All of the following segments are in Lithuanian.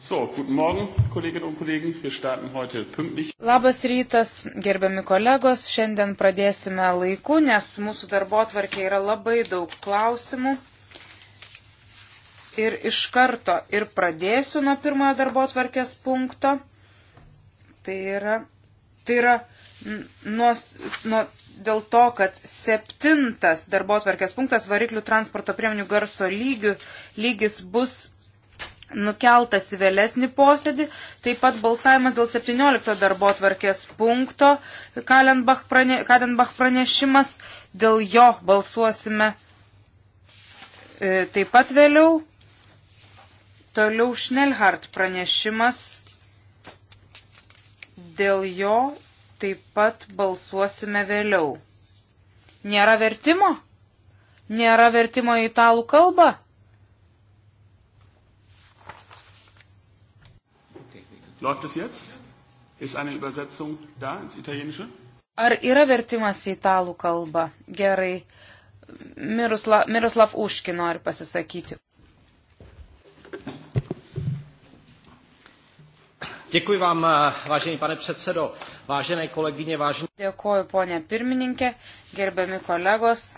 So, guten Morgen, Kolleginnen und Kollegen. Wir starten heute pünktlich. Labas rytas, gerbiami kolegos. Šiandien pradėsime laiku, nes mūsų darbo atvarkė yra labai daug klausimų. Ir iš karto ir pradėsiu nuo pirmojo darbo atvarkės punkto. Tai yra, tai yra nuo, nuo, dėl to, kad septintas darbo atvarkės punktas variklių transporto priemonių garso lygių, lygis bus nukeltas į vėlesnį posėdį. Taip pat balsavimas dėl 17 darbo tvarkės punkto Kadenbach, prane, Kadenbach pranešimas. Dėl jo balsuosime e, taip pat vėliau. Toliau Schnellhardt pranešimas. Dėl jo taip pat balsuosime vėliau. Nėra vertimo? Nėra vertimo į italų kalbą? Läuft es jetzt? Ist eine Übersetzung da ins Italienische? Ar yra vertimas į italų kalbą? Gerai. Mirosla, Miroslav Uški nori pasisakyti. Děkuji vám, eh, vážený pane předsedo, vážené kolegyně, vážení. Dėkuoju, ponė pirmininkė, gerbiami kolegos.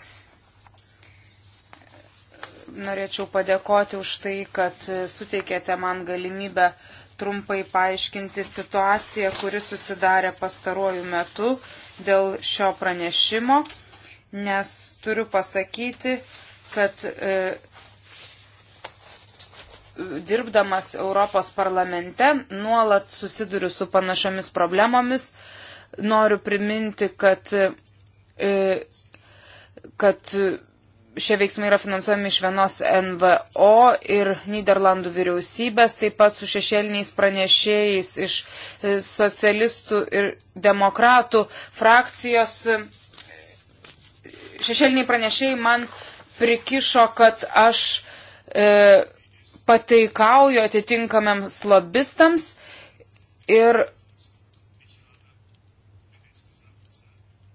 Norėčiau padėkoti už tai, kad suteikėte man galimybę uh, trumpai paaiškinti situaciją, kuri susidarė pastaruoju metu dėl šio pranešimo, nes turiu pasakyti, kad e, dirbdamas Europos parlamente nuolat susiduriu su panašiomis problemomis. Noriu priminti, kad, e, kad šie veiksmai yra finansuojami iš vienos NVO ir Niderlandų vyriausybės, taip pat su šešėliniais pranešėjais iš e, socialistų ir demokratų frakcijos. Šešėliniai pranešėjai man prikišo, kad aš e, pataikauju atitinkamiams lobistams ir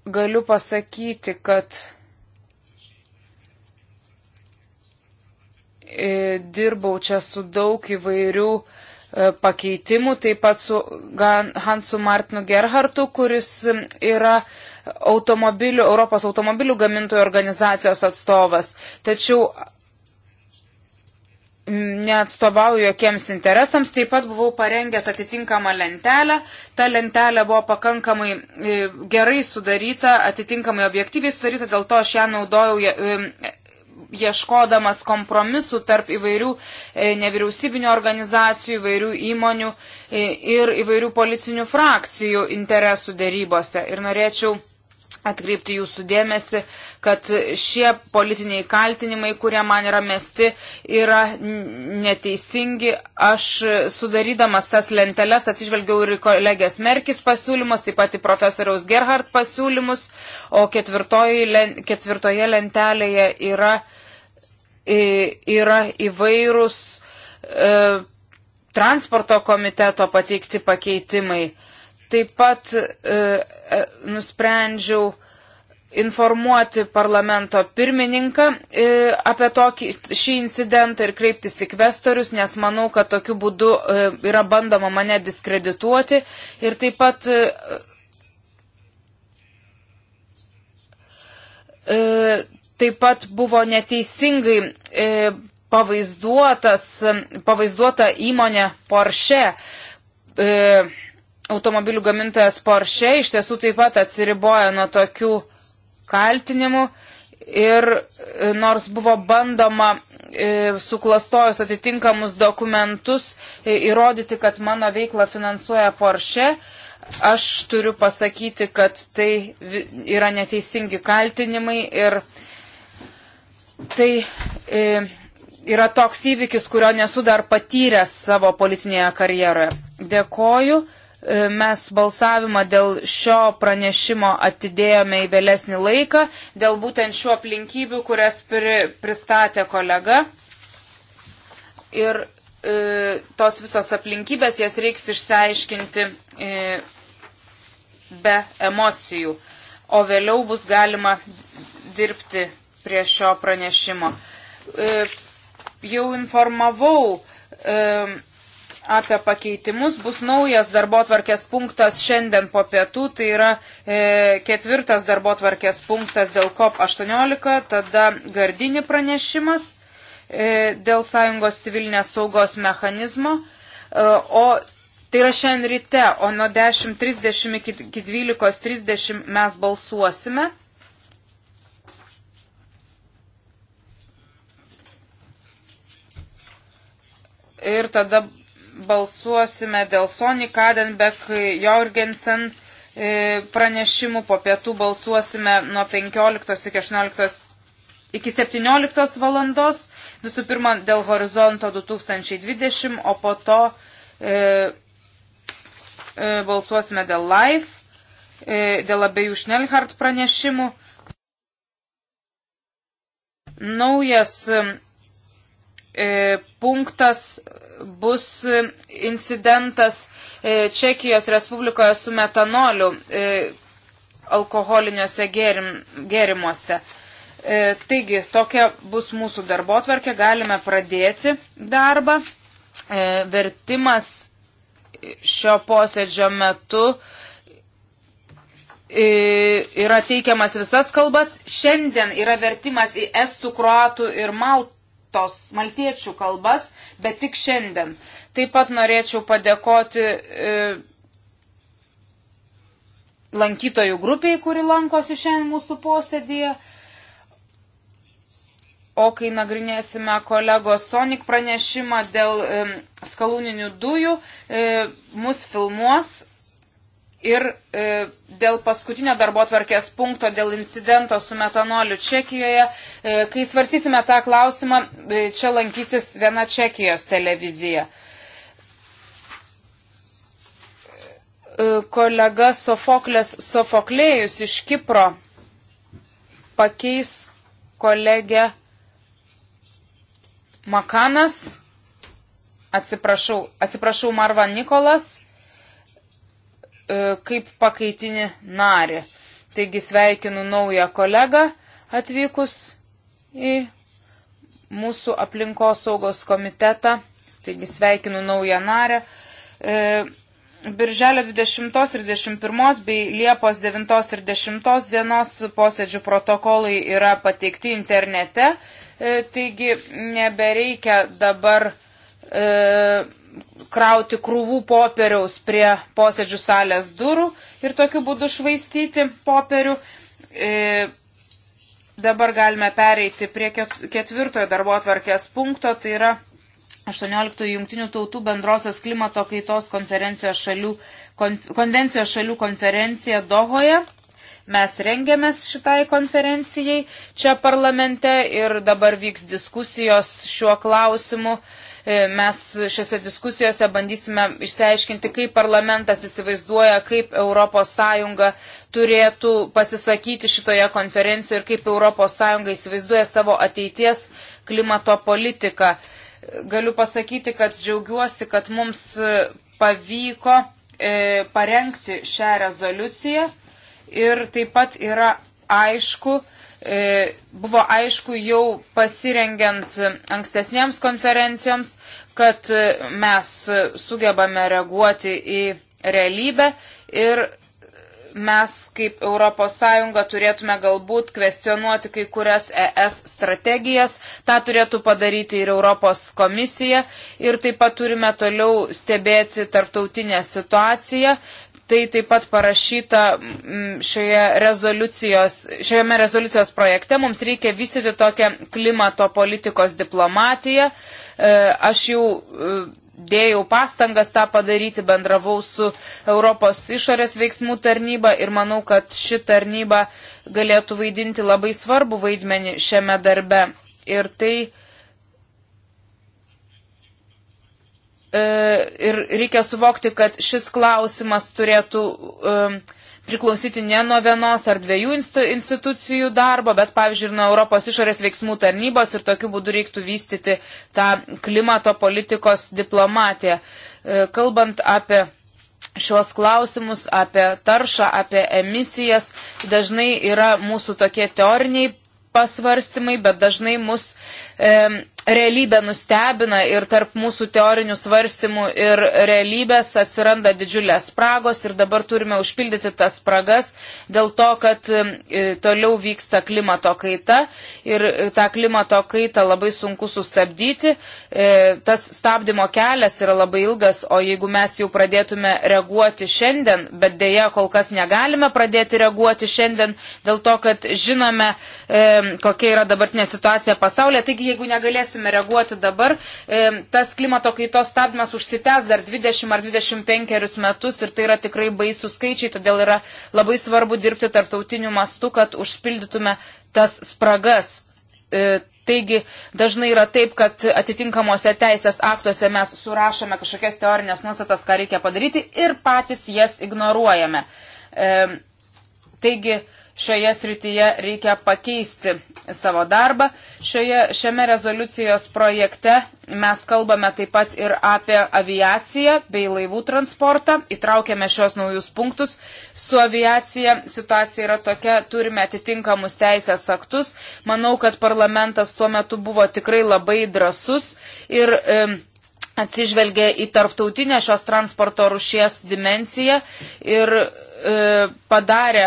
galiu pasakyti, kad E, dirbau čia su daug įvairių e, pakeitimų, taip pat su Hansu Martinu Gerhartu, kuris yra automobilių, Europos automobilių gamintojų organizacijos atstovas. Tačiau neatstovauju jokiems interesams, taip pat buvau parengęs atitinkamą lentelę. Ta lentelė buvo pakankamai e, gerai sudaryta, atitinkamai objektyviai sudaryta, dėl to aš ją naudojau ieškodamas kompromisų tarp įvairių e, nevyriausybinio organizacijų, įvairių įmonių e, ir įvairių policinių frakcijų interesų dėrybose. Ir norėčiau atkreipti jūsų dėmesį, kad šie politiniai kaltinimai, kurie man yra mesti, yra neteisingi. Aš sudarydamas tas lenteles atsižvelgiau ir į kolegės Merkis pasiūlymus, taip pat į profesoriaus Gerhardt pasiūlymus, o ketvirtoje lentelėje yra, yra įvairūs e, transporto komiteto pateikti pakeitimai. Taip pat e, e, nusprendžiau informuoti parlamento pirmininką e, apie tokį, šį incidentą ir kreiptis į kvestorius, nes manau, kad tokiu būdu yra bandoma mane diskredituoti. Ir taip pat taip pat buvo neteisingai pavaizduotas, pavaizduota įmonė Porsche automobilių gamintojas Porsche iš tiesų taip pat atsiribojo nuo tokių kaltinimų. Ir e, nors buvo bandoma e, suklastojus atitinkamus dokumentus e, įrodyti, kad mano veiklą finansuoja Porsche, aš turiu pasakyti, kad tai yra neteisingi kaltinimai ir tai e, yra toks įvykis, kurio nesu dar patyręs savo politinėje karjeroje. Dėkoju. E, mes balsavimą dėl šio pranešimo atidėjome į vėlesnį laiką, dėl būtent šių aplinkybių, kurias pri, pristatė kolega. Ir e, tos visos aplinkybės, jas reiks išsiaiškinti e, be emocijų, o vėliau bus galima dirbti prie šio pranešimo. E, jau informavau, e, apie pakeitimus bus naujas darbo tvarkės punktas šiandien po pietų, tai yra e, ketvirtas darbo tvarkės punktas dėl COP18, tada gardinį pranešimas e, dėl Sąjungos civilinės saugos mechanizmo, e, o tai yra šiandien ryte, o nuo 10.30 iki 12.30 mes balsuosime. ir tada balsuosime dėl Sony Kadenbeck, Jorgensen e, pranešimų, po pietų balsuosime nuo 15 iki 18 iki 17 valandos, visų pirma dėl horizonto 2020, o po to e, e, balsuosime dėl live, e, dėl abiejų Schnellhardt pranešimų. Naujas E, punktas bus incidentas e, Čekijos Respublikoje su metanoliu e, alkoholiniuose gėrim, gėrimuose. Taigi, tokia bus mūsų darbo tvarkė, galime pradėti darbą. Vertimas šio posėdžio metu yra teikiamas visas kalbas. Šiandien yra vertimas į estų, kruatų ir maltų maltos, maltiečių kalbas, bet tik šiandien. Taip pat norėčiau padėkoti e, lankytojų grupiai, kuri lankosi šiandien mūsų posėdėje. O kai nagrinėsime kolegos Sonik pranešimą dėl e, skaluninių dujų, e, mus filmuos ir e, dėl paskutinio darbo tvarkės punkto, dėl incidento su metanoliu Čekijoje. E, kai svarstysime tą klausimą, e, čia lankysis viena Čekijos televizija. E, kolega Sofoklės Sofoklėjus iš Kipro pakeis kolegę Makanas, atsiprašau, atsiprašau Marva Nikolas. E, kaip pakaitinį narį. Taigi sveikinu naują kolegą atvykus į mūsų aplinkos saugos komitetą. Taigi sveikinu naują narę. E, Birželio 20 ir 21 bei Liepos 9 ir 10 dienos posėdžių protokolai yra pateikti internete. E, taigi nebereikia dabar krauti krūvų popieriaus prie posėdžių salės durų ir tokiu būdu švaistyti popierių. E, dabar galime pereiti prie ketvirtojo darbo atvarkės punkto, tai yra 18 jungtinių tautų bendrosios klimato kaitos konferencijos šalių, konf, konvencijos šalių konferencija Dohoje. Mes rengiamės šitai konferencijai čia parlamente ir dabar vyks diskusijos šiuo klausimu. E, mes šiuose diskusijose bandysime išsiaiškinti, kaip parlamentas įsivaizduoja, kaip ES turėtų pasisakyti šitoje konferencijoje ir kaip ES įsivaizduoja savo ateities klimato politiką. Galiu pasakyti, kad džiaugiuosi, kad mums pavyko e, parengti šią rezoliuciją ir taip pat yra aišku, E, buvo aišku jau pasirengiant ankstesniems konferencijoms, kad mes sugebame reaguoti į realybę ir mes kaip ES turėtume galbūt kvestionuoti kai kurias ES strategijas, tą turėtų padaryti ir Europos komisija ir taip pat turime toliau stebėti tarptautinę situaciją, Tai taip pat parašyta mm, šioje rezoliucijos, šioje rezoliucijos projekte. Mums reikia vystyti tokią klimato politikos diplomatiją. E, aš jau e, dėjau pastangas tą padaryti, bendravau su Europos išorės veiksmų tarnyba ir manau, kad ši tarnyba galėtų vaidinti labai svarbu vaidmenį šiame darbe. Ir tai E, ir reikia suvokti, kad šis klausimas turėtų e, priklausyti ne nuo vienos ar dviejų institucijų darbo, bet, pavyzdžiui, ir nuo Europos išorės veiksmų tarnybos ir tokiu būdu reiktų vystyti tą klimato politikos diplomatiją. E, kalbant apie šios klausimus, apie taršą, apie emisijas, dažnai yra mūsų tokie teoriniai pasvarstymai, bet dažnai mus realybė nustebina ir tarp mūsų teorinių svarstymų ir realybės atsiranda didžiulės spragos ir dabar turime užpildyti tas spragas dėl to, kad toliau vyksta klimato kaita ir e, tą klimato kaitą labai sunku sustabdyti. E, tas stabdymo kelias yra labai ilgas, o jeigu mes jau pradėtume reaguoti šiandien, bet dėja kol kas negalime pradėti reaguoti šiandien dėl to, kad žinome, kokia yra dabartinė situacija pasaulyje. Taigi, jeigu negalėsime reaguoti dabar, e, tas klimato kaitos stabdymas užsitęs dar 20 ar 25 metus ir tai yra tikrai baisų skaičiai, todėl yra labai svarbu dirbti tarptautiniu mastu, kad užpildytume tas spragas. E, taigi dažnai yra taip, kad atitinkamuose teisės aktuose mes surašome kažkokias teorinės nuostatas, ką reikia padaryti ir patys jas ignoruojame. E, taigi šioje srityje reikia pakeisti savo darbą. Šioje, šiame rezoliucijos projekte mes kalbame taip pat ir apie aviaciją bei laivų transportą. Įtraukėme šios naujus punktus. Su aviacija situacija yra tokia, turime atitinkamus teisės aktus. Manau, kad parlamentas tuo metu buvo tikrai labai drasus ir e, atsižvelgė į tarptautinę šios transporto rušies dimenciją ir e, padarė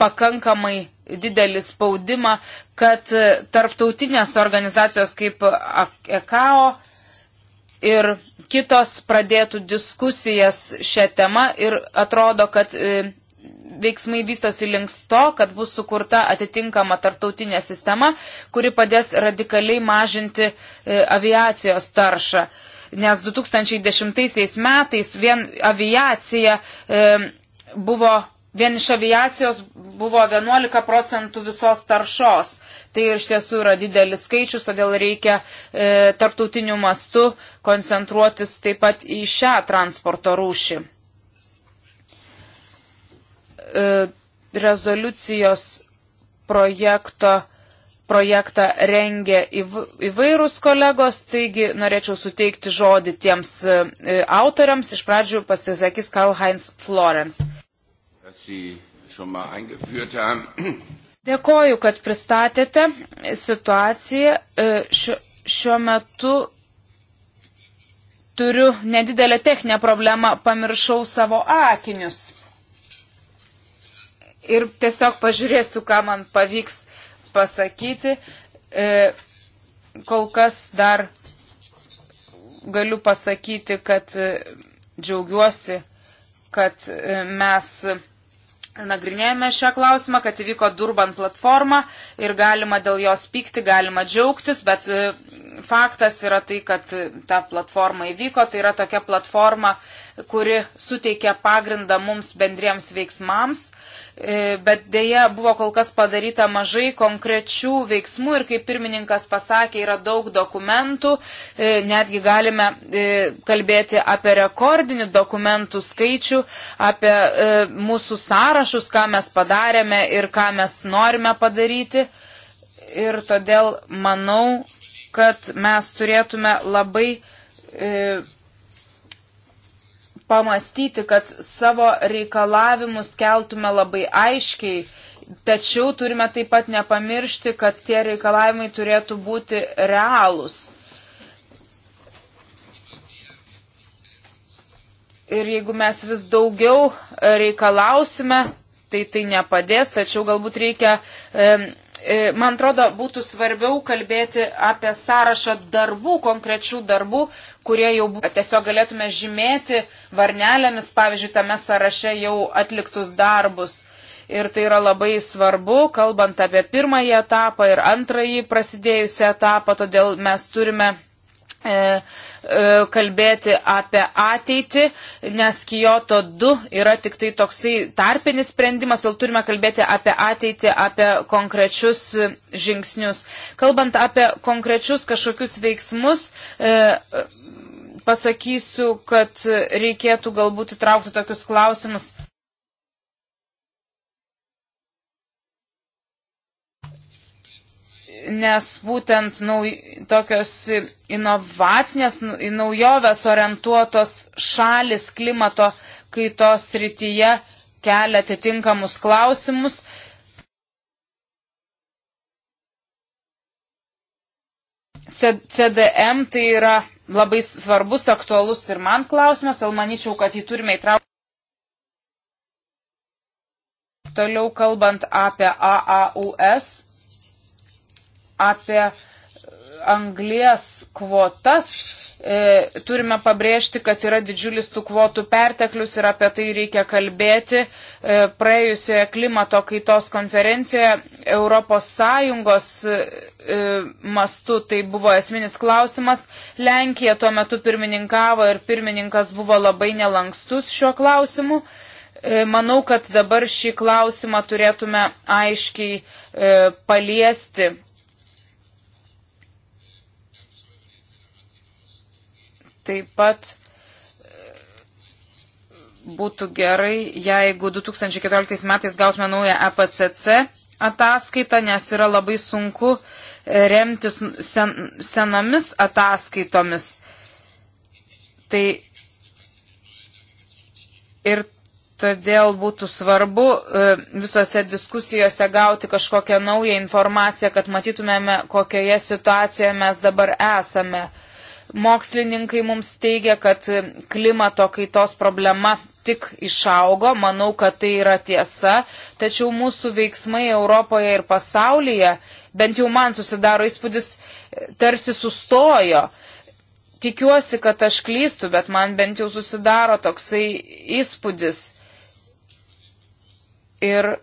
pakankamai didelį spaudimą, kad e, tarptautinės organizacijos kaip ECAO ir kitos pradėtų diskusijas šią temą ir atrodo, kad e, veiksmai vystosi links to, kad bus sukurta atitinkama tarptautinė sistema, kuri padės radikaliai mažinti e, aviacijos taršą. Nes 2010 metais vien aviacija buvo vien iš aviacijos buvo 11 procentų visos taršos. Tai iš tiesų yra didelis skaičius, todėl reikia e, tarptautiniu mastu koncentruotis taip pat į šią transporto rūšį. E, rezoliucijos projekto, projektą rengia įv, įvairūs kolegos, taigi norėčiau suteikti žodį tiems e, autoriams. Iš pradžių pasisakys Karl Heinz Florence. Dėkoju, kad pristatėte situaciją. E, šiuo metu turiu nedidelę techninę problemą, pamiršau savo akinius. Ir tiesiog pažiūrėsiu, ką man pavyks pasakyti. E, kol kas dar galiu pasakyti, kad e, džiaugiuosi, kad e, mes nagrinėjame šią klausimą, kad įvyko Durban platforma ir galima dėl jos pykti, galima džiaugtis, bet e, faktas yra tai, kad ta platforma įvyko, tai yra tokia platforma, kuri suteikė pagrindą mums bendriems veiksmams, e, bet dėja buvo kol kas padaryta mažai konkrečių veiksmų ir kaip pirmininkas pasakė, yra daug dokumentų, e, netgi galime e, kalbėti apie rekordinį dokumentų skaičių, apie mūsų sąrašus, ką mes padarėme ir ką mes norime padaryti. Ir todėl manau, kad mes turėtume labai e, pamastyti, kad savo reikalavimus keltume labai aiškiai, tačiau turime taip pat nepamiršti, kad tie reikalavimai turėtų būti realūs. Ir jeigu mes vis daugiau reikalausime, tai tai nepadės, tačiau galbūt reikia e, E, man atrodo, būtų svarbiau kalbėti apie sąrašą darbų, konkrečių darbų, kurie jau tiesiog galėtume žymėti varnelėmis, pavyzdžiui, tame sąraše jau atliktus darbus. Ir tai yra labai svarbu, kalbant apie pirmąjį etapą ir antrąjį prasidėjusią etapą, todėl mes turime E, e, kalbėti apie ateitį, nes Kyoto 2 yra tik tai toksai tarpinis sprendimas, jau turime kalbėti apie ateitį, apie konkrečius žingsnius. Kalbant apie konkrečius kažkokius veiksmus, e, pasakysiu, kad reikėtų galbūt įtraukti tokius klausimus nes būtent nauj, tokios inovacinės, naujoves orientuotos šalis klimato kaitos rytyje kelia atitinkamus klausimus. CDM tai yra labai svarbus, aktualus ir man klausimas, o manyčiau, kad jį turime įtraukti. Toliau kalbant apie AAUS, apie anglės kvotas, e, turime pabrėžti, kad yra didžiulis tų kvotų perteklius ir apie tai reikia kalbėti. E, praėjusioje klimato kaitos konferencijoje ES e, mastu tai buvo esminis klausimas. Lenkija tuo metu pirmininkavo ir pirmininkas buvo labai nelankstus šiuo klausimu. E, manau, kad dabar šį klausimą turėtume aiškiai e, paliesti Taip pat e, būtų gerai, jeigu 2014 metais gausime naują EPCC ataskaitą, nes yra labai sunku e, remtis sen, senomis ataskaitomis. Tai ir todėl būtų svarbu e, visose diskusijose gauti kažkokią naują informaciją, kad matytumėme, kokioje situacijoje mes dabar esame. Mokslininkai mums teigia, kad klimato kaitos problema tik išaugo, manau, kad tai yra tiesa, tačiau mūsų veiksmai Europoje ir pasaulyje, bent jau man susidaro įspūdis, tarsi sustojo. Tikiuosi, kad aš klystu, bet man bent jau susidaro toksai įspūdis. Ir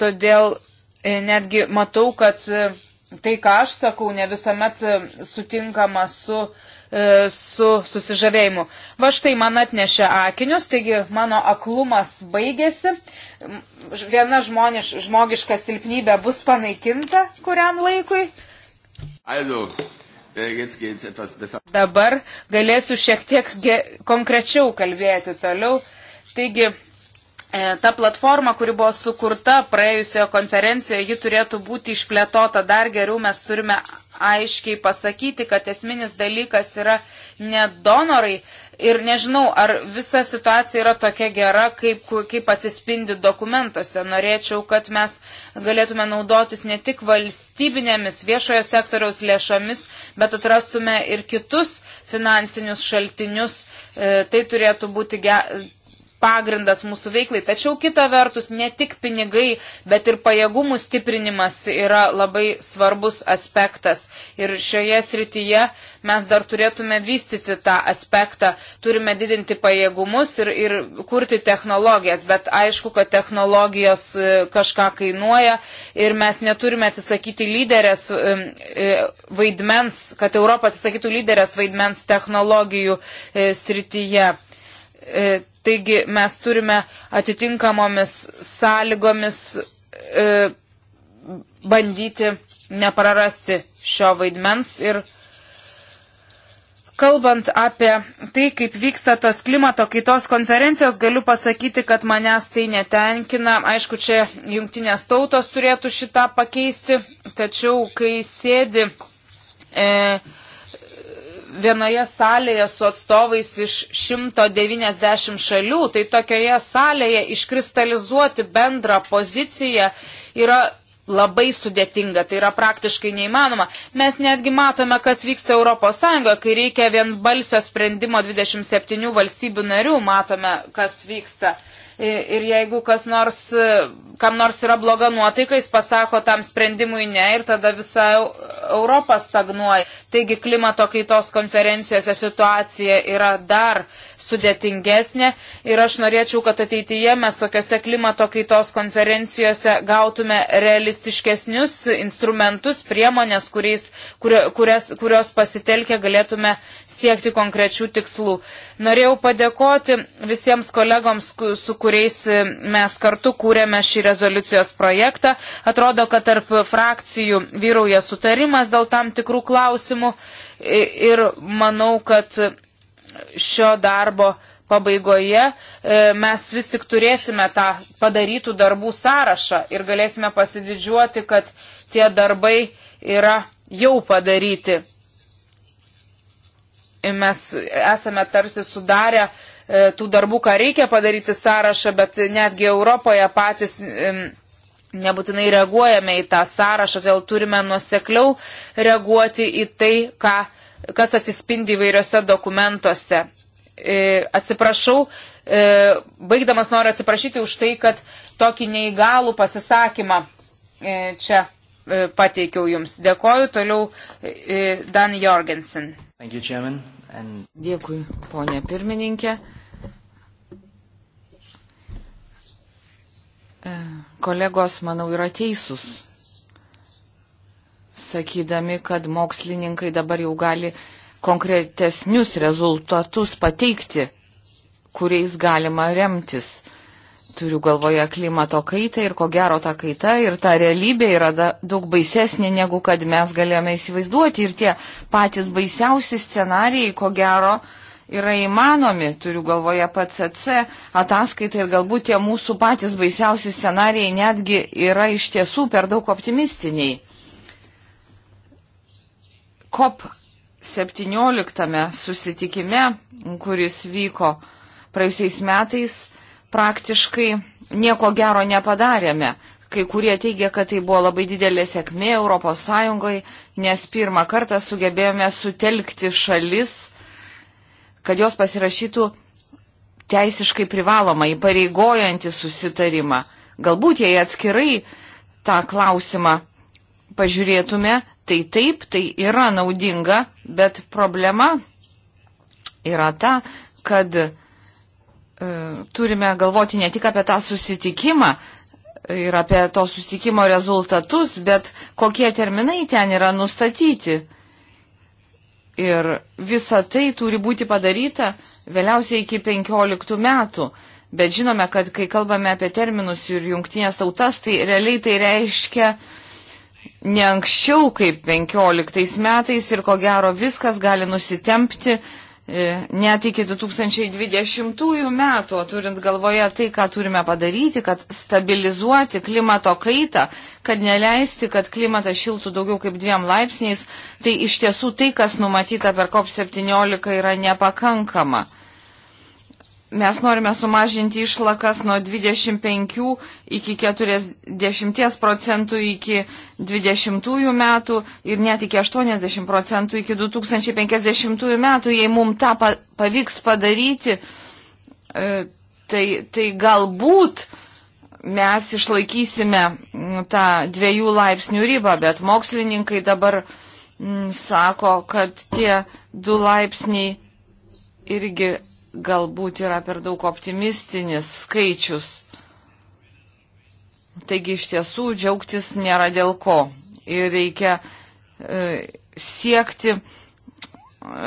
todėl e, netgi matau, kad tai, ką aš sakau, ne visuomet e, sutinkama su, e, su susižavėjimu. Va štai man atnešė akinius, taigi mano aklumas baigėsi, viena žmoniš, žmogiška silpnybė bus panaikinta kuriam laikui. Also. Äh, Dabar galėsiu šiek tiek konkrečiau kalbėti toliau. Taigi, E, ta platforma, kuri buvo sukurta praėjusioje konferencijoje, ji turėtų būti išplėtota dar geriau. Mes turime aiškiai pasakyti, kad esminis dalykas yra ne donorai. Ir nežinau, ar visa situacija yra tokia gera, kaip, kaip atsispindi dokumentuose. Norėčiau, kad mes galėtume naudotis ne tik valstybinėmis viešojo sektoriaus lėšomis, bet atrastume ir kitus finansinius šaltinius. E, tai turėtų būti ge pagrindas mūsų veiklai. Tačiau kita vertus, ne tik pinigai, bet ir pajėgumų stiprinimas yra labai svarbus aspektas. Ir šioje srityje mes dar turėtume vystyti tą aspektą, turime didinti pajėgumus ir, ir kurti technologijas, bet aišku, kad technologijos e, kažką kainuoja ir mes neturime atsisakyti lyderės e, e, vaidmens, kad Europa atsisakytų lyderės vaidmens technologijų srityje. Taigi mes turime atitinkamomis sąlygomis e, bandyti neprarasti šio vaidmens ir Kalbant apie tai, kaip vyksta tos klimato kaitos konferencijos, galiu pasakyti, kad manęs tai netenkina. Aišku, čia jungtinės tautos turėtų šitą pakeisti, tačiau kai sėdi e, vienoje salėje su atstovais iš 190 šalių, tai tokioje salėje iškristalizuoti bendrą poziciją yra labai sudėtinga, tai yra praktiškai neįmanoma. Mes netgi matome, kas vyksta ES, kai reikia vienbalsio sprendimo 27 valstybių narių, matome, kas vyksta. Ir jeigu kas nors, kam nors yra bloga nuotaika, jis pasako tam sprendimui ne ir tada visa Europa stagnuoja. Taigi klimato kaitos konferencijose situacija yra dar sudėtingesnė ir aš norėčiau, kad ateityje mes tokiuose klimato kaitos konferencijose gautume realistiškesnius instrumentus, priemonės, kuriais, kur, kurias, kurios pasitelkę galėtume siekti konkrečių tikslų. Norėjau padėkoti visiems kolegoms, su kuriais e, mes kartu kūrėme šį rezoliucijos projektą. Atrodo, kad tarp frakcijų vyrauja sutarimas dėl tam tikrų klausimų ir manau, kad šio darbo pabaigoje e, mes vis tik turėsime tą padarytų darbų sąrašą ir galėsime pasididžiuoti, kad tie darbai yra jau padaryti. Mes esame tarsi sudarę E, tų darbų, ką reikia padaryti sąrašą, bet netgi Europoje patys e, nebūtinai reaguojame į tą sąrašą, todėl turime nusekliau reaguoti į tai, ką, kas atsispindi įvairiose dokumentuose. E, atsiprašau, baigdamas noriu atsiprašyti už tai, kad tokį neįgalų pasisakymą čia pateikiau jums. Dėkoju, toliau Dan Jorgensen. Thank you, Chairman. And... Dėkui, ponė pirmininkė. E, kolegos, manau, yra teisūs, sakydami, kad mokslininkai dabar jau gali konkretesnius rezultatus pateikti, kuriais galima remtis. Turiu galvoje klimato kaitą ir ko gero ta kaita ir ta realybė yra da, daug baisesnė, negu kad mes galėjome įsivaizduoti. Ir tie patys baisiausi scenarijai, ko gero, yra įmanomi. Turiu galvoje PCC ataskaitą ir galbūt tie mūsų patys baisiausi scenarijai netgi yra iš tiesų per daug optimistiniai. COP 17 susitikime, kuris vyko praėjusiais metais, praktiškai nieko gero nepadarėme. Kai kurie teigia, kad tai buvo labai didelė sėkmė Europos Sąjungai, nes pirmą kartą sugebėjome sutelkti šalis, kad jos pasirašytų teisiškai privalomą, įpareigojantį susitarimą. Galbūt jei atskirai tą klausimą pažiūrėtume, tai taip, tai yra naudinga, bet problema yra ta, kad E, turime galvoti ne tik apie tą susitikimą ir apie to susitikimo rezultatus, bet kokie terminai ten yra nustatyti. Ir visa tai turi būti padaryta vėliausiai iki 15 metų. Bet žinome, kad kai kalbame apie terminus ir jungtinės tautas, tai realiai tai reiškia ne anksčiau kaip 15 metais ir ko gero viskas gali nusitempti E, net iki 2020 metų, turint galvoje tai, ką turime padaryti, kad stabilizuoti klimato kaitą, kad neleisti, kad klimatas šiltų daugiau kaip dviem laipsniais, tai iš tiesų tai, kas numatyta per COP17, yra nepakankama. Mes norime sumažinti išlakas nuo 25 iki 40 procentų iki 20 metų ir net iki 80 procentų iki 2050 metų. Jei mums tą pavyks padaryti, e, tai, tai galbūt mes išlaikysime mm, tą dviejų laipsnių ribą, bet mokslininkai dabar m, mm, sako, kad tie du laipsniai irgi galbūt yra per daug optimistinis skaičius. Taigi iš tiesų džiaugtis nėra dėl ko. Ir reikia e, siekti,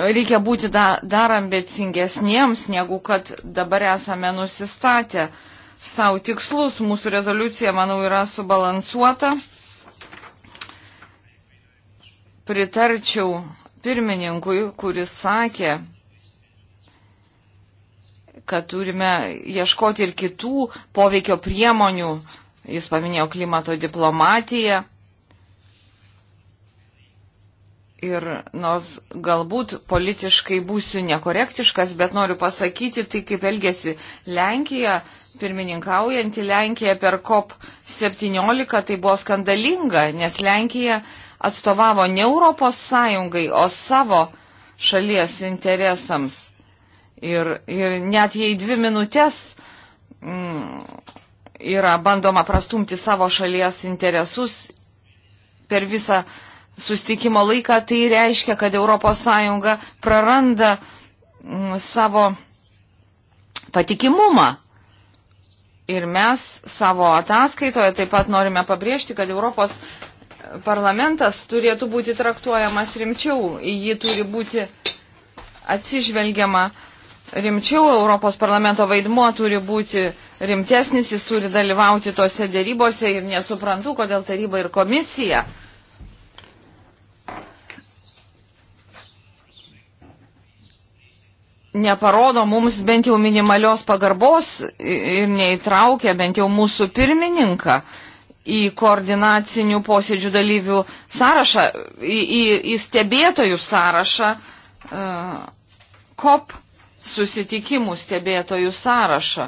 reikia būti da, dar ambicingesniems, negu kad dabar esame nusistatę savo tikslus. Mūsų rezoliucija, manau, yra subalansuota. Pritarčiau pirmininkui, kuris sakė, kad turime ieškoti ir kitų poveikio priemonių. Jis paminėjo klimato diplomatiją. Ir nors galbūt politiškai būsiu nekorektiškas, bet noriu pasakyti, tai kaip elgesi Lenkija, pirmininkaujanti Lenkija per COP17, tai buvo skandalinga, nes Lenkija atstovavo ne Europos Sąjungai, o savo šalies interesams. Ir, ir net jei dvi minutės mm, yra bandoma prastumti savo šalies interesus per visą sustikimo laiką, tai reiškia, kad ES praranda mm, savo patikimumą. Ir mes savo ataskaitoje taip pat norime pabrėžti, kad Europos parlamentas turėtų būti traktuojamas rimčiau, į jį turi būti atsižvelgiama uh, rimčiau, Europos parlamento vaidmuo turi būti rimtesnis, jis turi dalyvauti tose dėrybose ir nesuprantu, kodėl taryba ir komisija. Neparodo mums bent jau minimalios pagarbos ir neįtraukia bent jau mūsų pirmininką į koordinacinių posėdžių dalyvių sąrašą, į, į, į stebėtojų sąrašą uh, e, COP susitikimų stebėtojų sąrašą.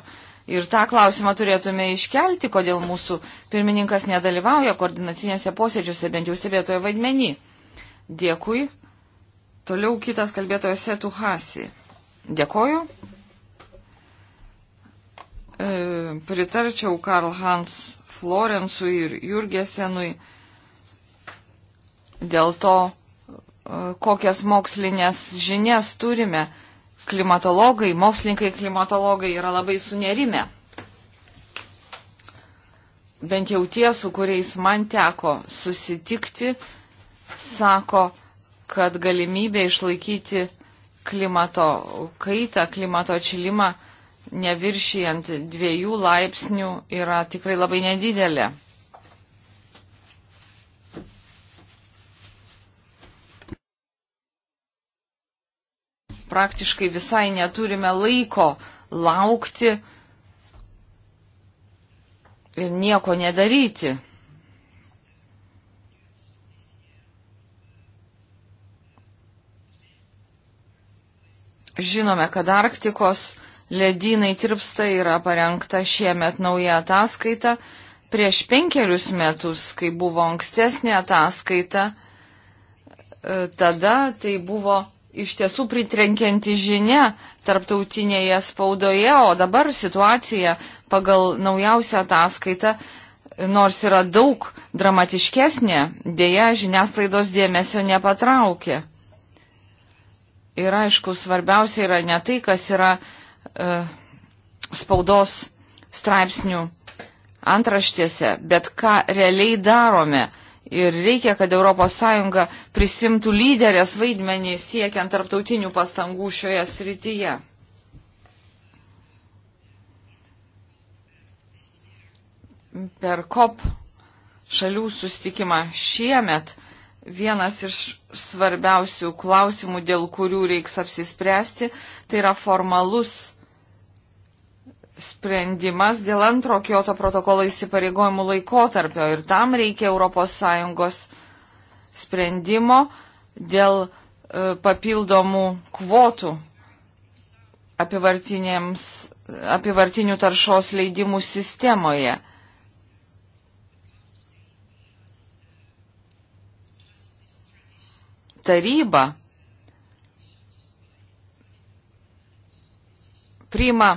Ir tą klausimą turėtume iškelti, kodėl mūsų pirmininkas nedalyvauja koordinacinėse posėdžiuose, bent jau stebėtojo vaidmenį. Dėkui. Toliau kitas kalbėtojas Setu Hasi. Dėkoju. E, pritarčiau Karl Hans Florensui ir Jurgesenui dėl to, e, kokias mokslinės žinias turime klimatologai, mokslininkai klimatologai yra labai sunerime. Bent jau tie, su kuriais man teko susitikti, sako, kad galimybė išlaikyti klimato kaitą, klimato atšilimą neviršijant dviejų laipsnių yra tikrai labai nedidelė. praktiškai visai neturime laiko laukti ir nieko nedaryti. Žinome, kad Arktikos ledynai tirpsta yra parengta šiemet nauja ataskaita. Prieš penkerius metus, kai buvo ankstesnė ataskaita, e, tada tai buvo iš tiesų pritrenkianti žinia tarptautinėje spaudoje, o dabar situacija pagal naujausią ataskaitą, nors yra daug dramatiškesnė, dėja žiniasklaidos dėmesio nepatraukė. Ir aišku, svarbiausia yra ne tai, kas yra e, spaudos straipsnių antraštėse, bet ką realiai darome. Ir reikia, kad ES prisimtų lyderės vaidmenį siekiant tarptautinių pastangų šioje srityje. Per COP šalių sustikimą šiemet vienas iš svarbiausių klausimų, dėl kurių reiks apsispręsti, tai yra formalus sprendimas dėl antro Kyoto protokolo įsipareigojimų laikotarpio ir tam reikia ES sprendimo dėl e, papildomų kvotų apivartinių taršos leidimų sistemoje. Taryba priima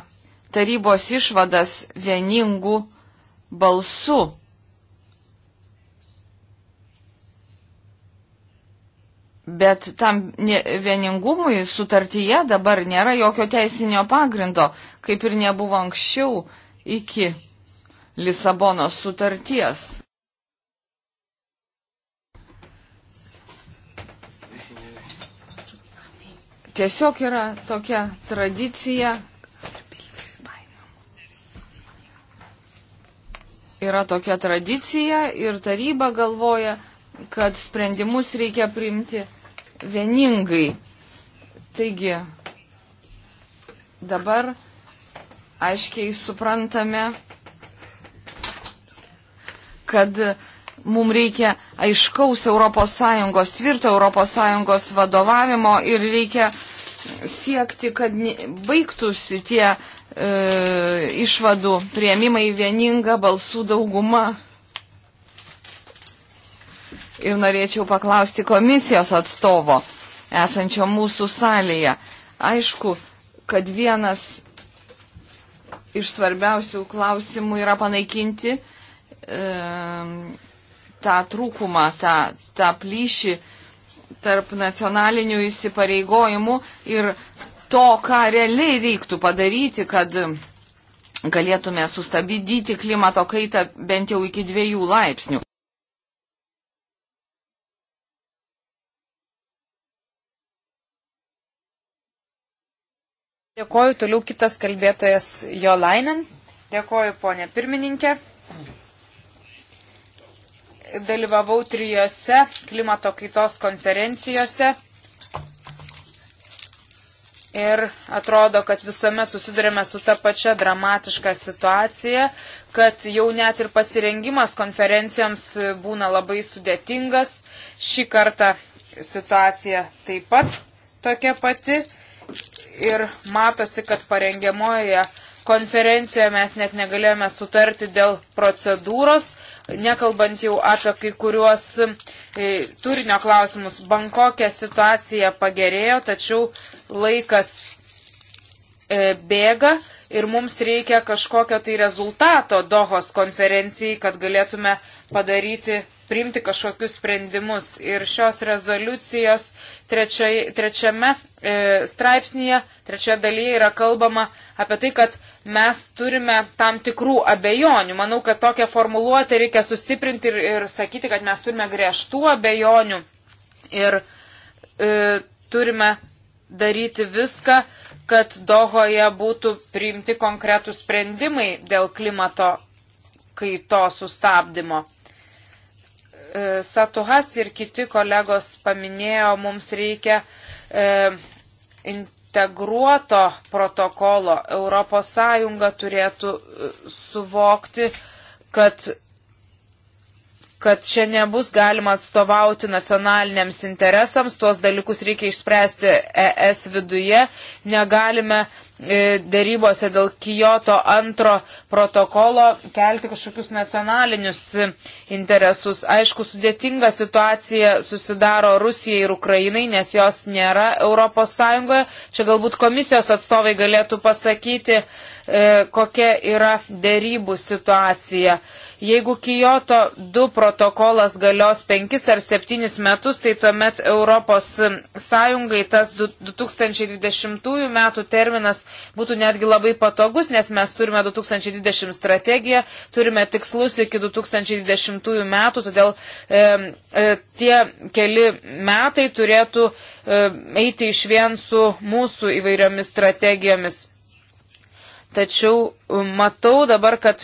tarybos išvadas vieningų balsų. Bet tam vieningumui sutartyje dabar nėra jokio teisinio pagrindo, kaip ir nebuvo anksčiau iki Lisabonos sutarties. Tiesiog yra tokia tradicija yra tokia tradicija ir taryba galvoja, kad sprendimus reikia priimti vieningai. Taigi, dabar aiškiai suprantame, kad mums reikia aiškaus ES, tvirto ES vadovavimo ir reikia siekti, kad baigtųsi tie e, išvadų prieimimai vieninga balsų dauguma. Ir norėčiau paklausti komisijos atstovo, esančio mūsų salėje. Aišku, kad vienas iš svarbiausių klausimų yra panaikinti e, tą trūkumą, tą, tą plyšį tarp nacionalinių įsipareigojimų ir to, ką realiai reiktų padaryti, kad galėtume sustabdyti klimato kaitą bent jau iki dviejų laipsnių. Dėkoju, toliau kitas kalbėtojas Jolainen. Dėkoju, ponė pirmininkė. Dalyvavau trijose klimato kaitos konferencijose Ir atrodo, kad visuomet susidurėme su ta pačia dramatiška situacija, kad jau net ir pasirengimas konferencijoms būna labai sudėtingas. Šį kartą situacija taip pat tokia pati. Ir matosi, kad parengiamoje konferencijoje mes net negalėjome sutarti dėl procedūros, nekalbant jau apie kai kuriuos e, turinio klausimus. Bankokė situacija pagerėjo, tačiau laikas e, bėga ir mums reikia kažkokio tai rezultato Dohos konferencijai, kad galėtume padaryti, priimti kažkokius sprendimus. Ir šios rezoliucijos trečioj, trečiame e, straipsnėje, trečioje dalyje yra kalbama apie tai, kad mes turime tam tikrų abejonių. Manau, kad tokią formuluotę reikia sustiprinti ir, ir sakyti, kad mes turime griežtų abejonių ir e, turime daryti viską, kad Dohoje būtų priimti konkretų sprendimai dėl klimato kaito sustabdymo. E, Satuhas ir kiti kolegos paminėjo, mums reikia e, in, integruoto protokolo ES turėtų e, suvokti, kad kad čia nebus galima atstovauti nacionaliniams interesams, tuos dalykus reikia išspręsti ES viduje, negalime E, dėrybose dėl Kijoto antro protokolo kelti kažkokius nacionalinius interesus. Aišku, sudėtinga situacija susidaro Rusijai ir Ukrainai, nes jos nėra Europos Sąjungoje. Čia galbūt komisijos atstovai galėtų pasakyti, E, kokia yra dėrybų situacija. Jeigu Kijoto 2 protokolas galios 5 ar 7 metus, tai tuomet Europos Sąjungai tas 2020 metų terminas būtų netgi labai patogus, nes mes turime 2020 strategiją, turime tikslus iki 2020 metų, todėl e, e, tie keli metai turėtų e, eiti iš vien su mūsų įvairiomis strategijomis. Tačiau um, matau dabar, kad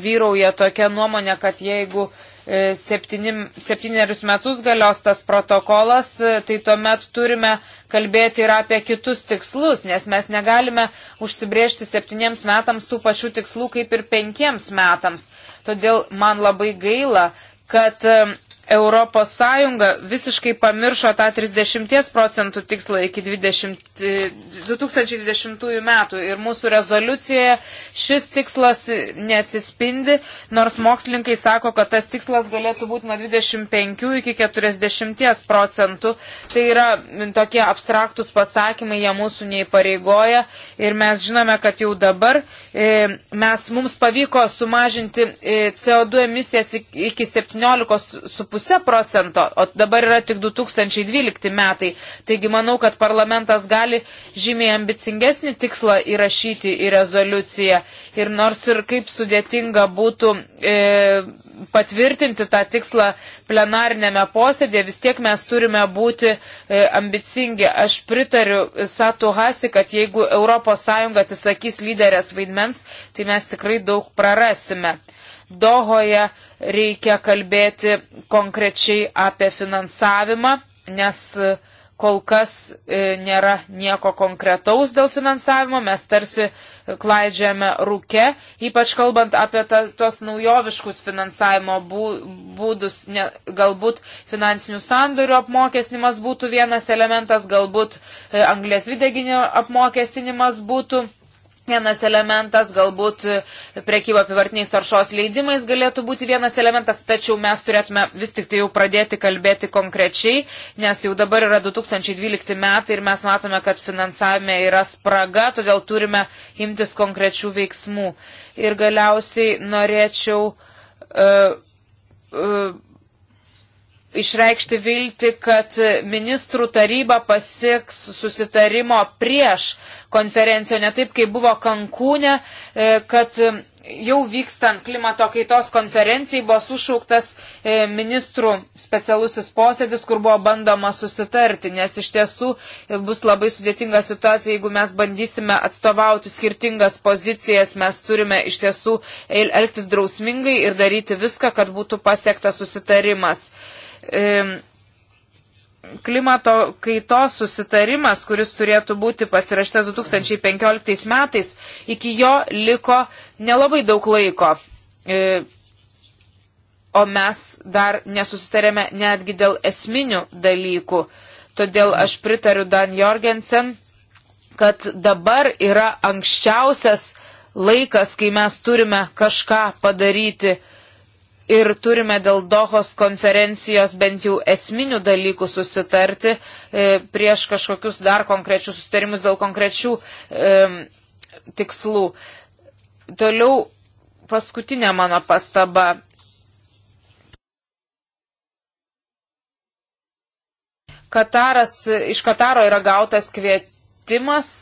vyrauja tokia nuomonė, kad jeigu e, septynim, septynerius metus galios tas protokolas, e, tai tuomet turime kalbėti ir apie kitus tikslus, nes mes negalime užsibriežti septyniems metams tų pačių tikslų kaip ir penkiems metams. Todėl man labai gaila, kad e, Europos Sąjunga visiškai pamiršo tą 30 procentų tikslą iki 20, 2020 e, metų ir mūsų rezoliucijoje šis tikslas neatsispindi, nors mokslininkai sako, kad tas tikslas galėtų būti nuo 25 iki 40 procentų. Tai yra tokie abstraktus pasakymai, jie mūsų neįpareigoja ir mes žinome, kad jau dabar e, mes, mums pavyko sumažinti e, CO2 emisijas iki 17,5 2,5 procento, o dabar yra tik 2012 metai. Taigi manau, kad parlamentas gali žymiai ambicingesnį tikslą įrašyti į rezoliuciją. Ir nors ir kaip sudėtinga būtų e, patvirtinti tą tikslą plenarinėme posėdėje, vis tiek mes turime būti e, ambicingi. Aš pritariu Satu Hasi, kad jeigu ES atsisakys lyderės vaidmens, tai mes tikrai daug prarasime. Dohoje reikia kalbėti konkrečiai apie finansavimą, nes e, kol kas e, nėra nieko konkretaus dėl finansavimo, mes tarsi e, klaidžiame rūke, ypač kalbant apie ta, tos naujoviškus finansavimo būdus, ne, galbūt finansinių sandorių apmokestinimas būtų vienas elementas, galbūt anglės dvideginio apmokestinimas būtų vienas elementas, galbūt priekyba apivartiniais taršos leidimais galėtų būti vienas elementas, tačiau mes turėtume vis tik tai jau pradėti kalbėti konkrečiai, nes jau dabar yra 2012 metai ir mes matome, kad finansavime yra spraga, todėl turime imtis konkrečių veiksmų. Ir galiausiai norėčiau uh, uh, išreikšti vilti, kad ministrų taryba pasieks susitarimo prieš konferenciją, ne taip, kaip buvo Kankūne, e, kad jau vykstant klimato kaitos konferencijai buvo sušauktas e, ministrų specialusis posėdis, kur buvo bandoma susitarti, nes iš tiesų bus labai sudėtinga situacija, jeigu mes bandysime atstovauti skirtingas pozicijas, mes turime iš tiesų elgtis drausmingai ir daryti viską, kad būtų pasiektas susitarimas. Uh, E, klimato kaitos susitarimas, kuris turėtų būti pasirašytas 2015 metais, iki jo liko nelabai daug laiko. E, o mes dar nesusitarėme netgi dėl esminių dalykų. Todėl aš pritariu Dan Jorgensen, kad dabar yra anksčiausias laikas, kai mes turime kažką padaryti ir turime dėl Dohos konferencijos bent jau esminių dalykų susitarti e, prieš kažkokius dar konkrečius sustarimus dėl konkrečių e, tikslų. Toliau paskutinė mano pastaba. Kataras, iš Kataro yra gautas kvietimas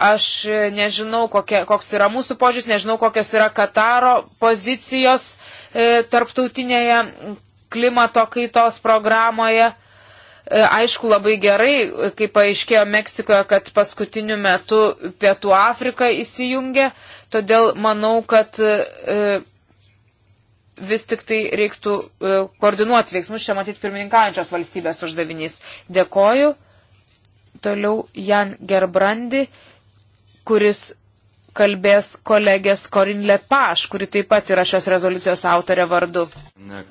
Aš nežinau, kokie, koks yra mūsų požiūris, nežinau, kokios yra Kataro pozicijos e, tarptautinėje klimato kaitos programoje. E, aišku, labai gerai, kaip paaiškėjo Meksikoje, kad paskutiniu metu Pietų Afrika įsijungė, todėl manau, kad e, e vis tik tai reiktų e, koordinuoti veiksmus, čia matyti pirmininkaujančios valstybės uždavinys. Dėkoju. Toliau Jan Gerbrandi kuris kalbės kolegės Korin Lepaš, kuri taip pat yra šios rezoliucijos autorė vardu. Ne.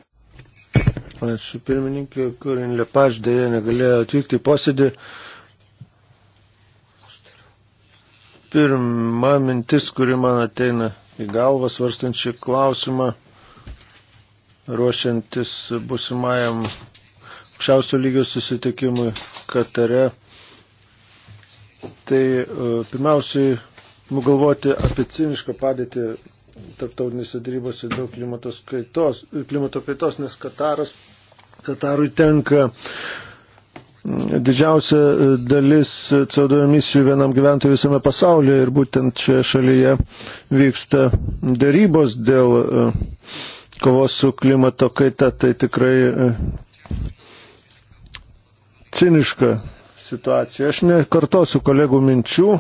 Ačiū pirmininkė, Korin Lepaš dėja negalėjo atvykti į posėdį. Pirma mintis, kuri man ateina į galvą svarstant šį klausimą, ruošiantis busimajam aukščiausio lygio susitikimui Katare tai e, pirmiausiai nugalvoti apie cinišką padėtį tarptautinėse darybose dėl klimatos kaitos, klimato kaitos, nes Kataras, Katarui tenka mm, didžiausia e, dalis CO2 emisijų vienam gyventojui visame pasaulyje ir būtent šioje šalyje vyksta darybos dėl e, kovos su klimato kaita, tai tikrai ciniška situaciją. Aš nekartosiu kolegų minčių,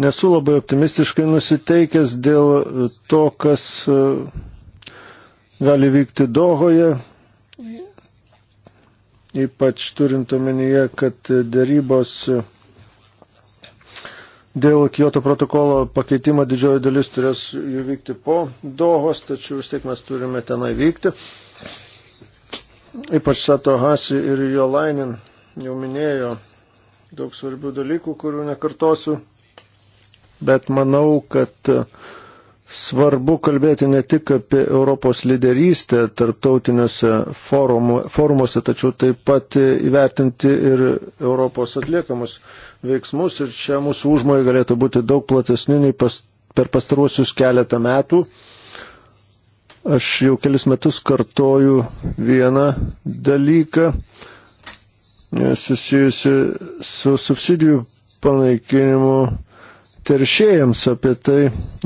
nesu labai optimistiškai nusiteikęs dėl to, kas e, gali vykti Dohoje, ypač turint omenyje, kad dėrybos dėl Kyoto protokolo pakeitimo didžioji dalis turės jų vykti po Dohos, tačiau vis tiek mes turime tenai vykti. Ypač Sato Hasi ir Jo Lainin jau minėjo daug svarbių dalykų, kurių nekartosiu, bet manau, kad e, svarbu kalbėti ne tik apie Europos lyderystę tarptautiniuose forumu, forumuose, tačiau taip pat e, įvertinti ir Europos atliekamus veiksmus ir čia mūsų užmojai galėtų būti daug platesni nei pas, per pastaruosius keletą metų. Aš jau kelis metus kartoju vieną dalyką susijusi su subsidijų panaikinimu teršėjams. Apie tai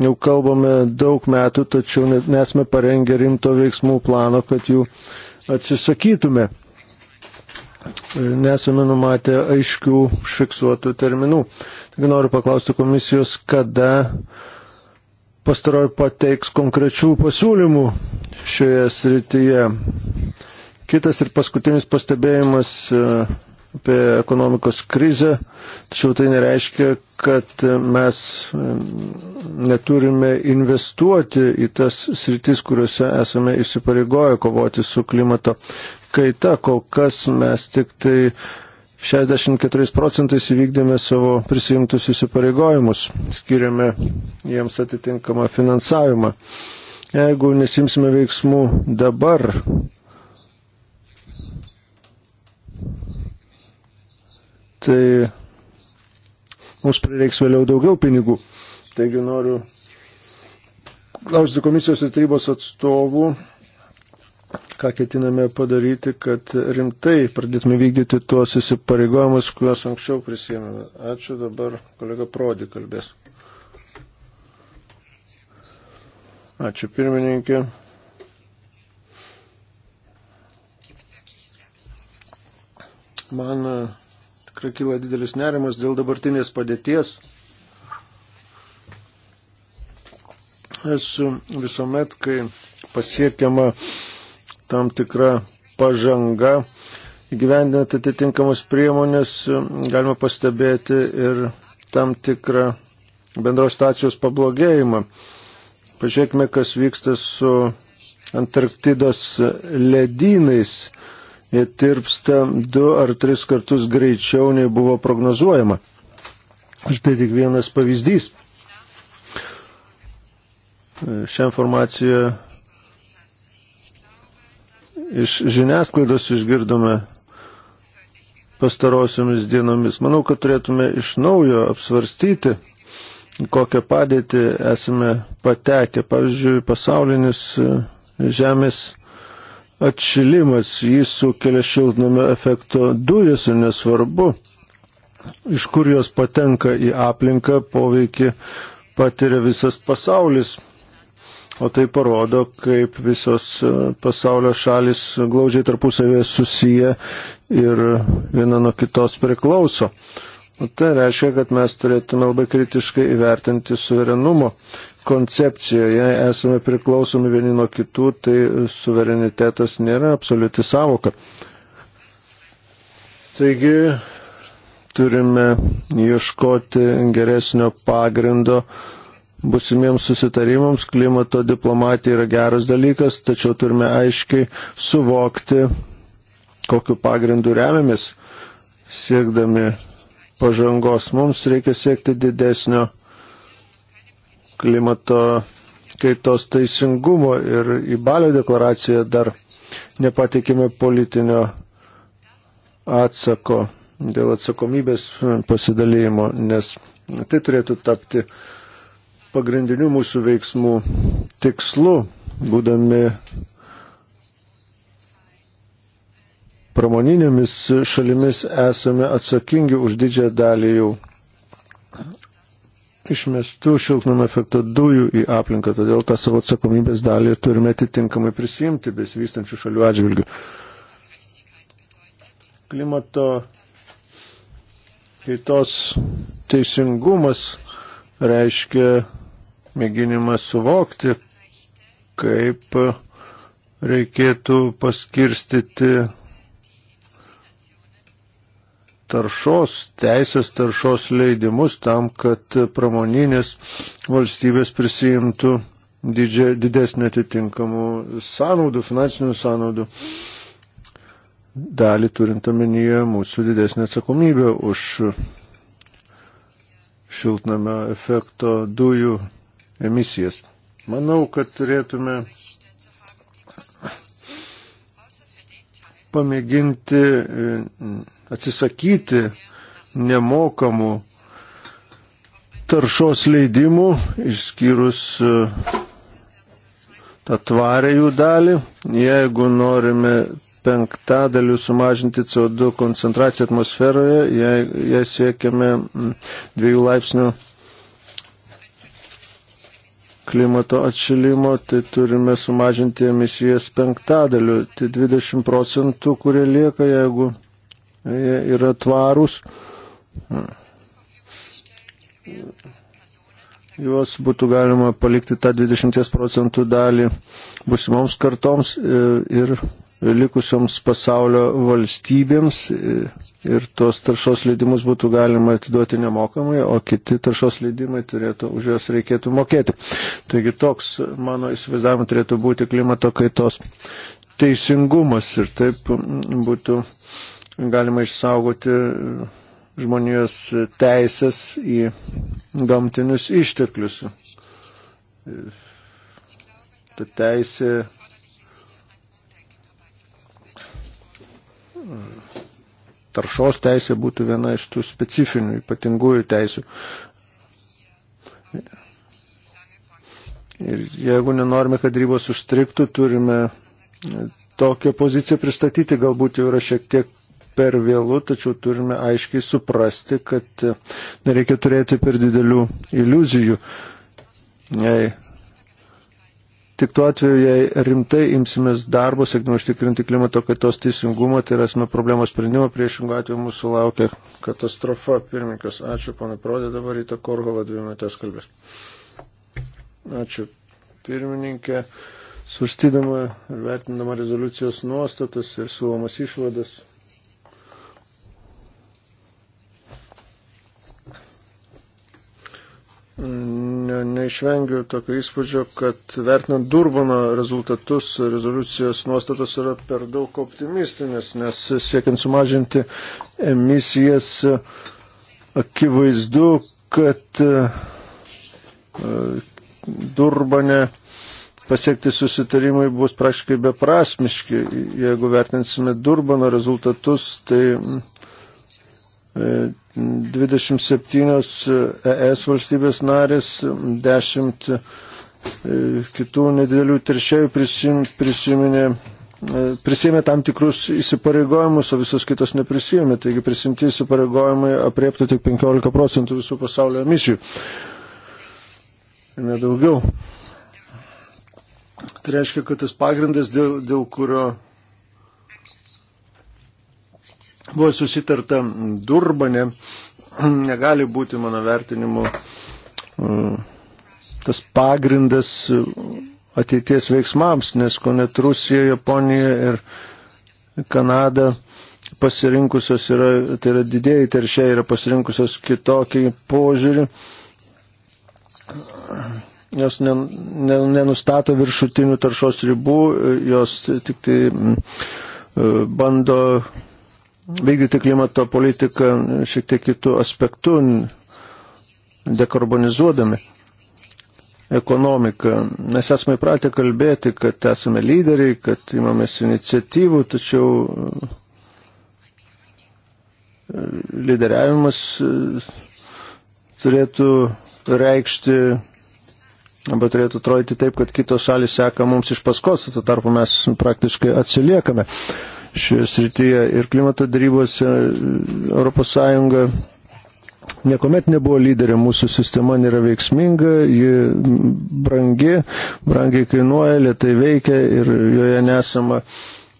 jau kalbame daug metų, tačiau nesame parengę rimto veiksmų plano, kad jų atsisakytume. Nesame numatę aiškių užfiksuotų terminų. Taigi noriu paklausti komisijos, kada pastaroji pateiks konkrečių pasiūlymų šioje srityje. Kitas ir paskutinis pastebėjimas e, apie ekonomikos krizę, tačiau tai nereiškia, kad e, mes e, neturime investuoti į tas sritis, kuriuose esame įsipareigoję kovoti su klimato kaita. Kol kas mes tik tai 64 procentais įvykdėme savo prisimtus įsipareigojimus, skiriame jiems atitinkamą finansavimą. Jeigu nesimsime veiksmų dabar, tai mums prireiks vėliau daugiau pinigų. Taigi noriu klausti komisijos ir tarybos atstovų, ką ketiname padaryti, kad rimtai pradėtume vykdyti tuos įsipareigojimus, kuriuos anksčiau prisėmėme. Ačiū, dabar kolega Prodi kalbės. Ačiū pirmininkė. Man tikrai kyla didelis nerimas dėl dabartinės padėties. Esu visuomet, kai pasiekiama tam tikra pažanga, įgyvendinant atitinkamas priemonės, galima pastebėti ir tam tikrą bendros stacijos pablogėjimą. Pažiūrėkime, kas vyksta su Antarktidos ledynais tirpsta du ar tris kartus greičiau nei buvo prognozuojama. Štai tik vienas pavyzdys. Šią informaciją iš žiniasklaidos išgirdome pastarosiomis dienomis. Manau, kad turėtume iš naujo apsvarstyti, kokią padėtį esame patekę. Pavyzdžiui, pasaulinis e, žemės atšilimas, jis sukelia šiltnamio efekto dujas ir nesvarbu, iš kur jos patenka į aplinką, poveikį patiria visas pasaulis. O tai parodo, kaip visos e, pasaulio šalis glaudžiai tarpusavėje susiję ir viena nuo kitos priklauso. O tai reiškia, kad mes turėtume labai kritiškai įvertinti suverenumo koncepciją. Jei esame priklausomi vieni nuo kitų, tai suverenitetas nėra absoliuti savoka. Taigi turime ieškoti geresnio pagrindo busimiems susitarimams. Klimato diplomatija yra geras dalykas, tačiau turime aiškiai suvokti, kokiu pagrindu remiamės siekdami pažangos. Mums reikia siekti didesnio klimato kaitos teisingumo ir į balio deklaraciją dar nepateikime politinio atsako dėl atsakomybės pasidalymo, nes tai turėtų tapti pagrindiniu mūsų veiksmų tikslu, būdami pramoninėmis šalimis esame atsakingi už didžiąją dalį jau išmestų šiltnamio efekto dujų į aplinką, todėl tą savo atsakomybės dalį turime atitinkamai prisimti besivystančių šalių atžvilgių. Klimato kaitos teisingumas reiškia mėginimą suvokti, kaip reikėtų paskirstyti taršos, teisės taršos leidimus tam, kad pramoninės valstybės prisijimtų didžia, didesnį atitinkamų sąnaudų, finansinių sąnaudų dalį turint omenyje mūsų didesnį atsakomybę už šiltnamio efekto dujų emisijas. Manau, kad turėtume pamėginti atsisakyti nemokamų taršos leidimų, išskyrus e, tą tvarę jų dalį. Jeigu norime penktadalių sumažinti CO2 koncentraciją atmosferoje, jei, jei siekiame dviejų laipsnių klimato atšilimo, tai turime sumažinti emisijas penktadaliu, tai 20 procentų, kurie lieka, jeigu jie yra tvarūs. Juos būtų galima palikti tą 20 procentų dalį busimoms kartoms e, ir likusioms pasaulio valstybėms e, ir tos taršos leidimus būtų galima atiduoti nemokamai, o kiti taršos leidimai turėtų, už juos reikėtų mokėti. Taigi toks mano įsivaizdavimu turėtų būti klimato kaitos teisingumas ir taip būtų galima išsaugoti žmonijos teisės į gamtinius išteklius. Ta teisė taršos teisė būtų viena iš tų specifinių, ypatingųjų teisių. Ir jeigu nenorime, kad rybos užstriktų, turime tokią poziciją pristatyti, galbūt jau yra šiek tiek per vėlų, tačiau turime aiškiai suprasti, kad e, nereikia turėti per didelių iliuzijų. Jei Tik tuo atveju, jei rimtai imsimės darbo, sėkmė užtikrinti klimato kaitos teisingumą, tai rasime problemos sprendimą, priešingų atveju mūsų laukia katastrofa. Pirmininkas, ačiū, pana Prodė, dabar į tą korgalą dvi minutės kalbės. Ačiū, pirmininkė. Surstydama ir vertindama rezoliucijos nuostatas ir siūlomas išvadas, ne, neišvengiu tokio įspūdžio, kad vertinant Durbano rezultatus, rezoliucijos nuostatos yra per daug optimistinės, nes siekiant sumažinti emisijas, akivaizdu, kad e, Durbane pasiekti susitarimai bus praktiškai beprasmiški. Jeigu vertinsime Durbano rezultatus, tai 27 ES e valstybės narės, 10 e, kitų nedidelių teršėjų prisim, prisiminė e, prisėmė tam tikrus įsipareigojimus, o visos kitos neprisėmė. Taigi prisimti įsipareigojimai apriektų tik 15 procentų visų pasaulio emisijų. Nedaugiau. Tai reiškia, kad tas pagrindas, dėl, dėl kurio buvo susitarta Durbane, negali būti mano vertinimu e, tas pagrindas ateities veiksmams, nes ko net Rusija, Japonija ir Kanada pasirinkusios yra, tai yra didėjai teršiai yra pasirinkusios kitokį požiūrį. Jos nenustato viršutinių taršos ribų, jos tik tai e, bando vykdyti klimato politiką šiek tiek kitų aspektų, dekarbonizuodami ekonomiką. Mes esame įpratę kalbėti, kad esame lyderiai, kad imamės iniciatyvų, tačiau e, lyderiavimas e, turėtų reikšti arba turėtų atrodyti taip, kad kitos šalis seka mums iš paskos, tuo tarpu mes praktiškai atsiliekame. Uh, šioje srityje ir klimato darybose ES niekuomet nebuvo lyderė, mūsų sistema nėra veiksminga, ji brangi, brangiai kainuoja, lietai veikia ir joje nesama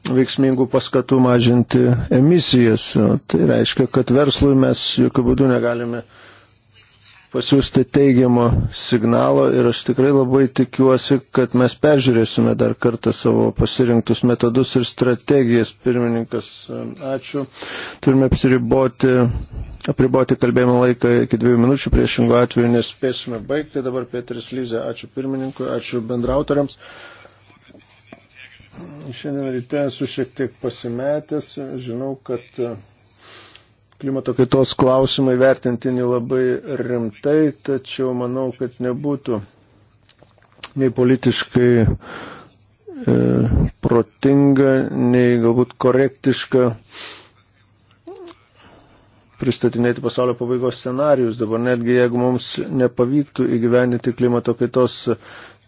veiksmingų paskatų mažinti emisijas. Tai reiškia, kad verslui mes jokių būdų negalime uh, pasiūsti teigiamo signalo ir aš tikrai labai tikiuosi, kad mes peržiūrėsime dar kartą savo pasirinktus metodus ir strategijas. Pirmininkas, ačiū. Turime apsiriboti, apriboti kalbėjimo laiką iki dviejų minučių, priešingų atveju nespėsime baigti. Dabar Petris Lyzė, ačiū pirmininkui, ačiū bendrautoriams. Šiandien ryte esu šiek tiek pasimetęs, žinau, kad klimato kaitos klausimai vertintini labai rimtai, tačiau manau, kad nebūtų nei politiškai e, protinga, nei galbūt korektiška pristatinėti pasaulio pabaigos scenarius. Dabar netgi jeigu mums nepavyktų įgyveninti klimato kaitos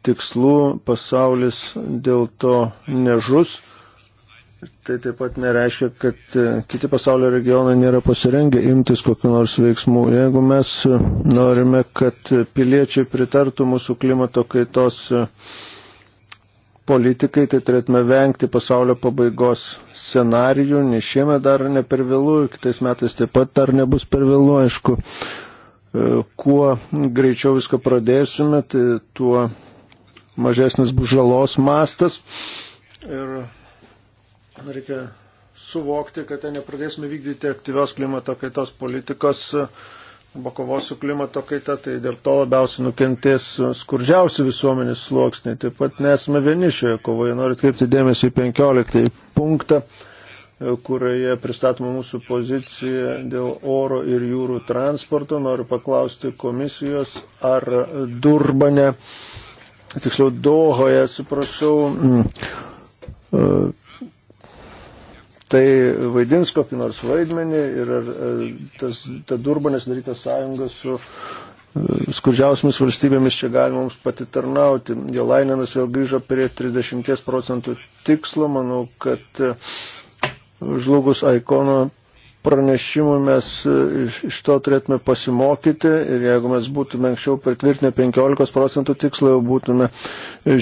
tikslų, pasaulis dėl to nežus tai taip pat nereiškia, kad e, kiti pasaulio regionai nėra pasirengę imtis kokiu nors veiksmu. Jeigu mes e, norime, kad piliečiai pritartų mūsų klimato kaitos e, politikai, tai turėtume vengti pasaulio pabaigos scenarijų, nes šiemet dar ne per vėlų, kitais metais taip pat dar nebus per vėlų, aišku. Kuo greičiau viską pradėsime, tai tuo mažesnis bus žalos mastas. Ir Reikia suvokti, kad ten nepradėsime vykdyti aktyvios klimato kaitos politikos arba kovos su klimato kaita, tai dėl to labiausiai nukentės skurdžiausi visuomenės sluoksniai. Taip pat nesame vieni šioje kovoje. Noriu atkreipti dėmesį į 15 punktą, kurioje pristatoma mūsų pozicija dėl oro ir jūrų transporto. Noriu paklausti komisijos, ar Durbane, tiksliau Dohoje, atsiprašau, tai vaidins kokį nors vaidmenį ir ar, ar tas, ta durbanės daryta sąjunga su e, skurdžiausiamis valstybėmis čia galima mums patitarnauti. Jolaininas vėl grįžo prie 30 procentų tikslo. Manau, kad e, žlugus Aikono pranešimų mes e, iš, iš to turėtume pasimokyti ir jeigu mes būtume anksčiau pritvirtinę 15 procentų tikslą, jau būtume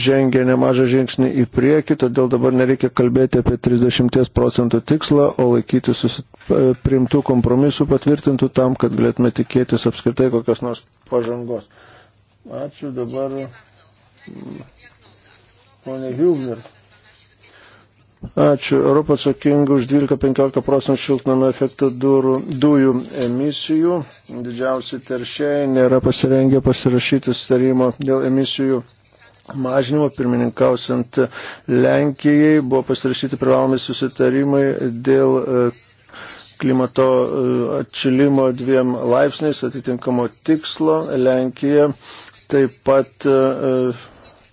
žengę nemažą žingsnį į priekį, todėl dabar nereikia kalbėti apie 30 procentų tikslą, o laikyti e, priimtų kompromisų patvirtintų tam, kad galėtume tikėtis apskritai kokios nors pažangos. Ačiū dabar. Pone Hilmer. Ačiū. Europą atsakinga už 12-15 procentų šiltnamio efektų durų, dujų emisijų. Didžiausi teršėjai nėra pasirengę pasirašyti starimo dėl emisijų mažinimo. Pirmininkausiant Lenkijai buvo pasirašyti privalomi susitarimai dėl e, klimato e, atšilimo dviem laipsniais atitinkamo tikslo. Lenkija taip pat uh,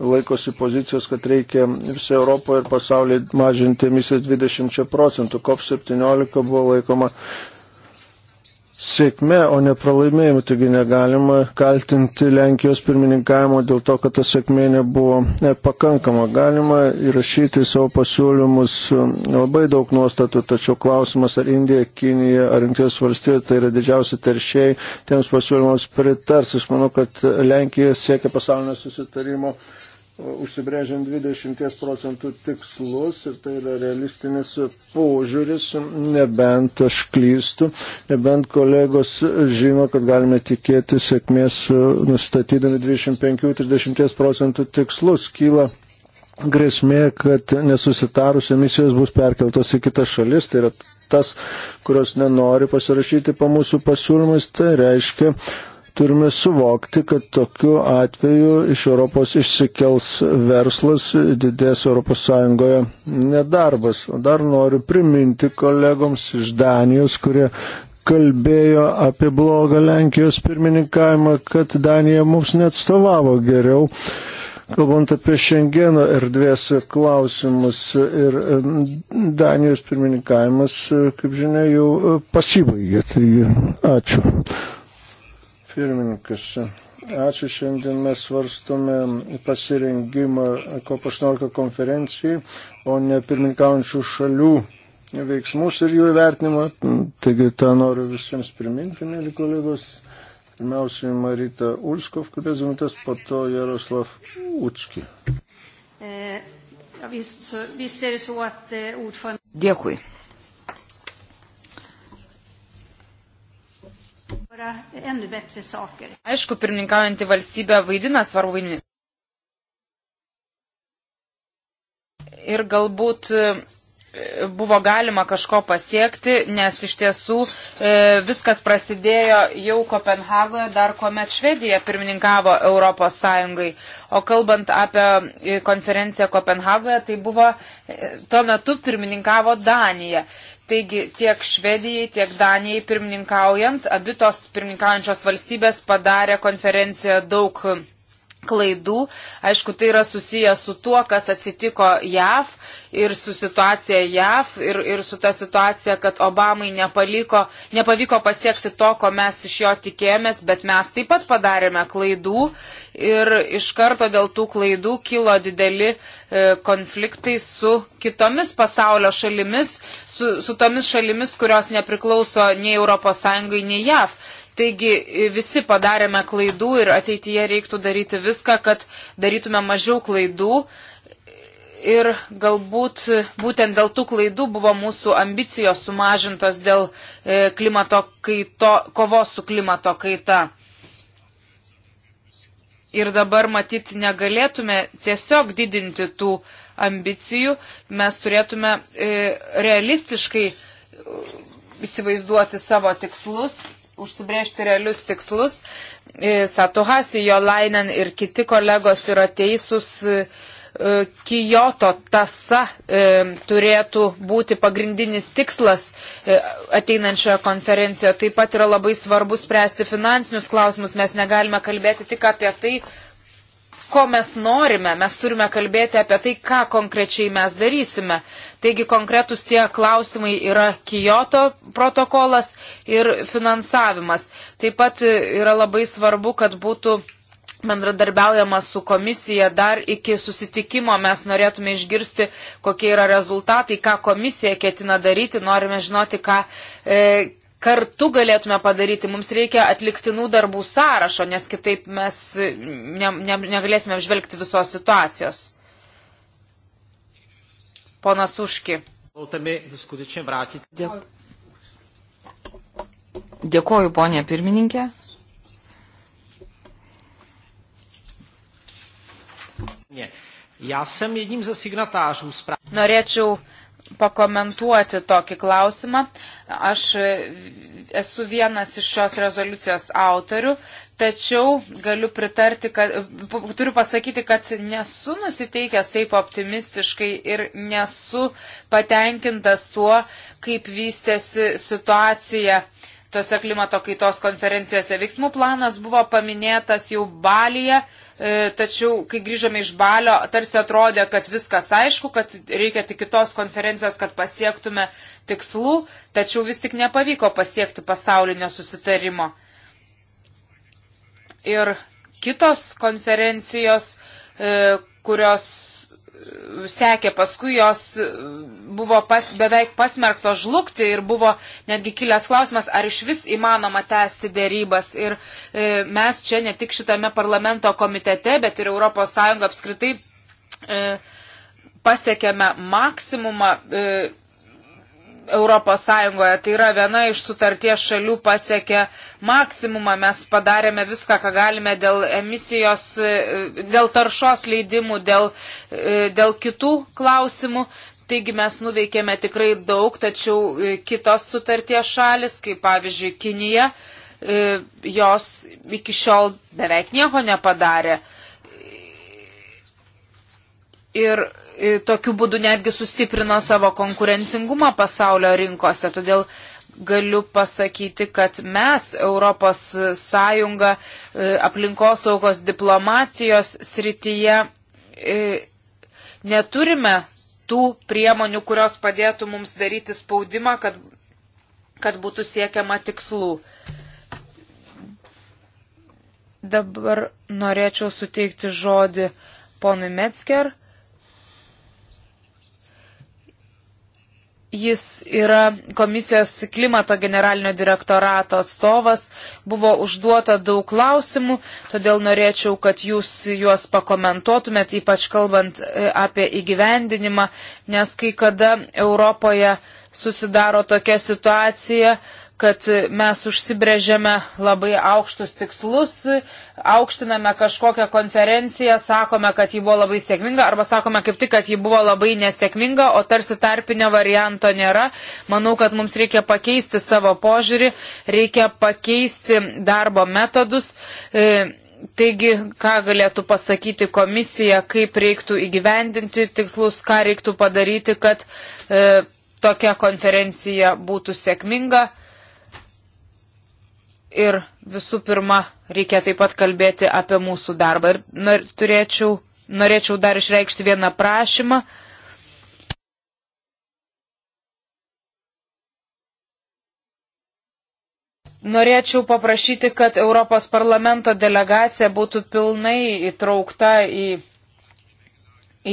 laikosi pozicijos, kad reikia visoje Europoje ir pasaulyje mažinti emisijas 20 procentų. COP17 buvo laikoma sėkme, o ne pralaimėjimu. Taigi negalima kaltinti Lenkijos pirmininkavimo dėl to, kad ta sėkmė nebuvo e, pakankama. Galima įrašyti savo pasiūlymus e, labai daug nuostatų, tačiau klausimas, ar Indija, Kinija, ar Rinkties valstijos tai yra didžiausi teršėjai, tiems pasiūlymams pritars. Aš manau, kad Lenkija siekia pasaulinio susitarimo užsibrėžiant 20 procentų tikslus ir tai yra realistinis požiūris, nebent aš klystu, nebent kolegos žino, kad galime tikėti sėkmės e, nustatydami 25-30 procentų tikslus. Kyla grėsmė, kad nesusitarus emisijos bus perkeltos į kitas šalis, tai yra tas, kurios nenori pasirašyti po mūsų pasiūlymais, tai reiškia, Turime suvokti, kad tokiu atveju iš Europos išsikels verslas, didės ES nedarbas. Dar noriu priminti kolegoms iš Danijos, kurie kalbėjo apie blogą Lenkijos pirmininkavimą, kad Danija mums neatstovavo geriau, kalbant apie Šengeno erdvės klausimus. Ir Danijos pirmininkavimas, kaip žinia, jau e, pasibaigė. Taigi, ačiū. Pirmininkas, ačiū šiandien mes svarstome pasirengimą COP18 konferencijai, o ne pirmininkaujančių šalių veiksmus ir jų įvertinimą. Taigi tą noriu visiems priminti, mėly kolegos. Pirmiausiai Marita Ulskov, kalbės minutės, po to Jaroslav Utski. Eh, eh, Dėkui. Aišku, pirmininkaujantį valstybę vaidina svarbu vaidmenį. Ir galbūt e, buvo galima kažko pasiekti, nes iš tiesų e, viskas prasidėjo jau Kopenhagoje, dar kuomet Švedija pirmininkavo Europos Sąjungai. O kalbant apie e, konferenciją Kopenhagoje, tai buvo e, tuo metu pirmininkavo Danija. Taigi tiek Švedijai, tiek Danijai pirmininkaujant, abi tos pirmininkaujančios valstybės padarė konferencijoje daug klaidų. Aišku, tai yra susijęs su tuo, kas atsitiko JAV ir su situacija JAV ir, ir su ta situacija, kad Obamai nepaliko, nepavyko pasiekti to, ko mes iš jo tikėjomės, bet mes taip pat padarėme klaidų ir iš karto dėl tų klaidų kilo dideli e, konfliktai su kitomis pasaulio šalimis, su, su tomis šalimis, kurios nepriklauso nei ES, nei JAV. Taigi e, visi padarėme klaidų ir ateityje reiktų daryti viską, kad darytume mažiau klaidų. Ir galbūt būtent dėl tų klaidų buvo mūsų ambicijos sumažintos dėl e, klimato kaito, kovos su klimato kaita. Ir dabar matyt negalėtume tiesiog didinti tų ambicijų, mes turėtume e, realistiškai įsivaizduoti savo tikslus užsibriežti realius tikslus. E, Satuhasi, Jolainen ir kiti kolegos yra teisūs. E, e, Kijoto tasa e, turėtų būti pagrindinis tikslas e, ateinančioje konferencijoje. Taip pat yra labai svarbu spręsti finansinius klausimus. Mes negalime kalbėti tik apie tai, ko mes norime, mes turime kalbėti apie tai, ką konkrečiai mes darysime. Taigi konkretus tie klausimai yra Kyoto protokolas ir finansavimas. Taip pat yra labai svarbu, kad būtų bendradarbiaujama su komisija, dar iki susitikimo mes norėtume išgirsti, kokie yra rezultatai, ką komisija ketina daryti, norime žinoti, ką, e, kartu galėtume padaryti, mums reikia atliktinų darbų sąrašo, nes kitaip mes ne, ne, negalėsime apžvelgti visos situacijos. Ponas Uški. Dėkuoju, ponė pirmininkė. Norėčiau pakomentuoti tokį klausimą. Aš esu vienas iš šios rezoliucijos autorių, tačiau galiu pritarti, kad, turiu pasakyti, kad nesu nusiteikęs taip optimistiškai ir nesu patenkintas tuo, kaip vystėsi situacija. Uh, tose klimato kaitos konferencijose. Veiksmų planas buvo paminėtas jau Balyje, e, tačiau kai grįžome iš Balio, tarsi atrodė, kad viskas aišku, kad reikia tik kitos konferencijos, kad pasiektume tikslų, tačiau vis tik nepavyko pasiekti pasaulinio susitarimo. Ir kitos konferencijos, e, kurios sekė, paskui jos buvo pas, beveik pasmerkto žlugti ir buvo netgi kilęs klausimas, ar iš vis įmanoma tęsti dėrybas. Ir e, mes čia ne tik šitame parlamento komitete, bet ir ES apskritai e, pasiekėme maksimumą. E, Europos Sąjungoje. Tai yra viena iš sutarties šalių pasiekė maksimumą. Mes padarėme viską, ką galime dėl emisijos, e, dėl taršos leidimų, dėl, e, dėl kitų klausimų. Taigi mes nuveikėme tikrai daug, tačiau e, kitos sutarties šalis, kaip pavyzdžiui Kinija, jos iki šiol beveik nieko nepadarė. Ir E, tokiu būdu netgi sustiprino savo konkurencingumą pasaulio rinkose. Todėl galiu pasakyti, kad mes, Europos Sąjunga, e, aplinkosaugos diplomatijos srityje e, neturime tų priemonių, kurios padėtų mums daryti spaudimą, kad, kad būtų siekiama tikslų. Dabar norėčiau suteikti žodį ponui Metzger Jis yra komisijos klimato generalinio direktorato atstovas. Buvo užduota daug klausimų, todėl norėčiau, kad jūs juos pakomentuotumėt, ypač kalbant e, apie įgyvendinimą, nes kai kada Europoje susidaro tokia situacija, kad mes užsibrėžiame labai aukštus tikslus, aukštiname kažkokią konferenciją, sakome, kad ji buvo labai sėkminga, arba sakome kaip tik, kad ji buvo labai nesėkminga, o tarsi tarpinio varianto nėra. Manau, kad mums reikia pakeisti savo požiūrį, reikia pakeisti darbo metodus. E, taigi, ką galėtų pasakyti komisija, kaip reiktų įgyvendinti tikslus, ką reiktų padaryti, kad e, tokia konferencija būtų sėkminga. Ir visų pirma, reikia taip pat kalbėti apie mūsų darbą. Ir nor, turėčiau, norėčiau dar išreikšti vieną prašymą. Norėčiau paprašyti, kad Europos parlamento delegacija būtų pilnai įtraukta į,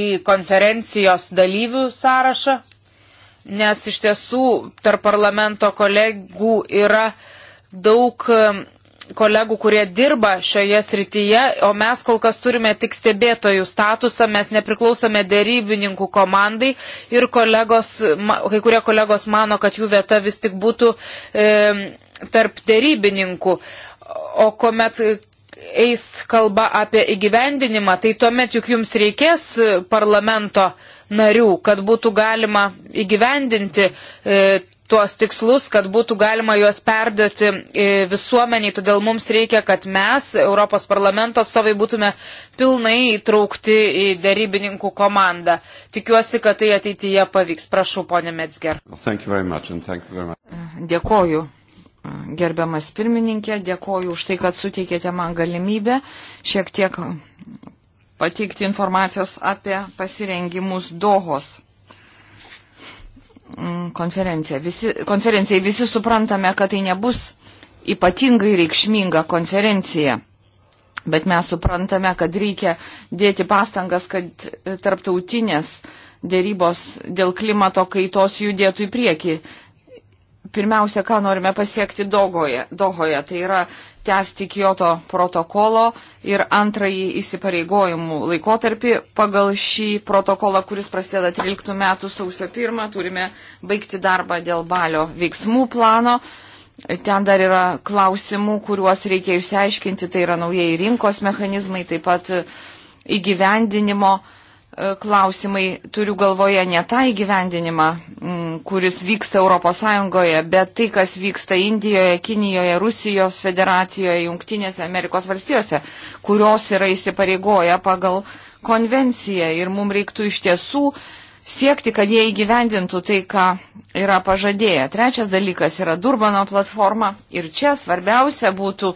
į konferencijos dalyvių sąrašą, nes iš tiesų tarp parlamento kolegų yra uh, daug kolegų, kurie dirba šioje srityje, o mes kol kas turime tik stebėtojų statusą, mes nepriklausome dėrybininkų komandai ir kolegos, kai kurie kolegos mano, kad jų vieta vis tik būtų e, tarp dėrybininkų. O kuomet eis kalba apie įgyvendinimą, tai tuomet juk jums reikės e, parlamento narių, kad būtų galima įgyvendinti e, tuos tikslus, kad būtų galima juos perduoti e, visuomeniai. Todėl mums reikia, kad mes, Europos parlamento atstovai, būtume pilnai įtraukti į darybininkų komandą. Tikiuosi, kad tai ateityje pavyks. Prašau, ponė Metzger. Mm, dėkoju. Mm, gerbiamas pirmininkė, dėkoju už tai, kad suteikėte man galimybę šiek tiek pateikti informacijos apie pasirengimus Dohos Mm, konferencija. Visi, konferencijai visi suprantame, kad tai nebus ypatingai reikšminga konferencija. Bet mes suprantame, kad reikia dėti pastangas, kad tarptautinės dėrybos dėl klimato kaitos judėtų į priekį. Pirmiausia, ką norime pasiekti Dogoje, Dohoje, tai yra tęsti Kyoto protokolo ir antrąjį įsipareigojimų laikotarpį. Pagal šį protokolą, kuris prasideda 13 metų sausio 1, turime baigti darbą dėl balio veiksmų plano. Ten dar yra klausimų, kuriuos reikia išsiaiškinti, tai yra naujieji rinkos mechanizmai, taip pat įgyvendinimo uh, klausimai turiu galvoje ne tą įgyvendinimą, mm, kuris vyksta ES, bet tai, kas vyksta Indijoje, Kinijoje, Rusijos federacijoje, Junktinėse Amerikos valstijose, kurios yra įsipareigoję pagal konvenciją ir mums reiktų iš tiesų siekti, kad jie įgyvendintų tai, ką yra pažadėję. Trečias dalykas yra Durbano platforma ir čia svarbiausia būtų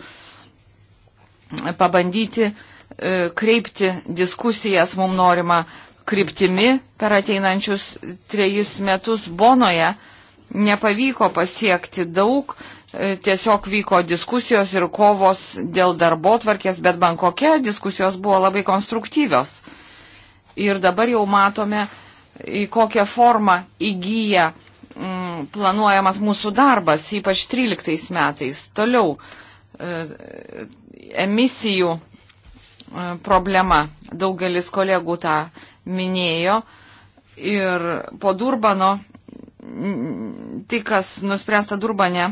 pabandyti uh, E, kreipti diskusijas mums norima kryptimi per ateinančius trejus metus Bonoje. Nepavyko pasiekti daug, e, tiesiog vyko diskusijos ir kovos dėl darbo tvarkės, bet Bankoke diskusijos buvo labai konstruktyvios. Ir dabar jau matome, į kokią formą įgyja mm, planuojamas mūsų darbas, ypač 13 metais. Toliau e, emisijų E, problema. Daugelis kolegų tą minėjo. Ir po Durbano, tai kas nuspręsta Durbane,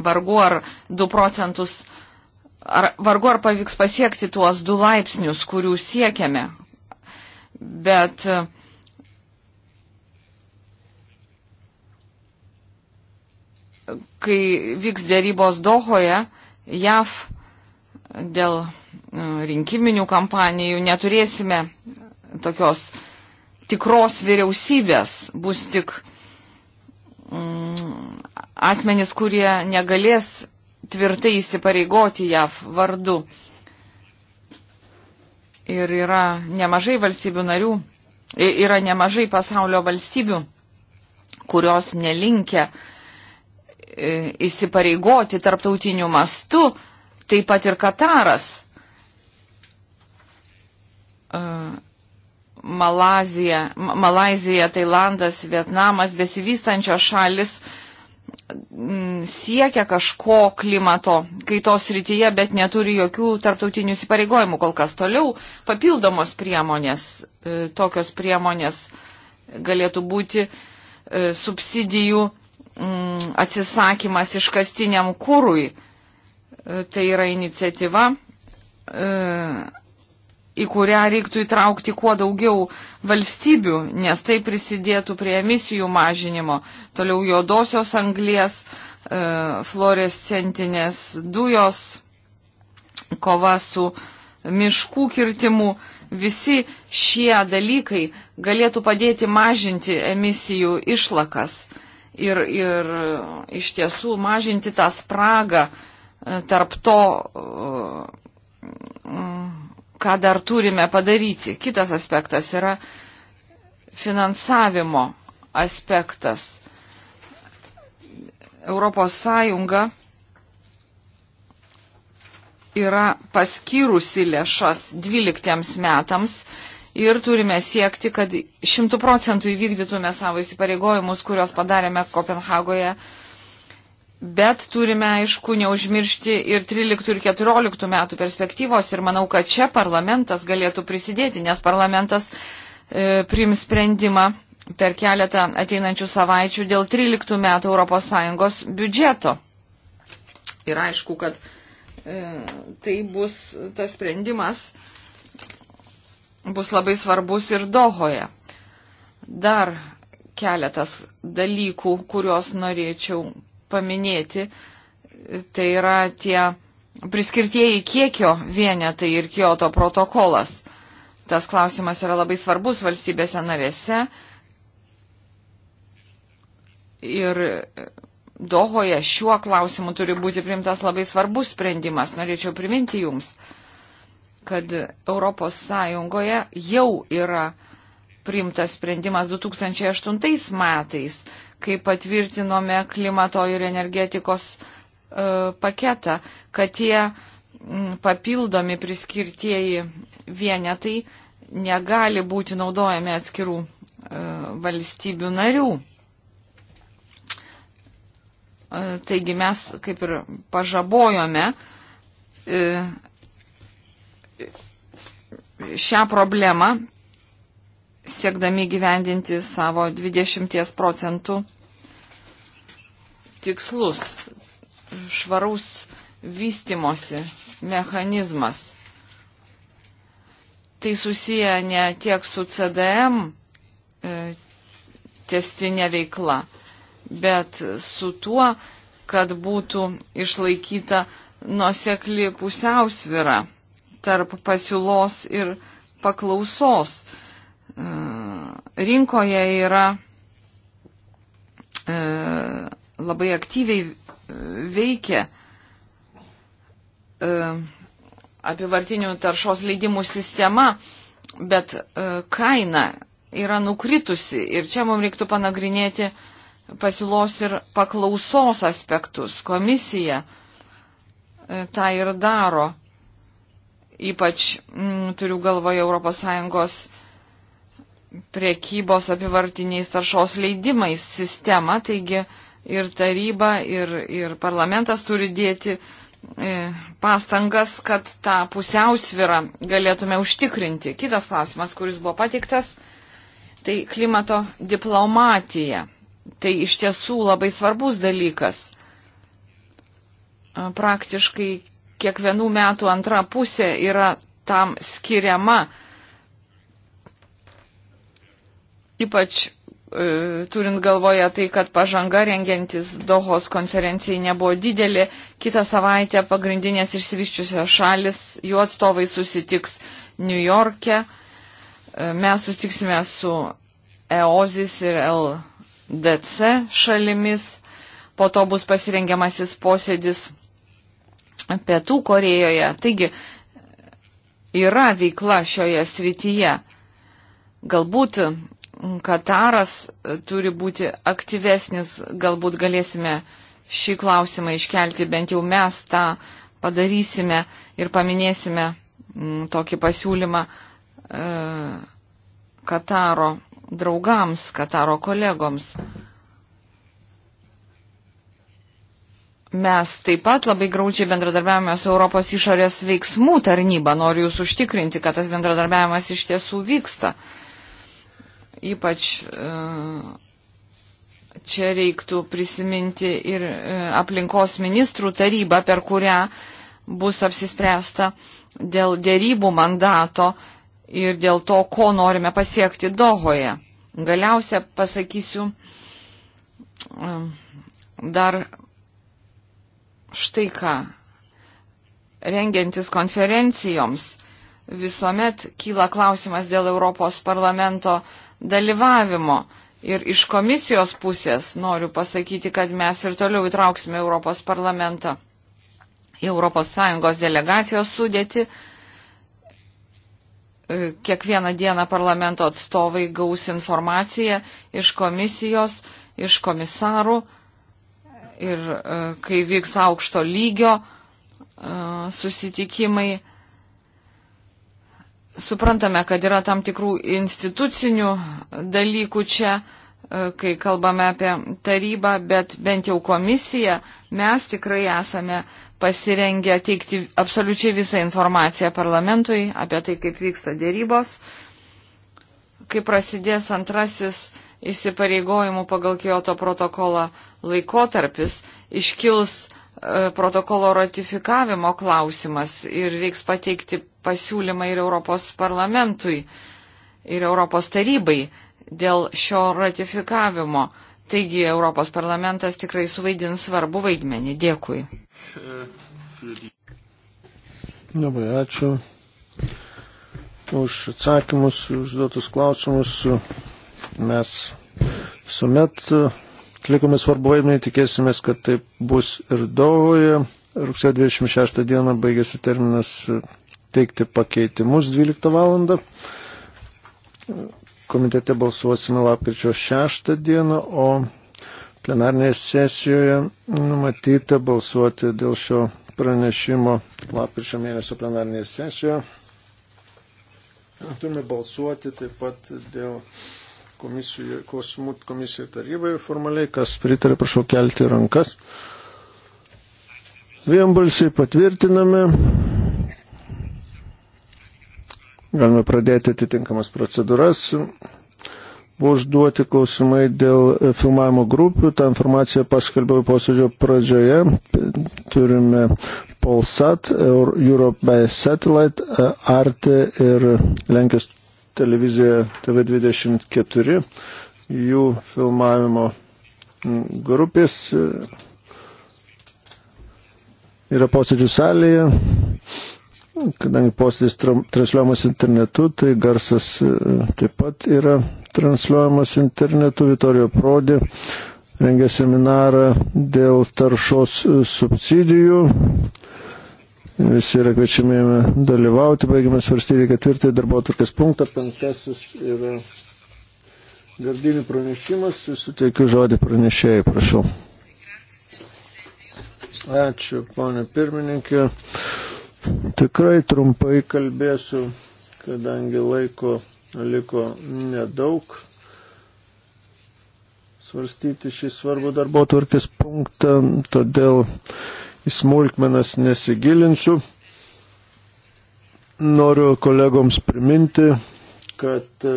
vargu ar 2 procentus, ar, vargu ar pavyks pasiekti tuos 2 laipsnius, kurių siekiame. Bet e, kai vyks dėrybos Dohoje, JAV dėl E, rinkiminių kampanijų, neturėsime tokios tikros vyriausybės, bus tik mm, asmenys, kurie negalės tvirtai įsipareigoti JAV vardu. Ir yra nemažai valstybių narių, yra nemažai pasaulio valstybių, kurios nelinkia e, įsipareigoti tarptautiniu mastu, taip pat ir Kataras Malazija, Malazija, Tailandas, Vietnamas, besivystančios šalis siekia kažko klimato kaitos rytyje, bet neturi jokių tarptautinių įsipareigojimų kol kas. Toliau papildomos priemonės, e, tokios priemonės galėtų būti e, subsidijų atsisakymas iškastiniam kūrui. E, tai yra iniciatyva į kurią reiktų įtraukti kuo daugiau valstybių, nes tai prisidėtų prie emisijų mažinimo. Toliau juodosios anglės, e, fluorescentinės dujos, kova su miškų kirtimu. Visi šie dalykai galėtų padėti mažinti emisijų išlakas ir, ir e, iš tiesų mažinti tą spragą e, tarp to. Uh, uh, ką dar turime padaryti. Kitas aspektas yra finansavimo aspektas. Europos Sąjunga yra paskyrusi lėšas 12 metams ir turime siekti, kad 100 procentų įvykdytume savo įsipareigojimus, kuriuos padarėme Kopenhagoje Bet turime, aišku, neužmiršti ir 13 ir 14 metų perspektyvos ir manau, kad čia parlamentas galėtų prisidėti, nes parlamentas e, prims sprendimą per keletą ateinančių savaičių dėl 13 metų ES biudžeto. Ir aišku, kad e, tai bus tas sprendimas bus labai svarbus ir Dohoje. Dar keletas dalykų, kuriuos norėčiau paminėti, tai yra tie priskirtieji kiekio vienetai ir Kyoto protokolas. Tas klausimas yra labai svarbus valstybėse narėse. Ir Dohoje šiuo klausimu turi būti primtas labai svarbus sprendimas. Norėčiau priminti Jums, kad Europos Sąjungoje jau yra primtas sprendimas 2008 metais kai patvirtinome klimato ir energetikos e, paketą, kad tie papildomi priskirtieji vienetai negali būti naudojami atskirų e, valstybių narių. E, taigi mes kaip ir pažabojome šią problemą siekdami gyvendinti savo 20 procentų tikslus. Švaraus vystimosi mechanizmas. Tai susiję ne tiek su CDM e, testinė veikla, bet su tuo, kad būtų išlaikyta nuosekli pusiausvira tarp pasiūlos ir paklausos. E, E, rinkoje yra e, labai aktyviai e, veikia apivartinių taršos leidimų sistema, bet kaina yra nukritusi ir čia mums reiktų panagrinėti pasiūlos ir paklausos aspektus. Komisija tą ir daro, ypač m, mm, turiu galvoje ES priekybos apivartiniais taršos leidimais sistemą, taigi ir taryba, ir, ir parlamentas turi dėti e, pastangas, kad tą pusiausvirą galėtume užtikrinti. Kitas klausimas, kuris buvo patiktas, tai klimato diplomatija. Tai iš tiesų labai svarbus dalykas. Praktiškai kiekvienų metų antra pusė yra tam skiriama Ypač e, turint galvoje tai, kad pažanga rengiantis Dohos konferencijai nebuvo didelė, kitą savaitę pagrindinės išsivyščiusios šalis, jų atstovai susitiks New York'e, e, mes susitiksime su EOZIS ir LDC šalimis, po to bus pasirengiamasis posėdis Pietų Korejoje. Taigi yra veikla šioje srityje. Galbūt Kataras turi būti aktyvesnis, galbūt galėsime šį klausimą iškelti, bent jau mes tą padarysime ir paminėsime mm, tokį pasiūlymą e, Kataro draugams, Kataro kolegoms. Mes taip pat labai graudžiai bendradarbiavame su Europos išorės veiksmų tarnyba. Noriu Jūs užtikrinti, kad tas bendradarbiavimas iš tiesų vyksta. Uh, Ypač e, čia reiktų prisiminti ir e, aplinkos ministrų tarybą, per kurią bus apsispręsta dėl dėrybų mandato ir dėl to, ko norime pasiekti Dohoje. Galiausia pasakysiu e, dar štai ką. Rengiantis konferencijoms visuomet kyla klausimas dėl Europos parlamento dalyvavimo. Ir iš komisijos pusės noriu pasakyti, kad mes ir toliau įtrauksime Europos parlamentą į Europos Sąjungos delegacijos sudėti. E, kiekvieną dieną parlamento atstovai gaus informaciją iš komisijos, iš komisarų ir e, kai vyks aukšto lygio e, susitikimai Suprantame, kad yra tam tikrų institucinių dalykų čia, e, kai kalbame apie tarybą, bet bent jau komisiją mes tikrai esame pasirengę teikti absoliučiai visą informaciją parlamentui apie tai, kaip vyksta dėrybos, kai prasidės antrasis įsipareigojimų pagal Kyoto protokolą laikotarpis, iškils E, protokolo ratifikavimo klausimas ir reiks pateikti pasiūlymą ir Europos parlamentui, ir Europos tarybai dėl šio ratifikavimo. Taigi Europos parlamentas tikrai suvaidins svarbu vaidmenį. Dėkui. Labai ačiū už atsakymus, užduotus klausimus. Mes sumet atlikome svarbu vaidmenį, tikėsimės, kad taip bus ir Dauvoje. Rugsėjo 26 dieną baigėsi terminas e, teikti pakeitimus 12 valandą. Komitete balsuosime lapkričio 6 dieną, o plenarnėje sesijoje numatyta balsuoti dėl šio pranešimo lapkričio mėnesio plenarnėje sesijoje. Turime balsuoti taip pat dėl komisijų, klausimų komisijai tarybai formaliai, kas pritarė, prašau kelti rankas. Vienbalsiai patvirtiname. Galime pradėti atitinkamas procedūras. Buvo užduoti klausimai dėl filmavimo grupių. Ta informacija paskelbiau posėdžio pradžioje. Turime Polsat, Europe by Satellite, Arte ir Lenkijos televizija TV24, jų filmavimo grupės e, yra posėdžių salėje. Kadangi posėdis transliuojamas internetu, tai garsas e, taip pat yra transliuojamas internetu. Vitorijo Prodi rengia seminarą dėl taršos e, subsidijų Visi yra kviečiami dalyvauti. Baigime svarstyti ketvirtąjį darbo atvarkės punktą. Penktasis yra gardinių pranešimas. Suteikiu žodį pranešėjai, prašau. Ačiū, ponė pirmininkė. Tikrai trumpai kalbėsiu, kadangi laiko liko nedaug svarstyti šį svarbų darbo tvarkės punktą, todėl į smulkmenas nesigilinsiu. Noriu kolegoms priminti, kad e,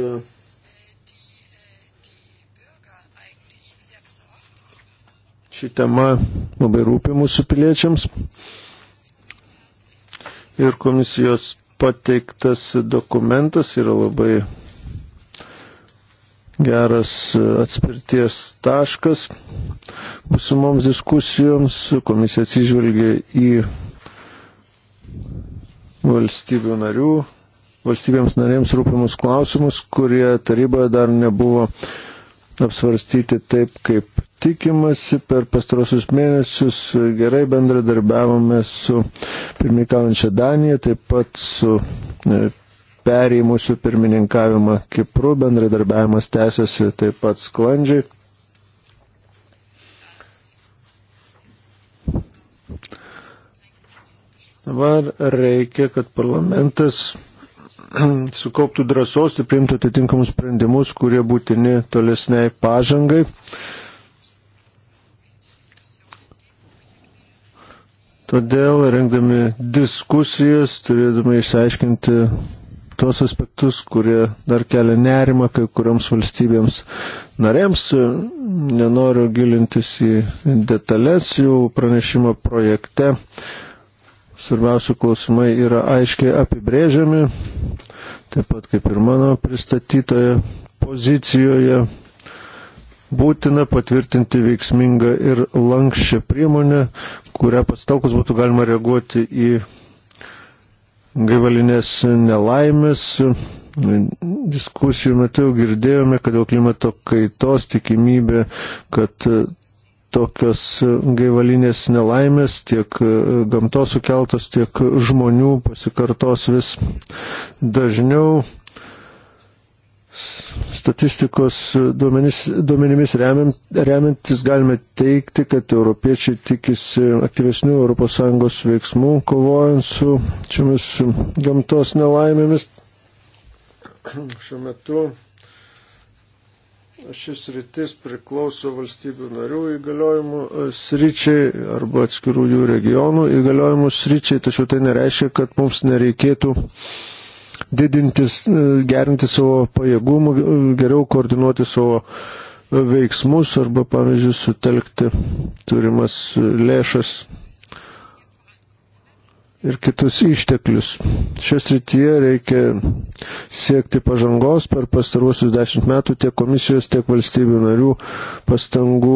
ši tema labai rūpi mūsų piliečiams ir komisijos pateiktas dokumentas yra labai geras e, atspirties taškas busimoms diskusijoms. Komisija atsižvelgia į valstybių narių, valstybėms narėms rūpimus klausimus, kurie taryboje dar nebuvo apsvarstyti taip, kaip tikimasi. Per pastarosius mėnesius gerai bendradarbiavome su pirmikaujančia Danija, taip pat su e, perėmusių pirmininkavimą Kipru, bendradarbiavimas tęsiasi taip pat sklandžiai. Dabar reikia, kad parlamentas sukauptų drąsos ir priimtų atitinkamus sprendimus, kurie būtini tolesniai pažangai. Todėl, rengdami diskusijas, turėdami išsiaiškinti tuos aspektus, kurie dar kelia nerimą kai kurioms valstybėms narėms. Nenoriu gilintis į detalės jų pranešimo projekte. Svarbiausių klausimai yra aiškiai apibrėžiami, taip pat kaip ir mano pristatytoje pozicijoje. Būtina patvirtinti veiksmingą ir lankščią priemonę, kurią pastelkus būtų galima reaguoti į gaivalinės nelaimės. Diskusijų metu jau girdėjome, kad dėl klimato kaitos tikimybė, kad tokios gaivalinės nelaimės, tiek gamtos sukeltos, tiek žmonių pasikartos vis dažniau statistikos duomenis, duomenimis remiantis galime teikti, kad europiečiai tikisi aktyvesnių ES veiksmų kovojant su šiomis gamtos nelaimėmis. Šiuo metu šis rytis priklauso valstybių narių įgaliojimų e, sryčiai arba atskirų jų regionų įgaliojimų sryčiai, tačiau tai nereiškia, kad mums nereikėtų uh, didintis, e, gerinti savo pajėgumų, e, geriau koordinuoti savo e, veiksmus arba, pavyzdžiui, sutelkti turimas lėšas ir kitus išteklius. Šios rytyje reikia siekti pažangos per pastaruosius dešimt metų tiek komisijos, tiek valstybių narių pastangų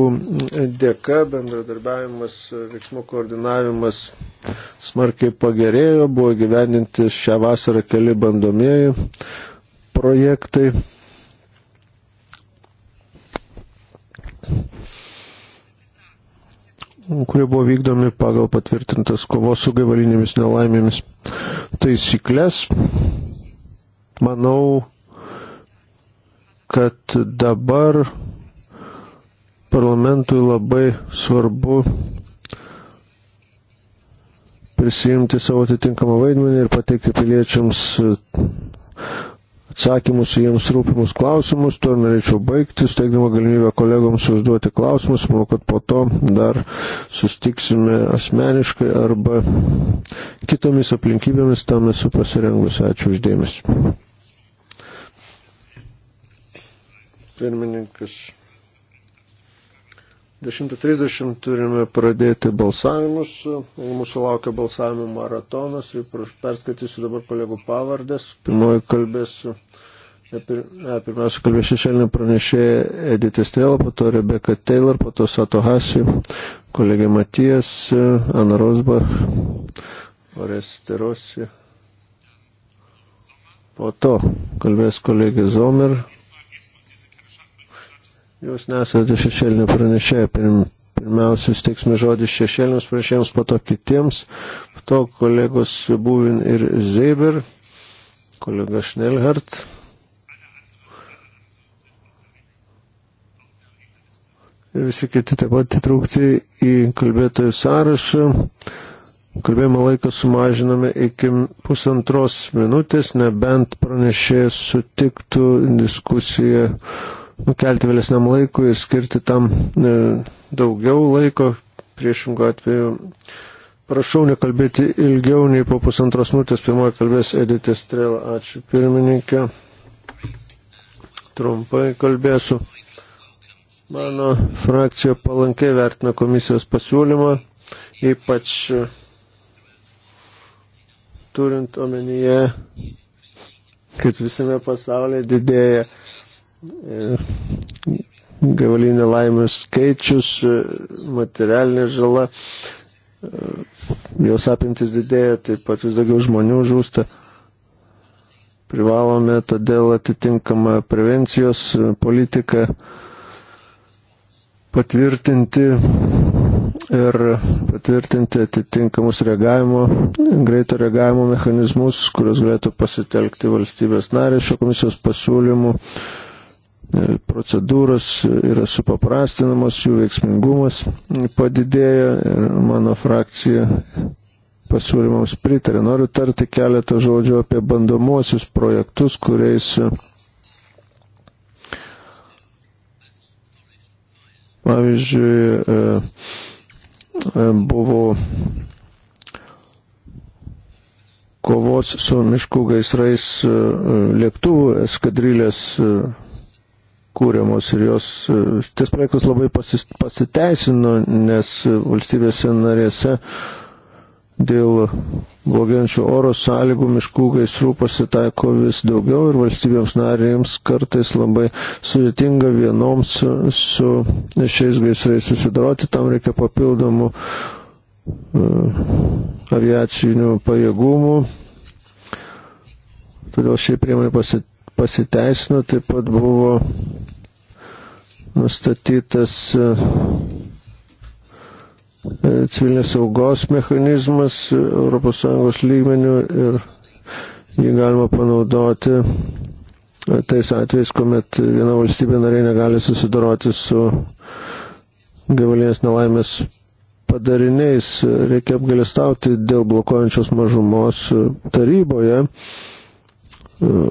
dėka bendradarbiavimas, veiksmų koordinavimas smarkiai pagerėjo, buvo gyveninti šią vasarą keli bandomieji projektai kurie buvo vykdomi pagal patvirtintas kovos su gaivalinėmis nelaimėmis taisyklės. Manau, kad dabar parlamentui labai svarbu prisijimti savo atitinkamą vaidmenį ir pateikti piliečiams atsakymus į jiems rūpimus klausimus. Tuo norėčiau baigti, steigdama galimybę kolegoms užduoti klausimus. Manau, kad po to dar sustiksime asmeniškai arba kitomis aplinkybėmis. Tam esu pasirengusi. Ačiū uždėmesi. Pirmininkas. 10.30 turime pradėti balsavimus. Mūsų laukia balsavimų maratonas ir perskaitysiu dabar kolegų pavardės. Pirmoji kalbėsiu Pirmiausia, kalbė šešėlinė pranešė Edith Estrela, po to Rebecca Taylor, po to Sato Hasi, kolegė Matijas, Ana Rosbach, Oresterosi. Po to kalbės kolegė Zomer. Jūs nesate šešėlinė pranešė, pirmiausia, steiksime žodį šešėlinėms pranešėjams, po to kitiems, po to kolegos Buvin ir Zeiber, kolega Schnellhardt. ir visi kiti taip pat įtraukti į kalbėtojų sąrašą. Kalbėjimo laiką sumažiname iki pusantros minutės, nebent pranešėjas sutiktų diskusiją nukelti vėlesniam laikui ir skirti tam e, daugiau laiko. Priešingų atveju prašau nekalbėti ilgiau nei po pusantros minutės. Pirmoji kalbės Editė Strela. Ačiū pirmininkė. Trumpai kalbėsiu. Mano frakcija palankiai vertina komisijos pasiūlymą, ypač turint omenyje, kad visame pasaulyje didėja e, gavalinė laimės skaičius, e, materialinė žala, e, jos apimtis didėja, taip pat vis daugiau žmonių žūsta. Privalome todėl atitinkamą prevencijos politiką patvirtinti ir patvirtinti atitinkamus reagavimo, greito reagavimo mechanizmus, kurios galėtų pasitelkti valstybės narės šio komisijos pasiūlymų. E, procedūros yra supaprastinamos, jų veiksmingumas padidėja ir mano frakcija pasiūlymams pritarė. Noriu tarti keletą žodžių apie bandomuosius projektus, kuriais Pavyzdžiui, e, e, buvo kovos su miškų gaisrais e, lėktuvų eskadrilės kūriamos ir jos, tas projektas labai pasiteisino, nes valstybėse narėse Dėl blogėjančių oro sąlygų miškų gaisrų pasitaiko vis daugiau ir valstybėms narėms kartais labai sudėtinga vienoms su, su šiais gaisrais susidoroti, tam reikia papildomų uh, aviacinių pajėgumų. Todėl šiai priemonė pasi, pasiteisino, taip pat buvo nustatytas uh, E, civilinės saugos mechanizmas ES lygmenių ir jį galima panaudoti e, tais atvejais, kuomet viena valstybė nariai negali susidoroti su gyvalinės nelaimės padariniais. Reikia apgalestauti dėl blokuojančios mažumos taryboje, e,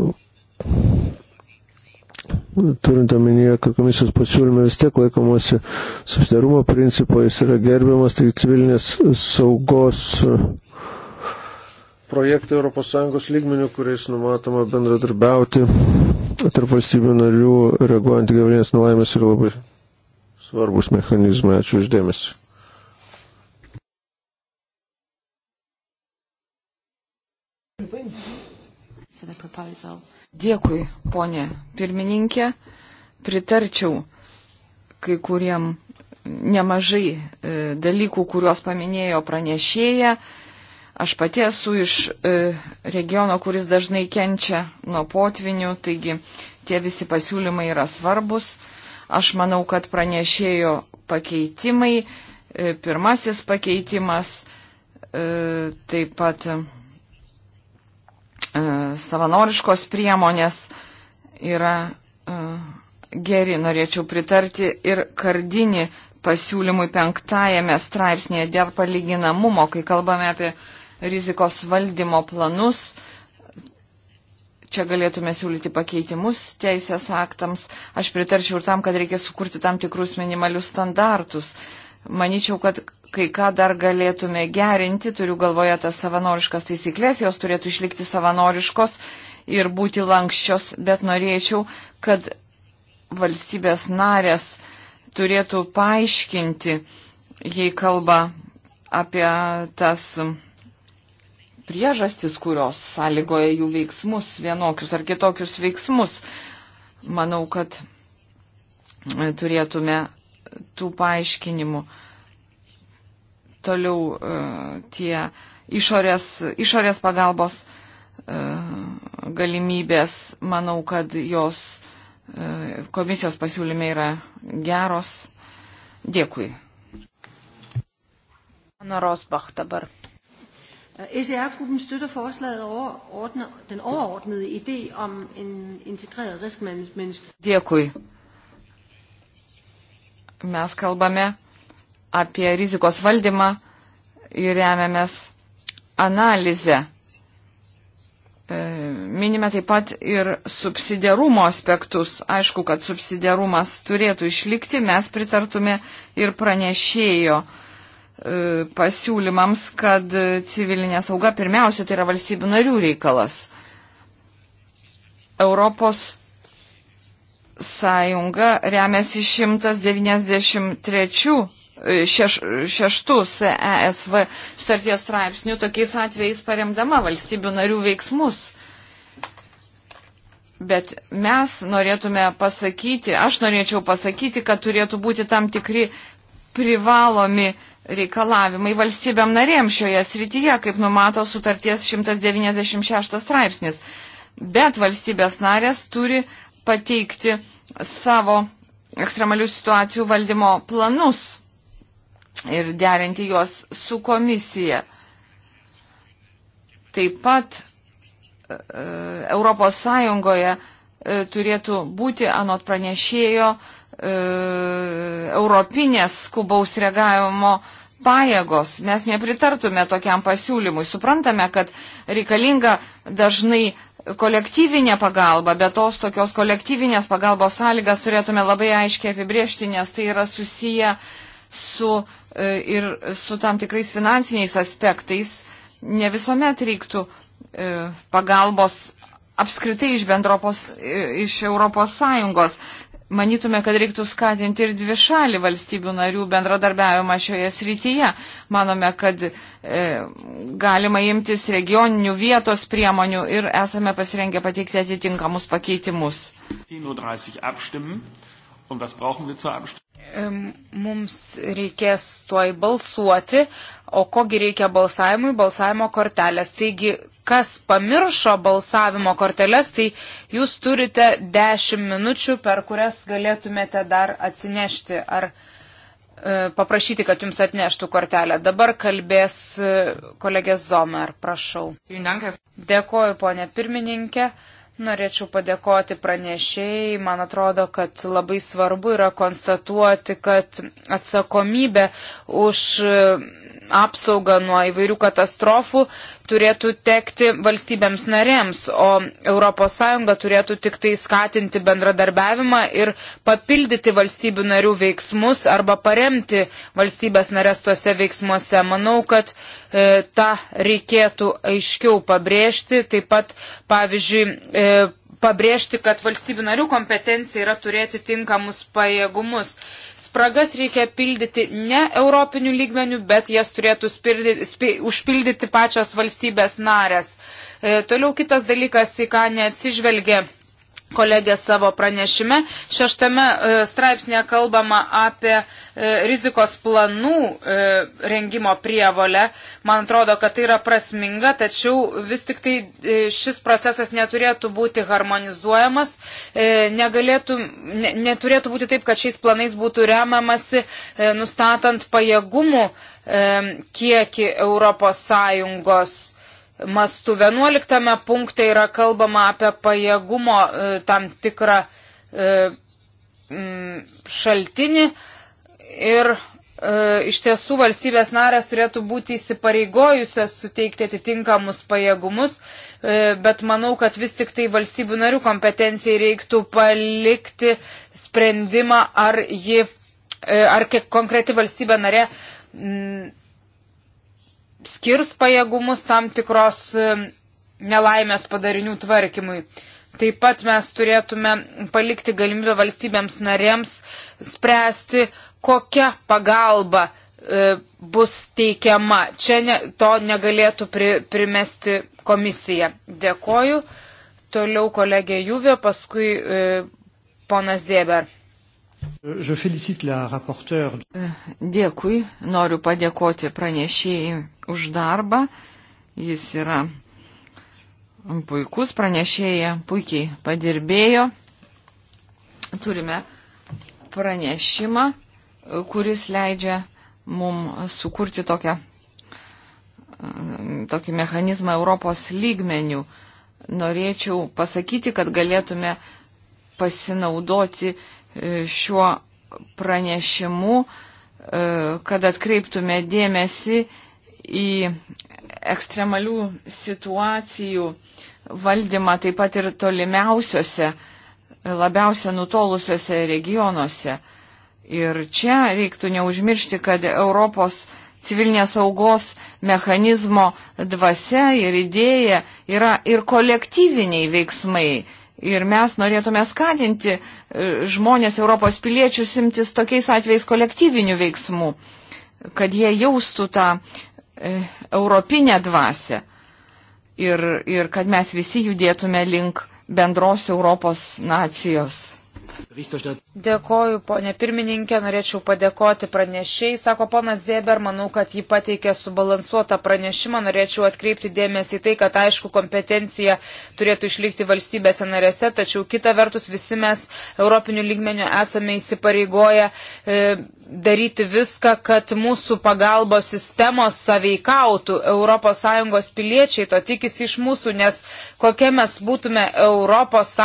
turint omenyje, kad komisijos pasiūlyme vis tiek laikomasi susidarumo principo, jis yra gerbiamas, tai civilinės saugos projektai ES lygmenių, kuriais numatoma bendradarbiauti tarp valstybių narių, reaguojant į gavinės nelaimės ir labai svarbus mechanizmai. Ačiū uždėmesi. To the proposal. Dėkui, ponė pirmininkė. Pritarčiau kai kuriem nemažai e, dalykų, kuriuos paminėjo pranešėja. Aš pati esu iš e, regiono, kuris dažnai kenčia nuo potvinių, taigi tie visi pasiūlymai yra svarbus. Aš manau, kad pranešėjo pakeitimai, e, pirmasis pakeitimas, taip pat E, savanoriškos priemonės yra e, geri. Norėčiau pritarti ir kardinį pasiūlymui penktajame straipsnėje dėl palyginamumo, kai kalbame apie rizikos valdymo planus. Čia galėtume siūlyti pakeitimus teisės aktams. Aš pritarčiau ir tam, kad reikia sukurti tam tikrus minimalius standartus. Uh, Maničiau, kad kai ką dar galėtume gerinti, turiu galvoje tas savanoriškas taisyklės, jos turėtų išlikti savanoriškos ir būti lankščios, bet norėčiau, kad valstybės narės turėtų paaiškinti, jei kalba apie tas priežastis, kurios sąlygoja jų veiksmus, vienokius ar kitokius veiksmus. Manau, kad turėtume tų paaiškinimų. Toliau e, tie išorės, išorės pagalbos e, galimybės, manau, kad jos e, komisijos pasiūlyme yra geros. Dėkui. Anna Rosbach dabar. SR-gruppen støtter forslaget over ordnet, den overordnede idé om en integreret riskmanagement. Dėkui mes kalbame apie rizikos valdymą ir remiamės analizę. E, minime taip pat ir subsidiarumo aspektus. Aišku, kad subsidiarumas turėtų išlikti, mes pritartume ir pranešėjo e, pasiūlymams, kad civilinė sauga pirmiausia tai yra valstybių narių reikalas. Europos sąjunga remiasi 193 e, šeš, šeštų ESV starties straipsnių, tokiais atvejais paremdama valstybių narių veiksmus. Bet mes norėtume pasakyti, aš norėčiau pasakyti, kad turėtų būti tam tikri privalomi reikalavimai valstybėm narėm šioje srityje, kaip numato sutarties 196 straipsnis. Bet valstybės narės turi pateikti savo ekstremalių situacijų valdymo planus ir derinti juos su komisija. Taip pat e, e, Europos Sąjungoje e, turėtų būti, anot pranešėjo, europinės skubaus reagavimo pajėgos. Mes nepritartume tokiam pasiūlymui. Suprantame, kad reikalinga dažnai kolektyvinė pagalba, bet tos tokios kolektyvinės pagalbos sąlygas turėtume labai aiškiai apibriežti, nes tai yra susiję su, e, ir su tam tikrais finansiniais aspektais. Ne visuomet reiktų e, pagalbos apskritai iš, bendropos, e, iš Europos Sąjungos. Manytume, kad reiktų skatinti ir dvi šalį valstybių narių bendradarbiavimą šioje srityje. Manome, kad e, galima imtis regioninių vietos priemonių ir esame pasirengę pateikti atitinkamus pakeitimus. Mums reikės tuoj balsuoti, o kogi reikia balsavimui? Balsavimo kortelės. Taigi, kas pamiršo balsavimo korteles, tai jūs turite 10 minučių, per kurias galėtumėte dar atsinešti ar e, paprašyti, kad jums atneštų kortelę. Dabar kalbės e, kolegė Zomer, prašau. Dėkoju, ponė pirmininkė. Norėčiau padėkoti pranešėjai. Man atrodo, kad labai svarbu yra konstatuoti, kad atsakomybė už apsaugą nuo įvairių katastrofų turėtų tekti valstybėms narėms, o ES turėtų tik tai skatinti bendradarbiavimą ir papildyti valstybių narių veiksmus arba paremti valstybės narės tuose veiksmuose. Manau, kad e, tą reikėtų aiškiau pabrėžti. Taip pat, pavyzdžiui, e, pabrėžti, kad valstybių narių kompetencija yra turėti tinkamus pajėgumus spragas reikia pildyti ne europinių lygmenių, bet jas turėtų spirdyti, spi, užpildyti pačios valstybės narės. E, toliau kitas dalykas, į ką neatsižvelgia kolegė savo pranešime. Šeštame e, straipsnėje kalbama apie e, rizikos planų e, rengimo prievolę. Man atrodo, kad tai yra prasminga, tačiau vis tik tai šis procesas neturėtų būti harmonizuojamas. Negalėtų, ne, neturėtų būti taip, kad šiais planais būtų remiamasi nustatant pajėgumų kiekį Europos Sąjungos mastu. 11 punkte yra kalbama apie pajėgumo e, tam tikrą e, šaltinį ir e, iš tiesų valstybės narės turėtų būti įsipareigojusios suteikti atitinkamus pajėgumus, bet manau, kad vis tik tai valstybių narių kompetencijai reiktų palikti sprendimą, ar, ji, ar konkreti valstybė narė skirs pajėgumus tam tikros e, nelaimės padarinių tvarkymui. Taip pat mes turėtume palikti galimybę valstybėms narėms spręsti, kokia pagalba e, bus teikiama. Čia ne, to negalėtų pri, primesti komisija. Dėkoju. Toliau kolegė Juvė, paskui e, ponas Zieber. Dėkui, noriu padėkoti pranešėjai už darbą. Jis yra puikus pranešėja, puikiai padirbėjo. Turime pranešimą, kuris leidžia mum sukurti tokią, tokį mechanizmą Europos lygmenių. Norėčiau pasakyti, kad galėtume pasinaudoti E, šiuo pranešimu, e, kad atkreiptume dėmesį į ekstremalių situacijų valdymą taip pat ir tolimiausiose, labiausia nutolusiuose regionuose. Ir čia reiktų neužmiršti, kad Europos civilinės saugos mechanizmo dvasia ir idėja yra ir kolektyviniai veiksmai, Ir mes norėtume skatinti e, žmonės, Europos piliečius, imtis tokiais atvejais kolektyvinių veiksmų, kad jie jaustų tą e, europinę dvasę ir, ir kad mes visi judėtume link bendros Europos nacijos. Dėkoju, ponė pirmininkė, norėčiau padėkoti pranešiai. Sako ponas Zieber, manau, kad jį pateikė subalansuotą pranešimą. Norėčiau atkreipti dėmesį į tai, kad aišku, kompetencija turėtų išlikti valstybėse narėse, tačiau kita vertus visi mes Europinių lygmenių esame įsipareigoję. E, daryti viską, kad mūsų pagalbos sistemos saveikautų. ES piliečiai to tikisi iš mūsų, nes kokia mes būtume ES,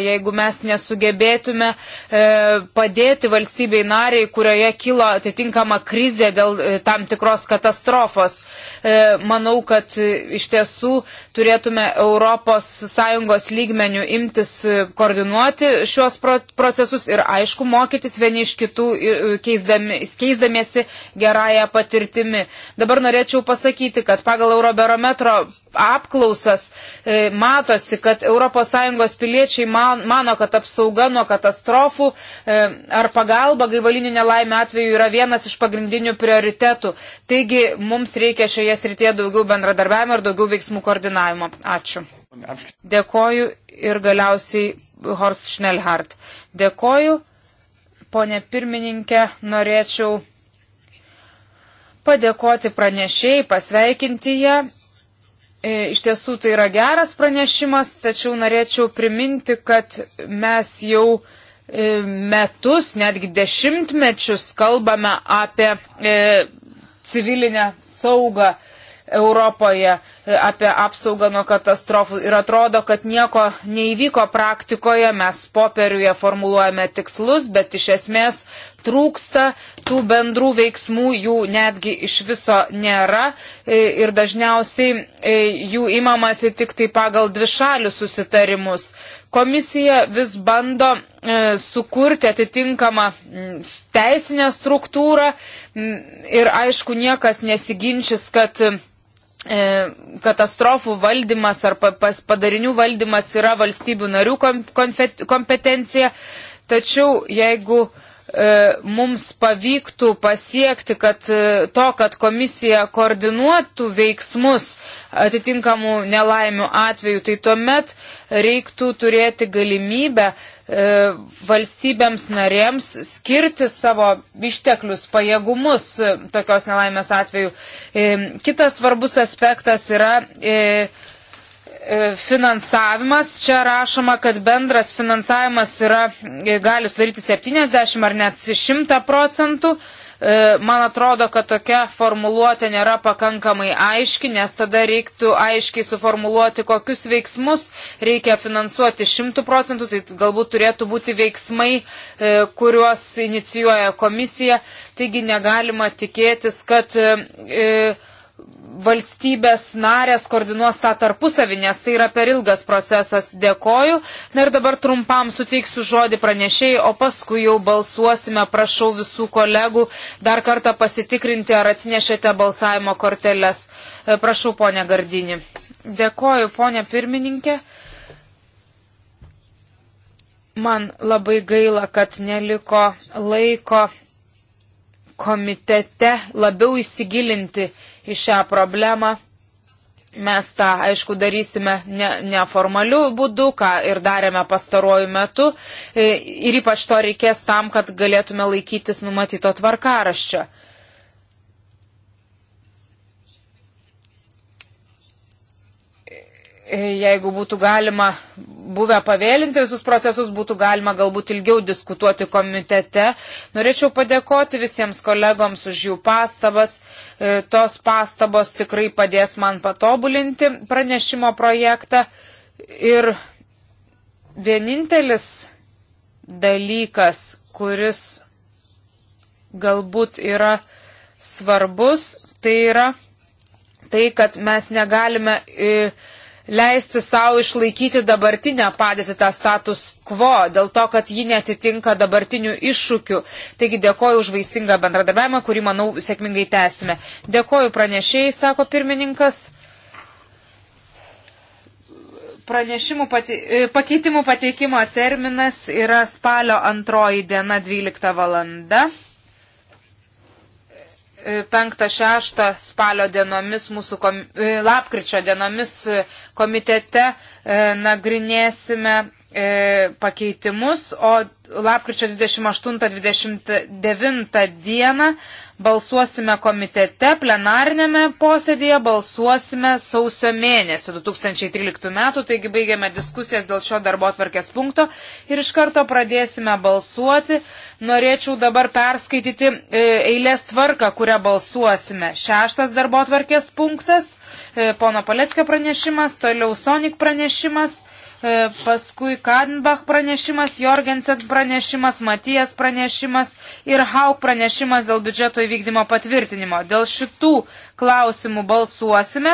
jeigu mes nesugebėtume e, padėti valstybei nariai, kurioje kilo atitinkama krizė dėl e, tam tikros katastrofos. E, manau, kad e, iš tiesų turėtume ES lygmenių imtis e, koordinuoti šios procesus ir aišku mokytis vieni iš kitų e, keisdami keisdamiesi gerąją patirtimi. Dabar norėčiau pasakyti, kad pagal Eurobarometro apklausas e, matosi, kad ES piliečiai man, mano, kad apsauga nuo katastrofų e, ar pagalba gaivalinių nelaimė atveju yra vienas iš pagrindinių prioritetų. Taigi mums reikia šioje srityje daugiau bendradarbiavimo ir daugiau veiksmų koordinavimo. Ačiū. Dėkoju ir galiausiai Horst Schnellhardt. Dėkoju. Pone pirmininkė, norėčiau padėkoti pranešėjai, pasveikinti ją. E, iš tiesų tai yra geras pranešimas, tačiau norėčiau priminti, kad mes jau e, metus, netgi dešimtmečius kalbame apie e, civilinę saugą Europoje. E, apie apsaugą nuo katastrofų ir atrodo, kad nieko neįvyko praktikoje, mes popieriuje formuluojame tikslus, bet iš esmės trūksta tų bendrų veiksmų, jų netgi iš viso nėra e, ir dažniausiai e, jų imamasi tik tai pagal dvišalius susitarimus. Komisija vis bando sukurti atitinkamą teisinę struktūrą ir aišku niekas nesiginčys, kad E, katastrofų valdymas ar padarinių valdymas yra valstybių narių kompetencija, tačiau jeigu E, mums pavyktų pasiekti, kad e, to, kad komisija koordinuotų veiksmus atitinkamų nelaimių atveju, tai tuomet reiktų turėti galimybę e, valstybėms narėms skirti savo išteklius, pajėgumus tokios nelaimės atveju. Kitas svarbus aspektas yra E, finansavimas, čia rašoma, kad bendras finansavimas yra, e, gali sudaryti 70 ar net 100 procentų. E, man atrodo, kad tokia formuluotė nėra pakankamai aiški, nes tada reiktų aiškiai suformuluoti, kokius veiksmus reikia finansuoti 100 procentų, tai galbūt turėtų būti veiksmai, kuriuos inicijuoja komisija. Taigi negalima tikėtis, kad. E, valstybės narės koordinuos tą tarpusavį, nes tai yra per ilgas procesas. Dėkoju. Na ir dabar trumpam suteiksiu žodį pranešėjai, o paskui jau balsuosime. Prašau visų kolegų dar kartą pasitikrinti, ar atsinešėte balsavimo korteles. E, prašau, ponė Gardinį. Dėkoju, ponė pirmininkė. Man labai gaila, kad neliko laiko komitete labiau įsigilinti į šią problemą. Mes tą, aišku, darysime ne, neformaliu būdu, ką ir darėme pastaruoju metu. E, ir ypač to reikės tam, kad galėtume laikytis numatyto tvarkaraščio. E, jeigu būtų galima, buvę pavėlinti visus procesus, būtų galima galbūt ilgiau diskutuoti komitete. Norėčiau padėkoti visiems kolegoms už jų pastabas. E, tos pastabos tikrai padės man patobulinti pranešimo projektą. Ir vienintelis dalykas, kuris galbūt yra svarbus, tai yra tai, kad mes negalime. E, leisti savo išlaikyti dabartinę padėtį, tą status quo, dėl to, kad ji netitinka dabartinių iššūkių. Taigi dėkoju už vaisingą bendradarbiavimą, kurį, manau, sėkmingai tęsime. Dėkoju pranešėjai, sako pirmininkas. Pranešimų pati, e, pakeitimų pateikimo terminas yra spalio antroji diena 12 valanda. 5-6 e, spalio dienomis, mūsų kom, e, lapkričio dienomis e, komitete nagrinėsime E, pakeitimus, o lapkričio 28-29 dieną balsuosime komitete, plenarinėme posėdėje balsuosime sausio mėnesį 2013 metų, taigi baigiame diskusijas dėl šio darbo atvarkės punkto ir iš karto pradėsime balsuoti. Norėčiau dabar perskaityti e, eilės tvarką, kurią balsuosime. Šeštas darbo atvarkės punktas, e, pono Paleckio pranešimas, toliau Sonik pranešimas E, paskui Kadenbach pranešimas, Jorgensen pranešimas, Matijas pranešimas ir Haug pranešimas dėl biudžeto įvykdymo patvirtinimo. Dėl šitų klausimų balsuosime.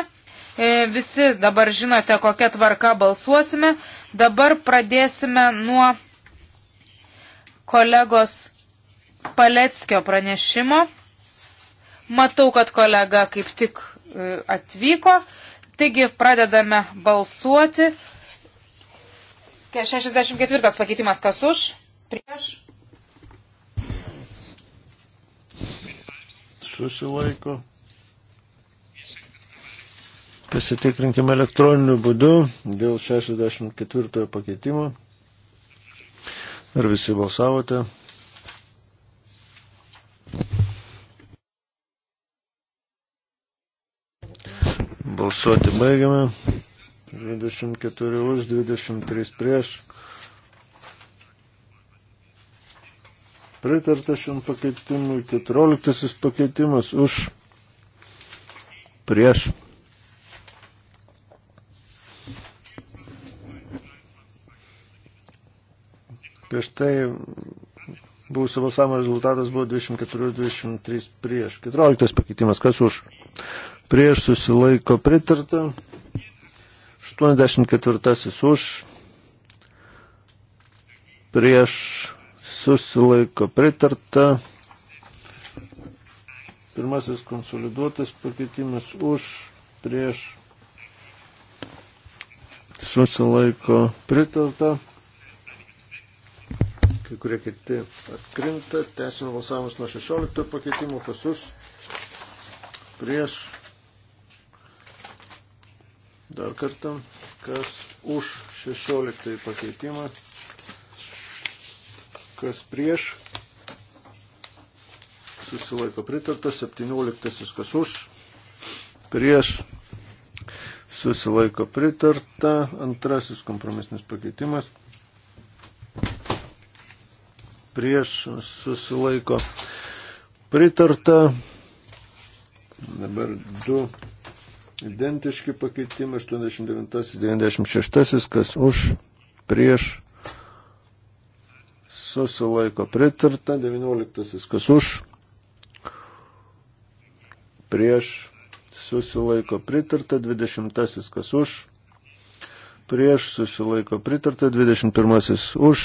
E, visi dabar žinote, kokia tvarka balsuosime. Dabar pradėsime nuo kolegos Paleckio pranešimo. Matau, kad kolega kaip tik e, atvyko. Taigi pradedame balsuoti. 64 pakeitimas kas už, prieš. Susilaiko. Pasitikrinkime elektroniniu būdu dėl 64 pakeitimo. Ar visi balsavote? Balsuoti baigiame. 24 už, 23 prieš. Pritarta šiam pakeitimui 14 pakeitimas už prieš. Prieš tai buvusių balsavimo rezultatas buvo 24-23 prieš. 14 pakeitimas, kas už? Prieš susilaiko pritarta. 84 už, prieš susilaiko pritarta. Pirmasis konsoliduotas pakeitimas už, prieš susilaiko pritarta. Kai kurie kiti atkrinta. Tęsime balsavimus nuo 16 pakeitimo pasus prieš Dar kartą, kas už 16 pakeitimą, kas prieš, susilaiko pritartas, 17 kas už, prieš, susilaiko pritarta, antrasis kompromisinis pakeitimas, prieš, susilaiko pritarta, dabar 2 Identiški pakeitimai 89-96, kas už, prieš, susilaiko pritarta, 19, kas už, prieš, susilaiko pritarta, 20, kas už, prieš, susilaiko pritarta, 21, už,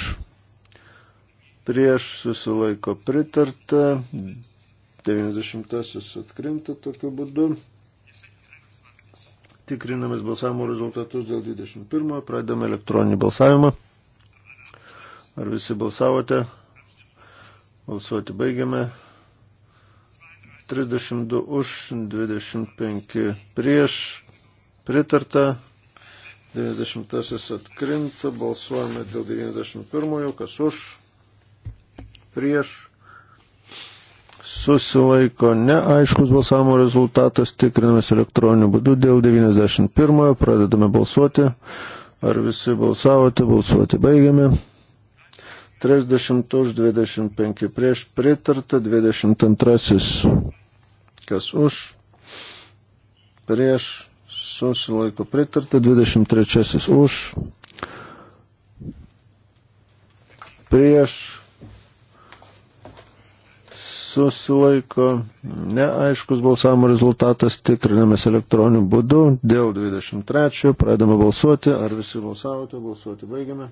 prieš, susilaiko pritarta, 90 atkrinta tokiu būdu. Tikrinamės balsavimo rezultatus dėl 21. Pradedame elektroninį balsavimą. Ar visi balsavote? Balsuoti baigiame. 32 už, 25 prieš, pritarta, 90-asis atkrinta, balsuojame dėl 91-ojo, kas už, prieš, susilaiko neaiškus balsavimo rezultatas, tikrinamas elektroniniu būdu dėl 91-ojo, pradedame balsuoti. Ar visi balsavote, balsuoti baigiame. 30 už 25 prieš pritarta, 22 kas už, prieš susilaiko pritarta, 23 už, prieš susilaiko, neaiškus balsavimo rezultatas, tikrinamės elektroniniu būdu, dėl 23 pradame balsuoti, ar visi balsavote, balsuoti baigiame.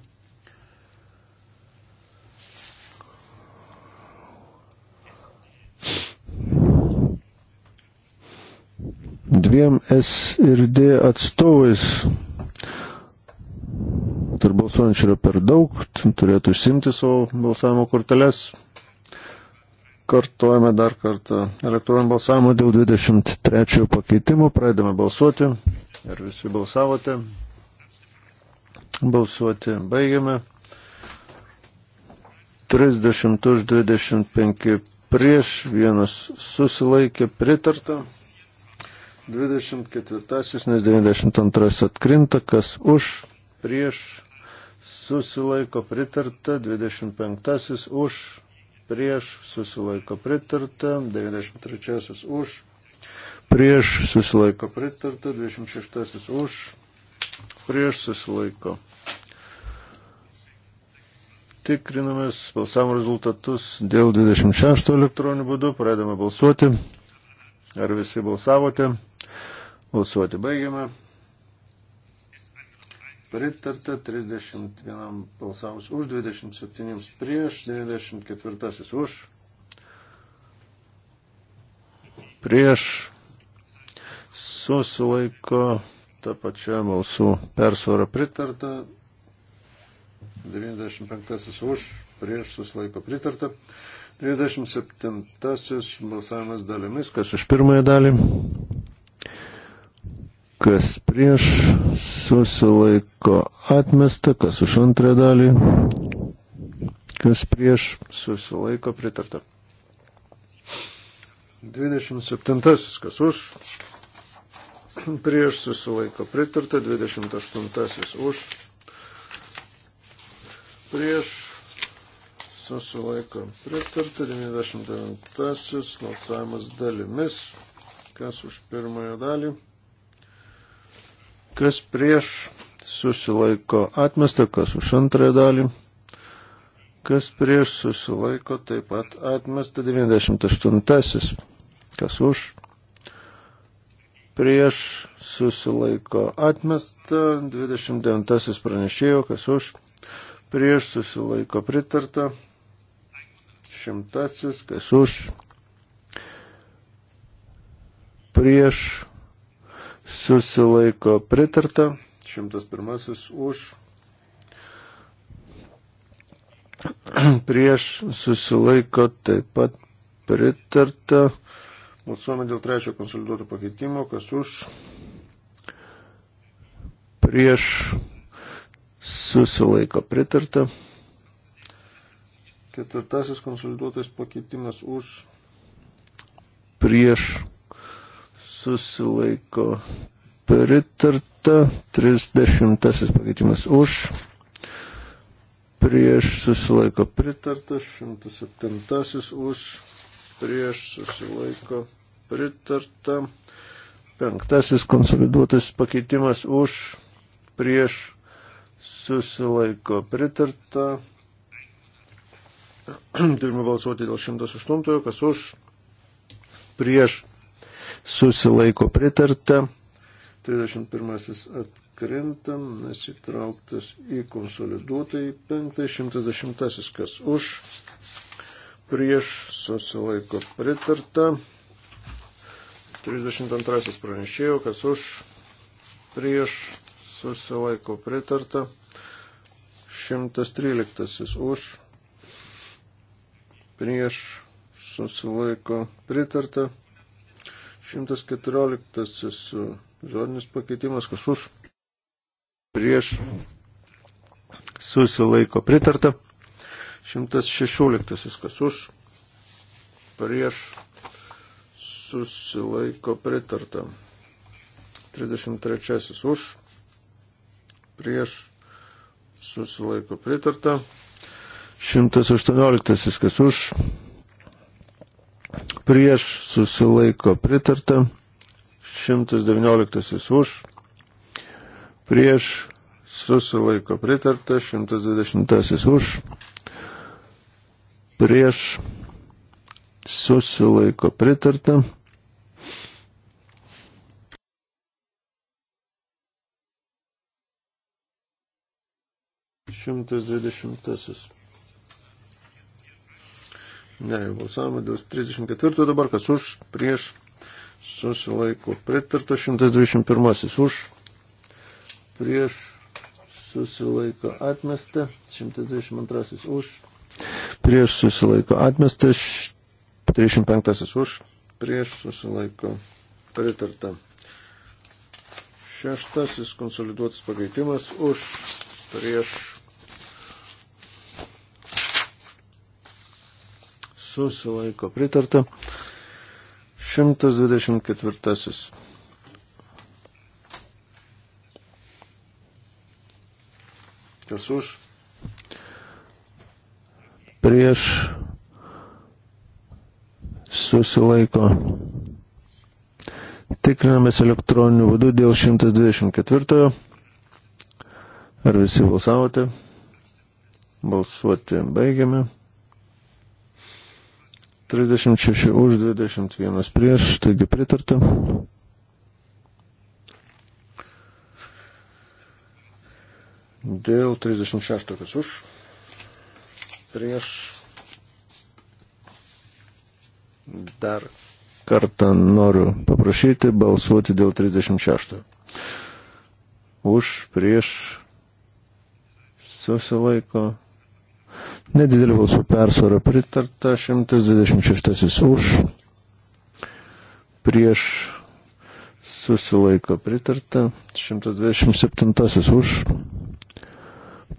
Dviem S ir D atstovais tarp balsuojančių yra per daug, turėtų išsimti savo balsavimo korteles. Kartuojame dar kartą elektroninį balsavimą dėl 23 pakeitimų. Pradedame balsuoti. Ar visi balsavote? Balsuoti baigiame. 30 už 25 prieš, vienas susilaikė pritarta. 24, nes 92 atkrinta, kas už, prieš, susilaiko pritarta. 25 už, prieš susilaiko pritarta, 93 už, prieš susilaiko pritarta, 26 už, prieš susilaiko. Tikrinamės balsavimo rezultatus dėl 26 elektroninių būdų, pradedame balsuoti. Ar visi balsavote? Balsuoti baigiame pritarta, 31 balsavus už, 27 prieš, 94 už, prieš, susilaiko tą pačią balsų persvarą pritarta, 95 už, prieš susilaiko pritarta, 37 balsavimas dalimis, kas už pirmąją dalį kas prieš susilaiko atmesta, kas už antrą dalį, kas prieš susilaiko pritarta. 27. kas už, prieš susilaiko pritarta, 28. už, prieš susilaiko pritarta, 99. balsavimas dalimis, kas už pirmąją dalį Kas prieš susilaiko atmesta, kas už antrąją dalį. Kas prieš susilaiko taip pat atmesta 98. Kas už prieš susilaiko atmesta 29. pranešėjo, kas už prieš susilaiko pritarta šimtasis, kas už prieš susilaiko pritarta, 101 už, prieš susilaiko taip pat pritarta, balsuojame dėl trečio konsoliduoto pakeitimo, kas už, prieš susilaiko pritarta, ketvirtasis konsoliduotas pakeitimas už, prieš susilaiko pritarta, 30 pakeitimas už, prieš susilaiko pritarta, 107 už, prieš susilaiko pritarta, 5 konsoliduotas pakeitimas už, prieš susilaiko pritarta. Turime balsuoti dėl 108, kas už, prieš susilaiko pritarta. 31 atkrinta, nes įtrauktas į konsoliduotai 510, kas už, prieš susilaiko pritarta. 32 pranešėjo, kas už, prieš susilaiko pritarta. 113 už, prieš susilaiko pritarta. 114 e, žodinis pakeitimas, kas už prieš susilaiko pritarta. 116 kas už prieš susilaiko pritarta. 33 už prieš susilaiko pritarta. 118 kas už prieš susilaiko pritarta, 119 už, prieš susilaiko pritarta, 120 už, prieš susilaiko pritarta. Šimtas dvidešimtasis. Ne, jau balsavome dėl 34 dabar, kas už, prieš, susilaiko. Pritarta 121 už, prieš, susilaiko atmesta, 122 už, prieš susilaiko atmesta, 35 už, prieš susilaiko pritarta. Šeštasis konsoliduotas pakeitimas už, prieš susilaiko pritarta. 124. Kas už? Prieš susilaiko. Tikrinamės elektroniniu būdu dėl 124. Ar visi balsavote? Balsuoti baigiame. 36 už 21 prieš, taigi pritarta. Dėl 36 kas už, prieš dar kartą noriu paprašyti balsuoti dėl 36. Už, prieš, susilaiko, Nedidelį balsų persvarą pritarta 126 už, prieš susilaiko pritarta 127 už,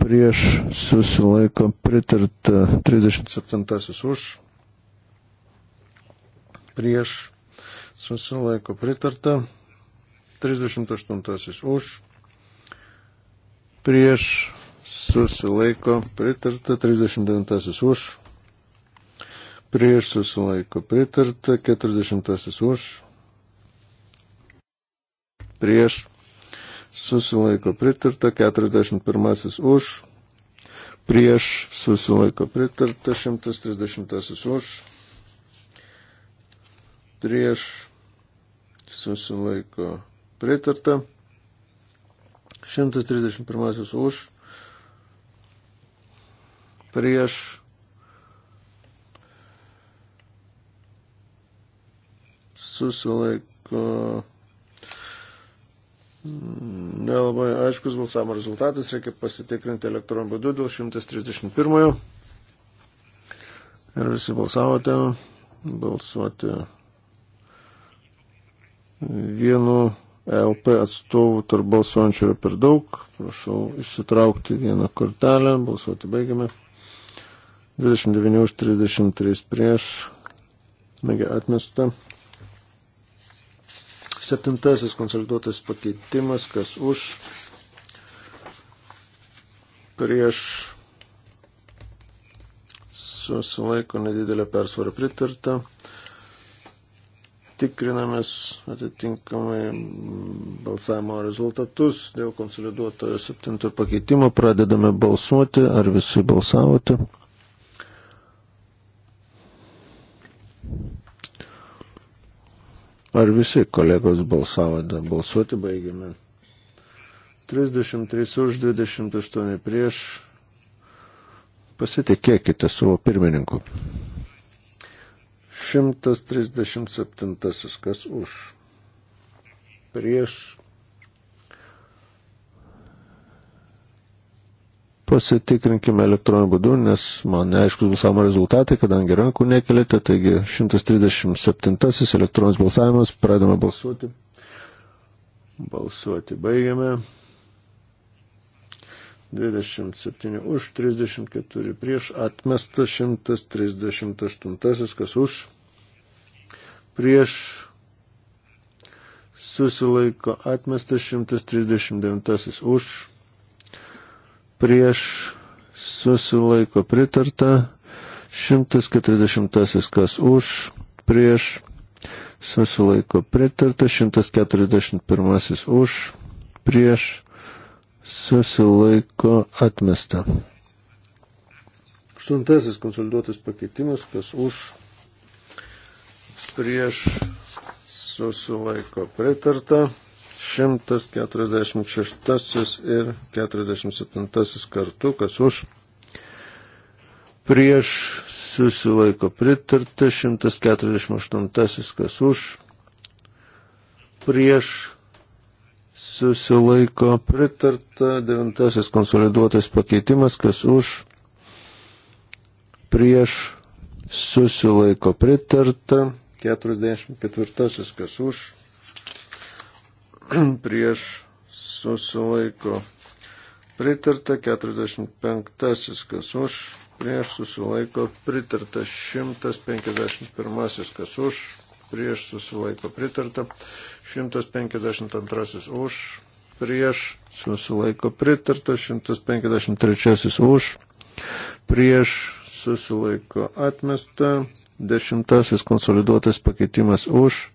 prieš susilaiko pritarta 37 už, prieš susilaiko pritarta 38 už, prieš susilaiko pritarta, 39 už, prieš susilaiko pritarta, 40 už, prieš susilaiko pritarta, 41 už, prieš susilaiko pritarta, 130 už, prieš susilaiko pritarta. 131 už, prieš susilaiko nelabai aiškus balsavimo rezultatas, reikia pasitikrinti elektroniniu būdu dėl 131. Ir visi balsavote, balsuoti vienu LP atstovų tarp balsuojančių yra per daug. Prašau išsitraukti vieną kortelę, balsuoti baigiame. 29 už 33 prieš. Nagi atmesta. Septintasis konsoliduotas pakeitimas, kas už prieš susilaiko nedidelę persvarą pritarta. Tikrinamės atitinkamai balsavimo rezultatus dėl konsoliduotojo septinto pakeitimo. Pradedame balsuoti, ar visi balsavote. Ar visi kolegos balsavote? Balsuoti baigėme. 33 už 28 prieš. Pasitikėkite savo pirmininku. 137 kas už. Prieš Pasitikrinkime elektroniniu būdu, nes man neaiškus balsavimo rezultatai, kadangi rankų nekelėte, taigi 137 elektroninis balsavimas, pradame balsuoti. Balsuoti baigiame. 27 už, 34 prieš, atmesta 138, kas už, prieš, susilaiko, atmesta 139 už prieš susilaiko pritarta, 140 kas už, prieš susilaiko pritarta, 141 už, prieš susilaiko atmesta. Aštuntasis konsoliduotas pakeitimas, kas už, prieš susilaiko pritarta. 146 ir 47 kartu, kas už prieš susilaiko pritarta, 148 kas už prieš susilaiko pritarta, 9 konsoliduotas pakeitimas, kas už prieš susilaiko pritarta, 44 kas už prieš susilaiko. Pritarta 45, kas už, prieš susilaiko. Pritarta 151, kas už, prieš susilaiko. Pritarta 152 už, prieš susilaiko. Pritarta 153 už, prieš susilaiko. Atmesta dešimtasis konsoliduotas pakeitimas už,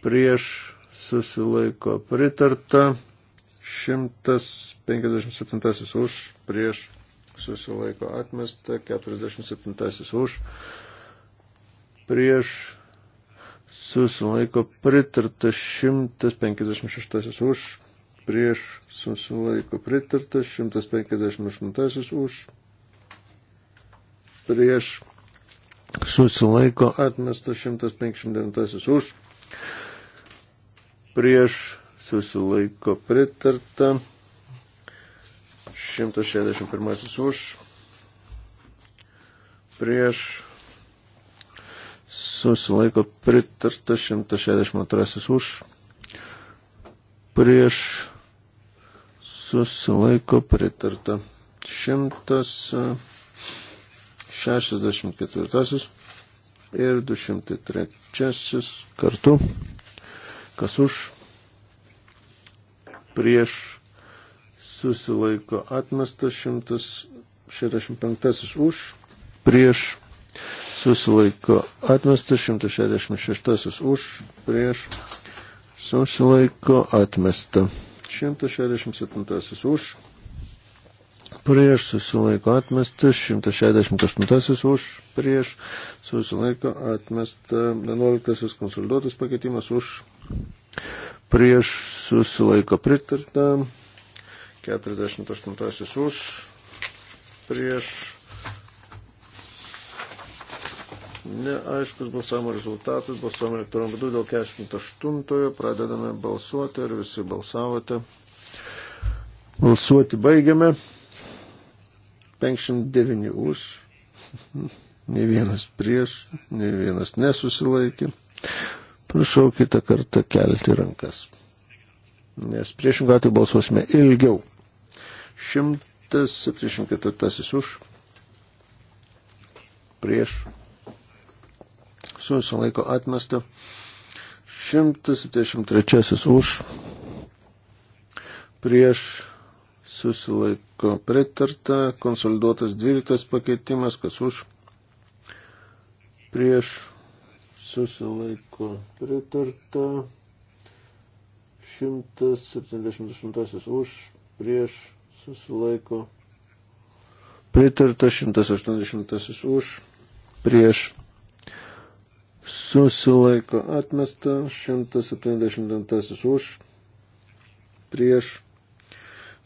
prieš susilaiko pritarta. 157 už, prieš susilaiko atmesta, 47 už, prieš susilaiko pritarta, 156 už, prieš susilaiko pritarta, 158 už, prieš susilaiko atmesta, 159 už prieš susilaiko pritarta. 161 už prieš susilaiko pritarta 162 už prieš susilaiko pritarta 164 ir 203 kartu Kas už? Prieš susilaiko atmestas 165 už, prieš susilaiko atmestas 166 už, prieš susilaiko atmestą 167 už, prieš susilaiko atmestas 168 už, prieš susilaiko atmestą 11 konsoliduotas pakeitimas už, prieš susilaiko pritarta, 48 už, prieš neaiškus balsavimo rezultatas, balsavimo elektroniniu būdu dėl 48, pradedame balsuoti ir visi balsavote. Balsuoti baigiame. 59 už, ne vienas prieš, ne vienas nesusilaikė prašau kitą kartą kelti rankas. Nes priešingą atveju balsuosime ilgiau. 174 už. Prieš. Su visą laiko atmestą. 173 už. Prieš susilaiko pritarta, konsoliduotas 12 pakeitimas, kas už, prieš susilaiko pritarta. 178 už, prieš susilaiko pritarta. 180 už, prieš susilaiko atmesta. 179 už, prieš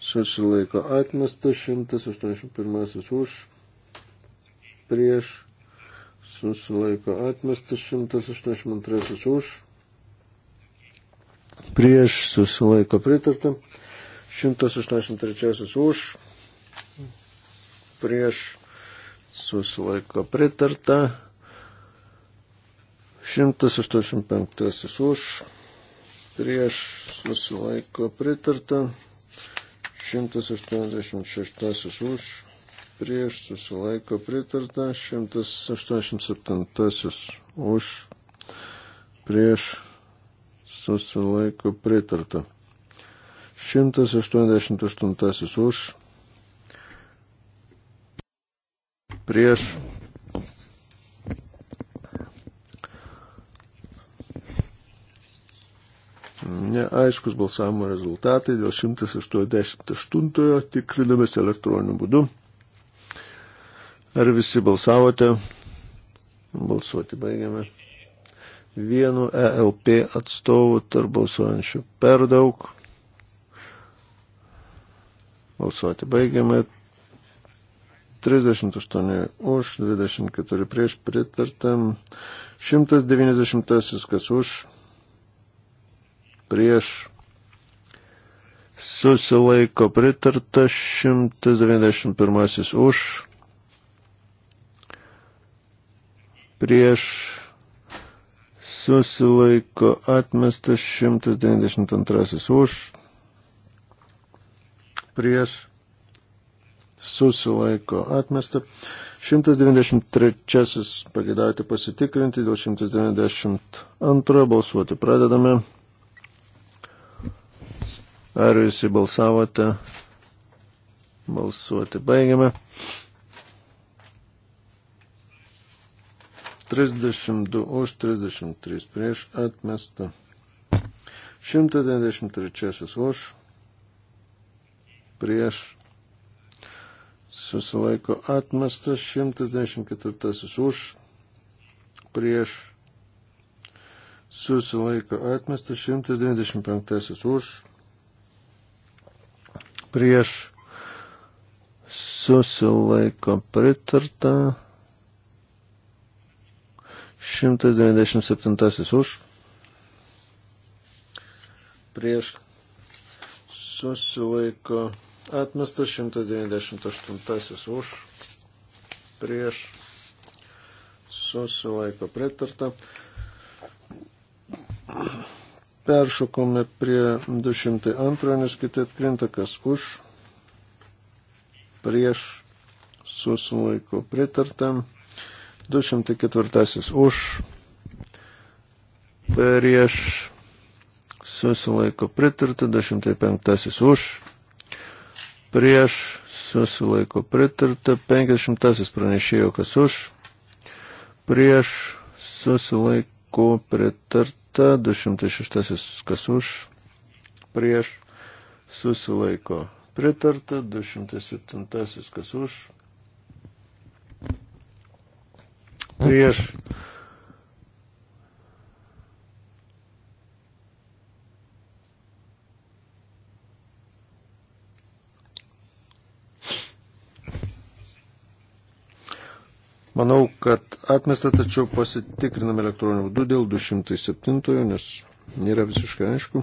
susilaiko atmesta. 181 už, prieš susilaiko atmestas 182 už, prieš susilaiko pritarta, 183 už, prieš susilaiko pritarta, 185 už, prieš susilaiko pritarta, 186 už prieš susilaiko pritarta, 187 už prieš susilaiko pritarta, 188 už prieš neaiškus balsavimo rezultatai dėl 188 tikrinamės elektroniniu būdu. Ar visi balsavote? Balsuoti baigiame. Vienu ELP atstovu tarp balsuojančių per daug. Balsuoti baigiame. 38 už, 24 prieš pritartam. 190 kas už, prieš susilaiko pritarta, 191 už prieš susilaiko atmestas 192 už, prieš susilaiko atmestą. 193 pagėdavote pasitikrinti, dėl 192 balsuoti pradedame. Ar visi balsavote? Balsuoti baigiame. 32 už 33 prieš atmestą. 193 už prieš susilaiko atmestas. 194 už prieš susilaiko atmestas. 195 už prieš susilaiko pritarta. 197 už. Prieš susilaiko atmestas 198 už. Prieš susilaiko pritarta. Peršokome prie 202, nes kiti atkrinta, kas už. Prieš susilaiko pritartam. 204 už prieš susilaiko pritarta, 205 už prieš susilaiko pritarta, 50 pranešėjo kas už prieš susilaiko pritarta, 206 kas už prieš susilaiko pritarta, 207 kas už prieš Manau, kad atmesta, tačiau pasitikriname elektroniniu būdu dėl 207, nes nėra visiškai aišku.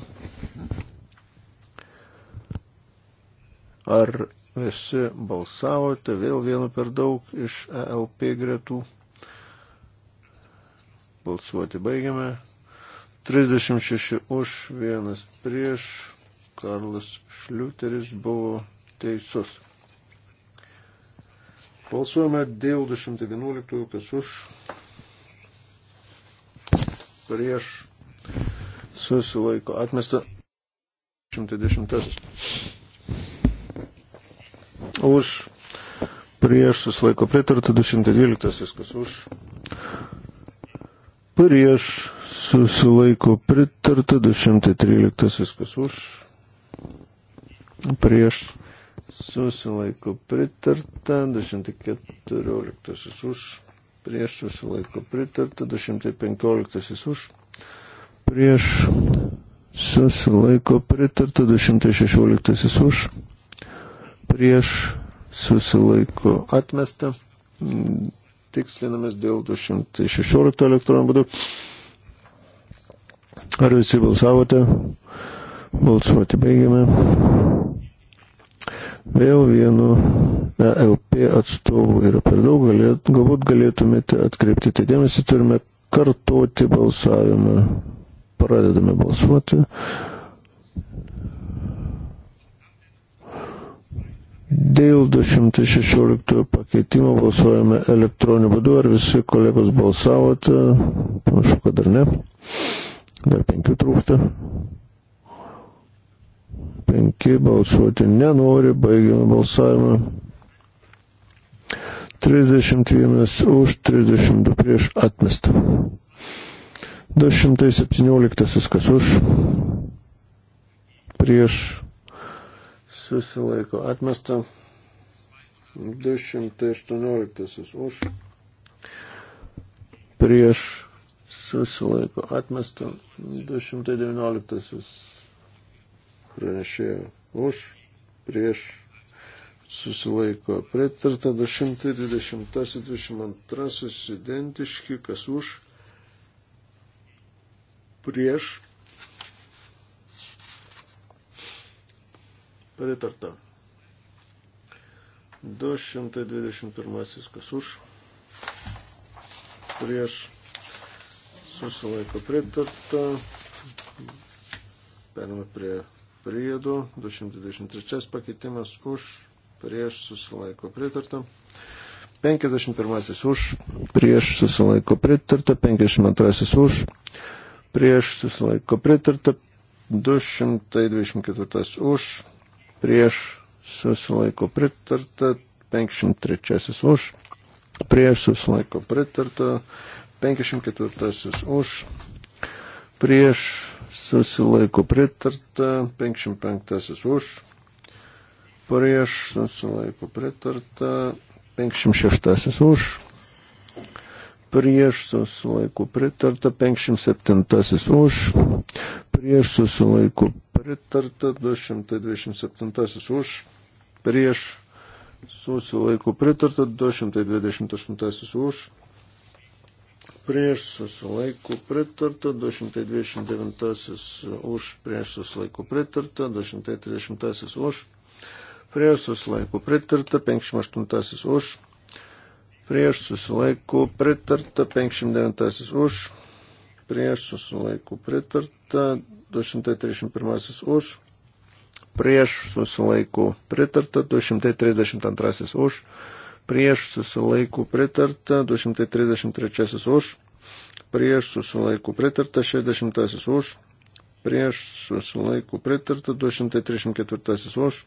Ar visi balsavote vėl vienu per daug iš ELP gretų? Balsuoti baigiame. 36 už, vienas prieš. Karlas Šliuteris buvo teisus. Balsuojame dėl 211, kas už, prieš, susilaiko, atmesta 110. Už, prieš, susilaiko, pritarta 212, viskas už prieš susilaiko pritarta 213, kas už, prieš susilaiko pritarta 214 už, prieš susilaiko pritarta 215 už, prieš susilaiko pritarta 216 už, prieš susilaiko atmesta tikslinamės dėl 216 elektroninių būdų. Ar visi balsavote? Balsuoti baigiame. Vėl vienu e LP atstovu yra per daug, galėt, galbūt galėtumėte atkreipti tai dėmesį, turime kartoti balsavimą. Pradedame balsuoti. Dėl 216 pakeitimo balsuojame elektroniniu būdu. Ar visi kolegos balsavote? Panašu, kad dar ne. Dar penkių trūksta. Penki balsuoti nenori. Baigiame balsavimą. 31 už, 32 prieš atmestą. 217 kas už, prieš susilaiko atmesta. 218 už, prieš susilaiko atmesta. 219 pranešėjo už, prieš susilaiko pritarta. 120-22 identiški, kas už, prieš Pritarta. 221. Kas už? Prieš susilaiko pritarta. Perėmė prie priedų. 223 pakeitimas už. Prieš susilaiko pritarta. 51 už, prieš susilaiko pritarta, 52 už, prieš susilaiko pritarta, 224 už, prieš susilaiko pritarta, 53 už, prieš susilaiko pritarta, 54 už, prieš susilaiko pritarta, 55 už, prieš susilaiko pritarta, 56 už prieš susilaiko pritarta, 57 už, prieš susilaiko pritarta, 227 už, prieš susilaiko pritarta, 228 už, prieš susilaiko pritarta, 229 už, prieš susilaiko pritarta, 230 už, prieš susilaiko pritarta, 58 už prieš susilaikų pritarta, 59 už, prieš susilaikų pritarta, 231 už, prieš susilaikų pritarta, 232 už, prieš susilaikų pritarta, 233 už, prieš susilaikų pritarta, 60 už, prieš susilaikų pritarta, 234 už,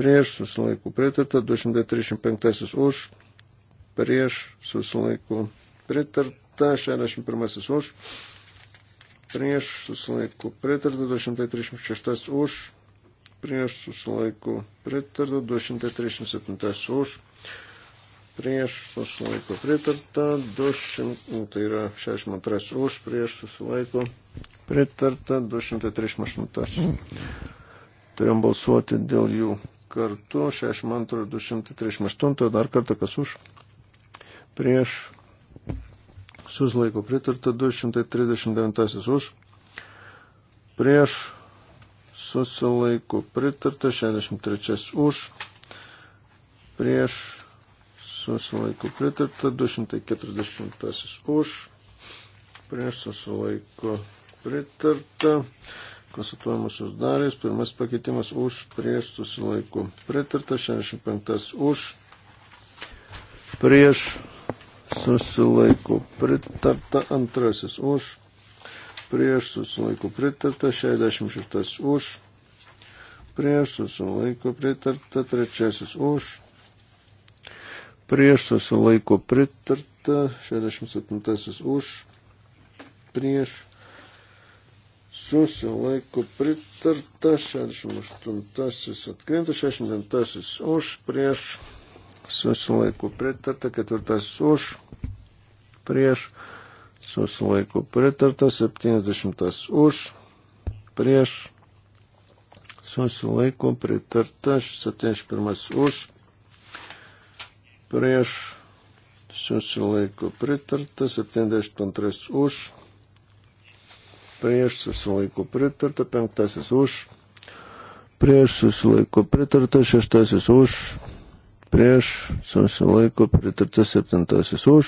prieš susilaikų pritarta, 235 už, prieš susilaiko pritarta, 61 už, prieš susilaiko pritarta, 236 už, prieš susilaiko pritarta, 237 už, prieš susilaiko pritarta, 200, tai yra 62 už, prieš susilaiko pritarta, 238. Turėjom balsuoti dėl jų kartu, 62 ir 238, dar kartą kas už prieš susilaiko pritarta 239 už, prieš susilaiko pritarta 63 už, prieš susilaiko pritarta 240 už, prieš susilaiko pritarta. Konstatuojamosios dalys, pirmas pakeitimas už, prieš susilaiko pritarta, 65 už, prieš susilaiko pritarta, antrasis už, prieš susilaiko pritarta, 66 už, prieš susilaiko pritarta, trečiasis už, prieš susilaiko pritarta, 67 už, prieš susilaiko pritarta, 68 atkrenta, 69 už, prieš susilaiko pritarta, ketvirtas už, prieš, susilaiko pritarta, septyniasdešimtas už, prieš, susilaiko pritarta, septyniasdešimt pirmas už, prieš, susilaiko pritarta, 72 už, prieš susilaiko pritarta, 5 už, prieš susilaiko pritarta, 6 už, prieš susilaiko pritarta septintasis už,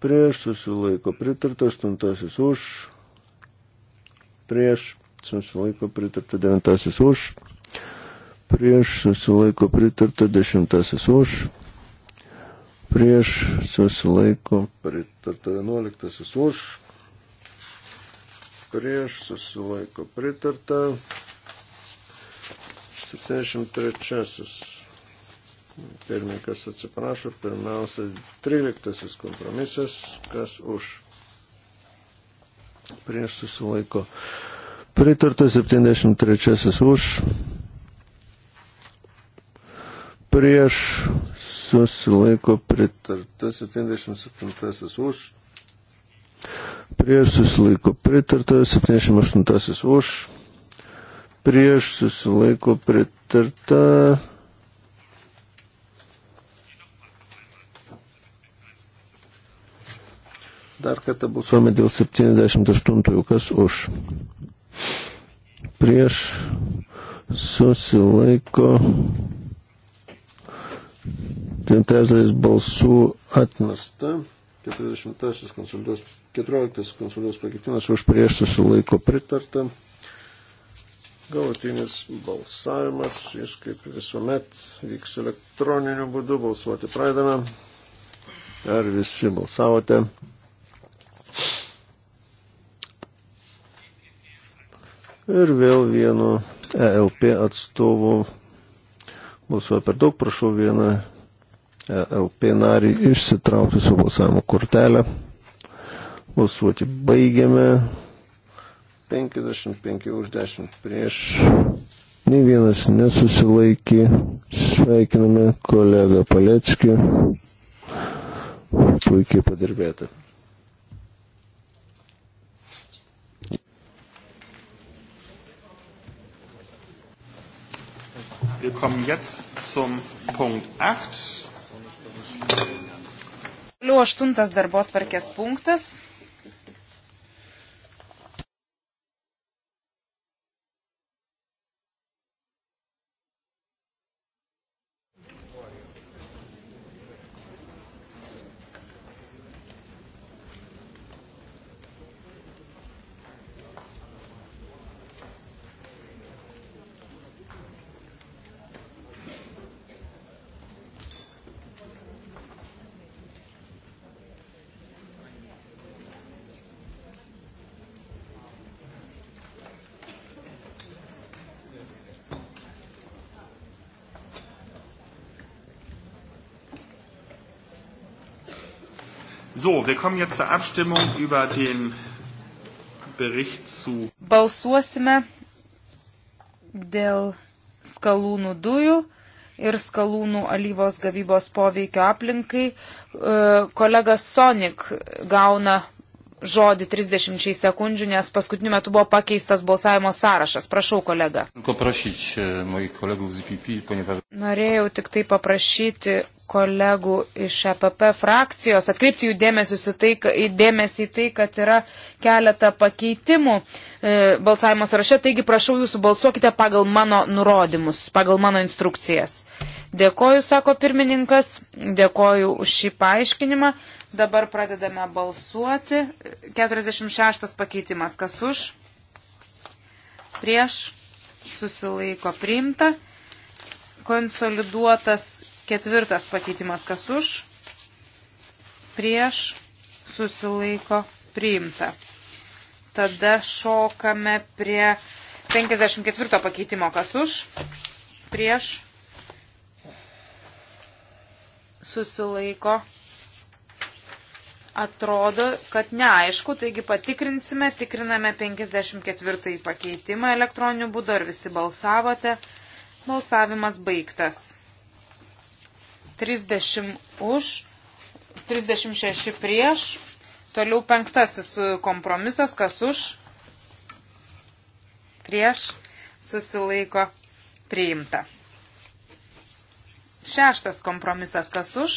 prieš susilaiko pritarta aštuntasis už, prieš susilaiko pritarta devintasis už, prieš susilaiko pritarta dešimtasis už, prieš susilaiko pritarta vienuoliktasis už, prieš susilaiko pritarta 73. Pirmininkas atsiprašo. Pirmiausia, 13 kompromisas. Kas už? Prieš susilaiko. Pritarta 73 už. Prieš susilaiko pritarta 77 už. Prieš susilaiko pritarta 78 už. Prieš susilaiko pritarta Dar kartą balsuojame dėl 78, kas už. Prieš susilaiko trečdalis balsų atmesta. 40 konsultos, 14 konsultos pakeitimas už prieš susilaiko pritarta. Galutinis balsavimas, jis kaip visuomet vyks elektroniniu būdu, balsuoti praeidame. Ar visi balsavote? Ir vėl vienu ELP atstovu balsuoja per daug, prašau vieną ELP narį išsitraukti su balsavimo kortelę. Balsuoti baigiame. 55 už 10 prieš. Nei vienas nesusilaikė. Sveikiname kolegą Paleckį. Puikiai padirbėta. Wir kommen jetzt zum Punkt 8. Toliau aštuntas darbo tvarkės punktas. So, wir kommen jetzt zur Abstimmung über den Bericht zu. Balsuosime dėl skalūnų dujų ir skalūnų alyvos gavybos poveikio aplinkai. E, Kolegas Sonik gauna žodį 30 sekundžių, nes paskutiniu metu buvo pakeistas balsavimo sąrašas. Prašau, kolega. E, e Norėjau tik tai paprašyti kolegų iš EPP frakcijos atkreipti jų dėmesį, tai, dėmesį į tai, kad yra keletą pakeitimų e, balsavimo sąraše, taigi prašau jūsų balsuokite pagal mano nurodymus, pagal mano instrukcijas. Dėkoju, sako pirmininkas, dėkoju už šį paaiškinimą. Dabar pradedame balsuoti. 46 pakeitimas, kas už, prieš, susilaiko priimta. Konsoliduotas ketvirtas pakeitimas, kas už, prieš, susilaiko priimta. Tada šokame prie 54 pakeitimo, kas už, prieš, susilaiko. Atrodo, kad neaišku, taigi patikrinsime, tikriname 54 pakeitimą elektroniniu būdu, ar visi balsavote. Balsavimas baigtas. 30 už, 36 prieš, toliau penktasis kompromisas, kas už, prieš, susilaiko priimta. Šeštas kompromisas kas už,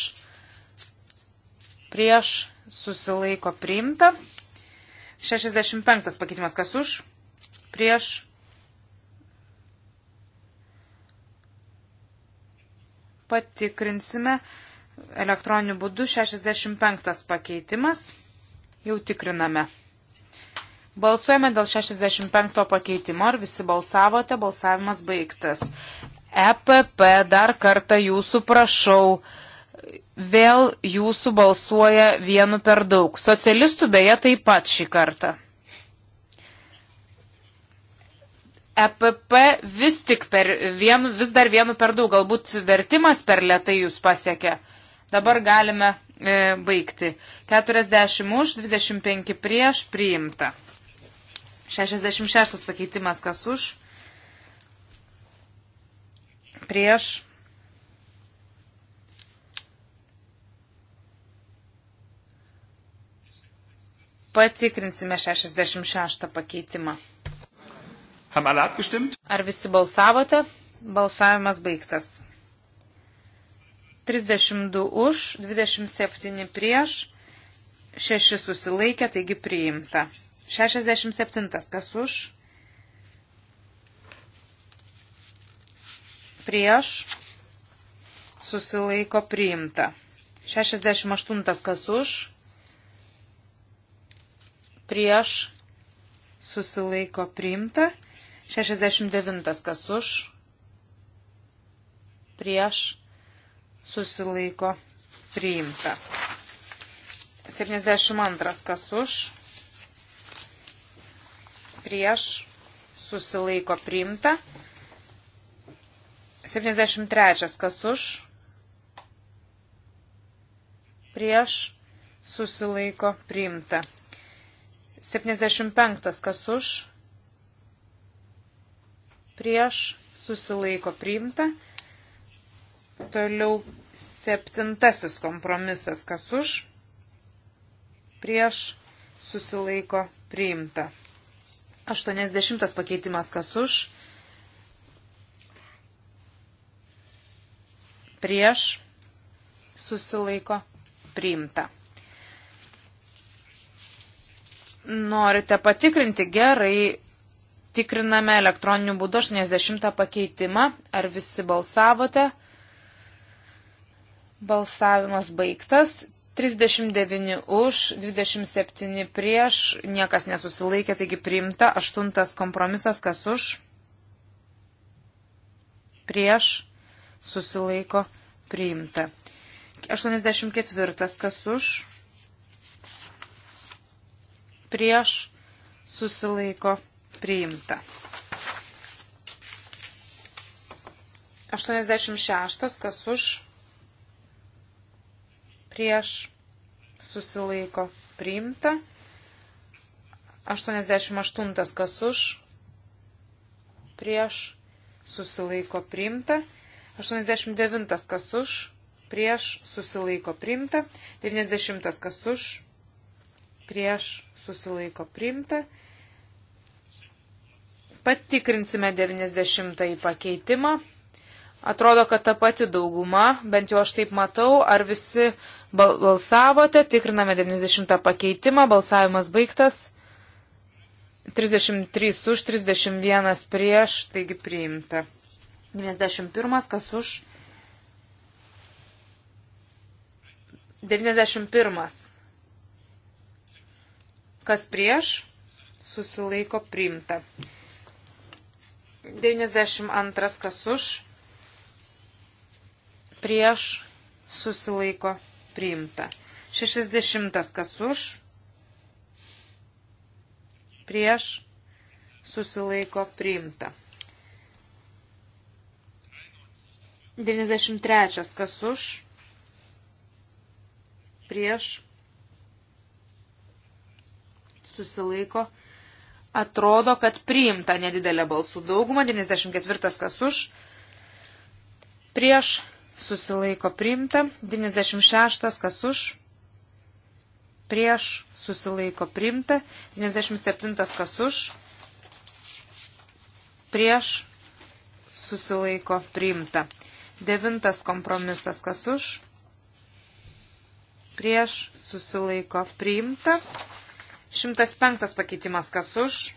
prieš susilaiko priimta. 65 pakeitimas kas už, prieš patikrinsime elektroniniu būdu 65 pakeitimas. Jau tikriname. Balsuojame dėl 65 pakeitimo. Ar visi balsavote? Balsavimas baigtas. EPP dar kartą jūsų prašau. Vėl jūsų balsuoja vienu per daug. Socialistų beje taip pat šį kartą. EPP vis tik per vienu, vis dar vienu per daug, galbūt vertimas per lietai jūs pasiekė. Dabar galime e, baigti. 40 už, 25 prieš priimta. 66 pakeitimas kas už prieš. Patikrinsime 66 pakeitimą. Ar visi balsavote? Balsavimas baigtas. 32 už, 27 prieš, 6 susilaikė, taigi priimta. 67 kas už? prieš, susilaiko priimta. 68 kas už, prieš, susilaiko priimta. 69 kas už, prieš, susilaiko priimta. 72 kas už, prieš, susilaiko priimta. 73. Kas už? Prieš susilaiko priimta. 75. Kas už? Prieš susilaiko priimta. Toliau septintasis kompromisas. Kas už? Prieš susilaiko priimta. 80. pakeitimas. Kas už? prieš, susilaiko, priimta. Norite patikrinti gerai, tikriname elektroniniu būdu 80 pakeitimą, ar visi balsavote. Balsavimas baigtas. 39 už, 27 prieš, niekas nesusilaikė, taigi priimta. Aštuntas kompromisas, kas už? Prieš susilaiko priimta. 84. Kas už? Prieš susilaiko priimta. 86. Kas už? Prieš susilaiko priimta. 88. Kas už? Prieš susilaiko priimta. 89 kas už, prieš susilaiko priimta, 90 kas už, prieš susilaiko priimta. Patikrinsime 90 pakeitimą. Atrodo, kad ta pati dauguma, bent jau aš taip matau, ar visi balsavote, tikriname 90 pakeitimą, balsavimas baigtas, 33 už, 31 prieš, taigi priimta. 91, kas už. 91. Kas prieš, susilaiko priimta. 92, kas už. Prieš, susilaiko priimta. 60, kas už. Prieš, susilaiko priimta. 93. Kas už? Prieš. Susilaiko. Atrodo, kad priimta nedidelė balsų dauguma. 94. Kas už? Prieš. Susilaiko priimta. 96. Kas už? Prieš. Susilaiko priimta. 97. Kas už? Prieš. Susilaiko priimta. Devintas kompromisas, kas už, prieš, susilaiko, priimta. 105 pakeitimas, kas už,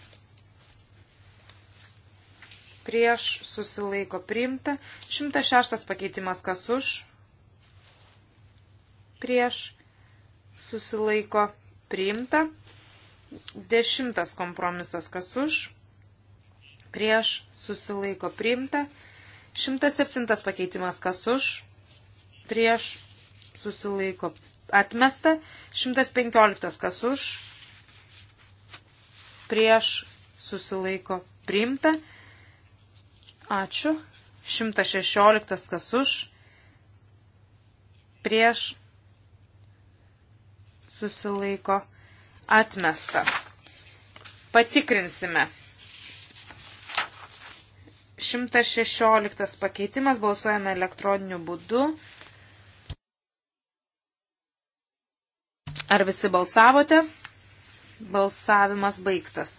prieš, susilaiko, priimta. 106 pakeitimas, kas už, prieš, susilaiko, priimta. Dešimtas kompromisas, kas už, prieš, susilaiko, priimta. 107 pakeitimas kas už, prieš susilaiko atmesta, 115 kas už, prieš susilaiko priimta, ačiū, 116 kas už, prieš susilaiko atmesta. Patikrinsime. 116 pakeitimas, balsuojame elektroniniu būdu. Ar visi balsavote? Balsavimas baigtas.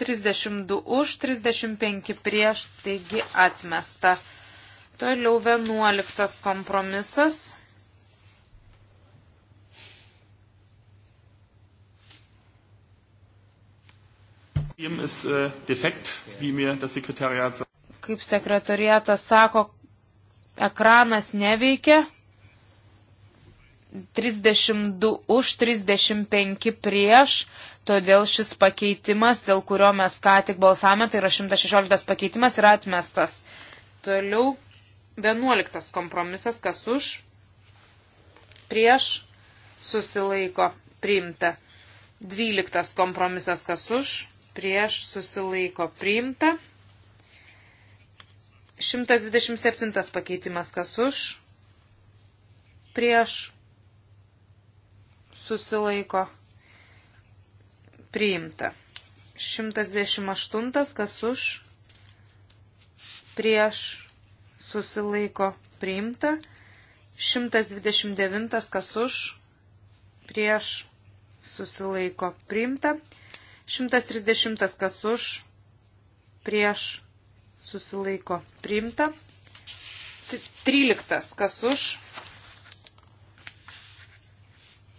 32 už, 35 prieš, taigi atmesta. Toliau 11 kompromisas. Äh, Kaip sekretariatas sako, ekranas neveikia. 32 už 35 prieš, todėl šis pakeitimas, dėl kurio mes ką tik balsavome, tai yra 116 pakeitimas, yra atmestas. Toliau 11 kompromisas, kas už, prieš, susilaiko, priimta. 12 kompromisas, kas už, prieš susilaiko priimta. 127 pakeitimas kas už, prieš susilaiko priimta. 128 kas už, prieš susilaiko priimta. 129 kas už, prieš susilaiko priimta. 130 kas už, prieš, susilaiko, priimta. 13 kas už.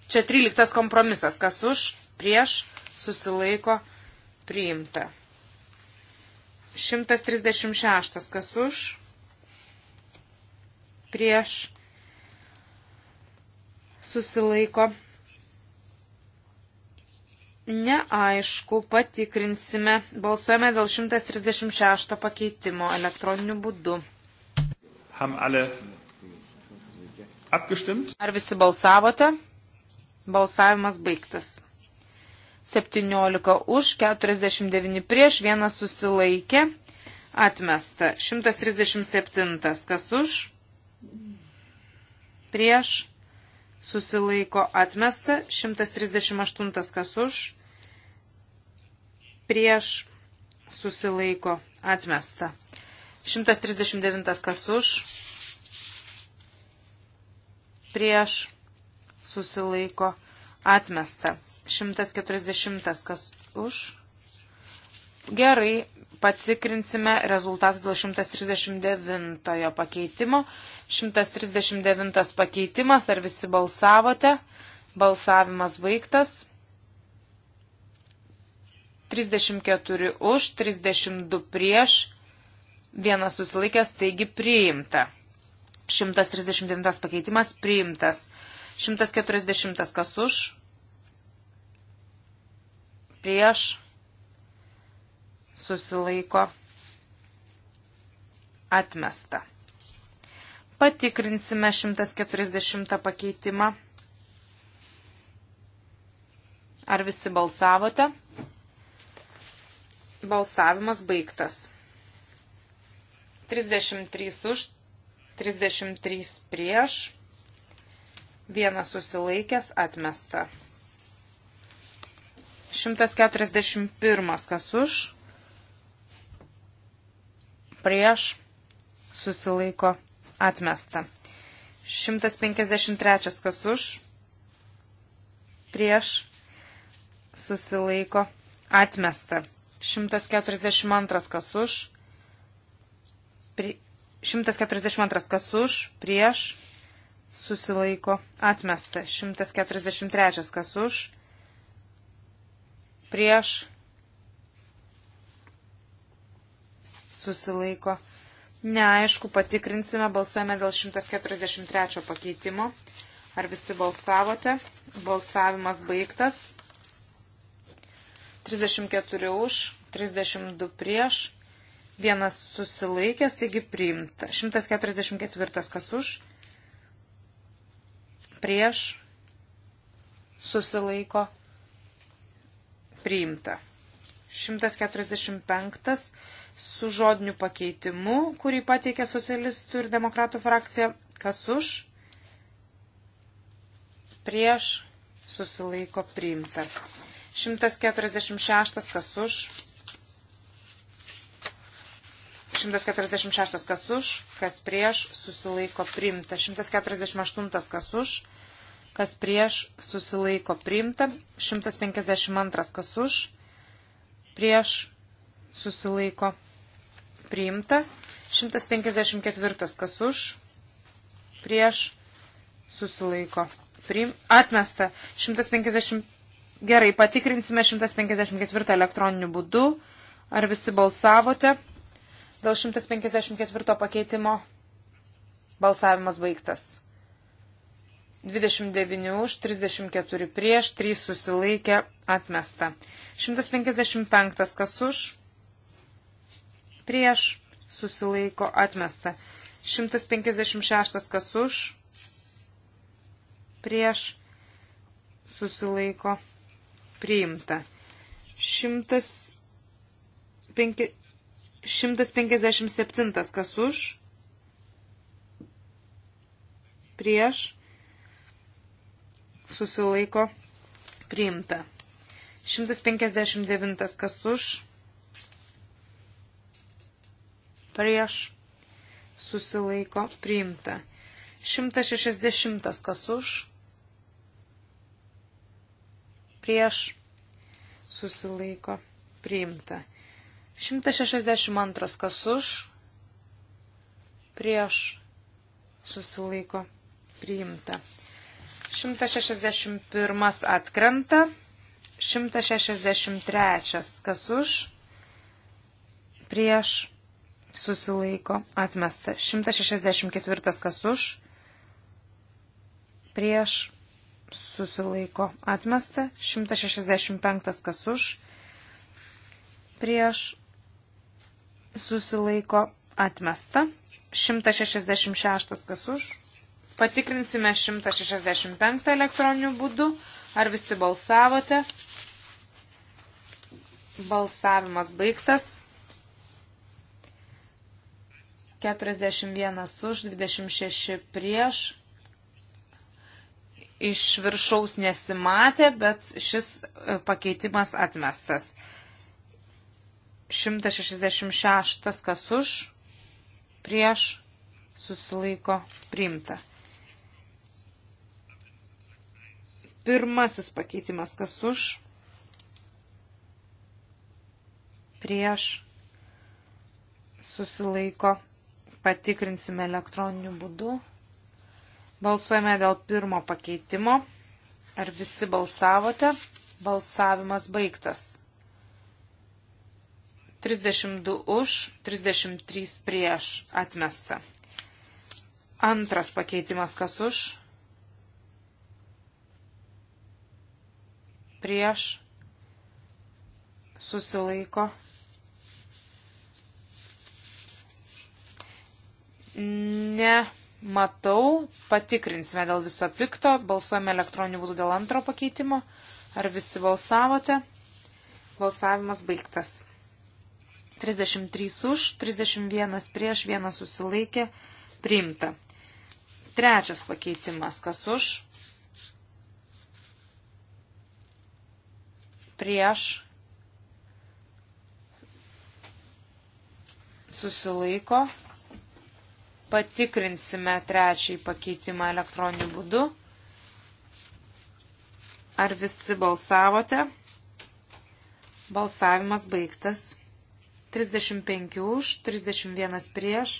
Čia 13 kompromisas, kas už, prieš, susilaiko, priimta. 136 kas už, prieš, susilaiko, priimta Neaišku, patikrinsime. Balsuojame dėl 136 pakeitimo elektroniniu būdu. Ar visi balsavote? Balsavimas baigtas. 17 už, 49 prieš, vienas susilaikė. Atmesta. 137. Kas už? Prieš susilaiko atmesta, 138 kas už, prieš susilaiko atmesta, 139 kas už, prieš susilaiko atmesta, 140 kas už, Gerai, patikrinsime rezultatą dėl 139 pakeitimo. 139 pakeitimas, ar visi balsavote? Balsavimas baigtas. 34 už, 32 prieš, vienas susilaikęs, taigi priimta. 139 pakeitimas priimtas. 140 kas už? Prieš susilaiko atmesta. Patikrinsime 140 pakeitimą. Ar visi balsavote? Balsavimas baigtas. 33 už, 33 prieš, vienas susilaikęs atmesta. 141 kas už, prieš, susilaiko atmesta. 153 kas už, prieš, susilaiko atmesta. 142 kas už, pri, 142 kas už, prieš, susilaiko atmesta. 143 kas už, prieš, susilaiko. Neaišku, patikrinsime, balsuojame dėl 143 pakeitimo. Ar visi balsavote? Balsavimas baigtas. 34 už, 32 prieš, vienas susilaikęs, taigi priimta. 144 kas už, prieš, susilaiko, priimta. 145 su žodiniu pakeitimu, kurį pateikė socialistų ir demokratų frakcija. Kas už? Prieš susilaiko priimta. 146 kas už. 146 kas už, kas prieš susilaiko priimta. 148 kas už, kas prieš susilaiko priimta. 152 kas už, prieš susilaiko priimta. 154 kas už, prieš susilaiko priim, atmesta. 150 gerai, patikrinsime 154 elektroniniu būdu. Ar visi balsavote? Dėl 154 pakeitimo balsavimas baigtas. 29 už, 34 prieš, 3 susilaikė, atmesta. 155 kas už, prieš, susilaiko atmesta. 156 kas už, prieš, susilaiko priimta. 157 kas už, prieš, susilaiko priimta. 159 kas už, prieš susilaiko priimta. 160 kas už, prieš susilaiko priimta. 162 kas už, prieš susilaiko priimta. 161 atkrenta, 163 kas už, prieš susilaiko atmesta. 164 kas už, prieš susilaiko atmesta. 165 kas už, prieš susilaiko atmesta. 166 kas už. Patikrinsime 165 elektroniniu būdu. Ar visi balsavote? Balsavimas baigtas 41 už, 26 prieš. Iš viršaus nesimatė, bet šis e, pakeitimas atmestas. 166 kas už, prieš, susilaiko, priimta. Pirmasis pakeitimas kas už, prieš, susilaiko, priimta Patikrinsime elektroniniu būdu. Balsuojame dėl pirmo pakeitimo. Ar visi balsavote? Balsavimas baigtas. 32 už, 33 prieš atmesta. Antras pakeitimas kas už? Prieš susilaiko Nematau. Patikrinsime dėl viso pikto. Balsuojame elektroniniu būdu dėl antro pakeitimo. Ar visi balsavote? Balsavimas baigtas. 33 už, 31 prieš, 1 susilaikė, priimta. Trečias pakeitimas, kas už, prieš, susilaiko, Patikrinsime trečiąjį pakeitimą elektroniniu būdu. Ar visi balsavote? Balsavimas baigtas. 35 už, 31 prieš,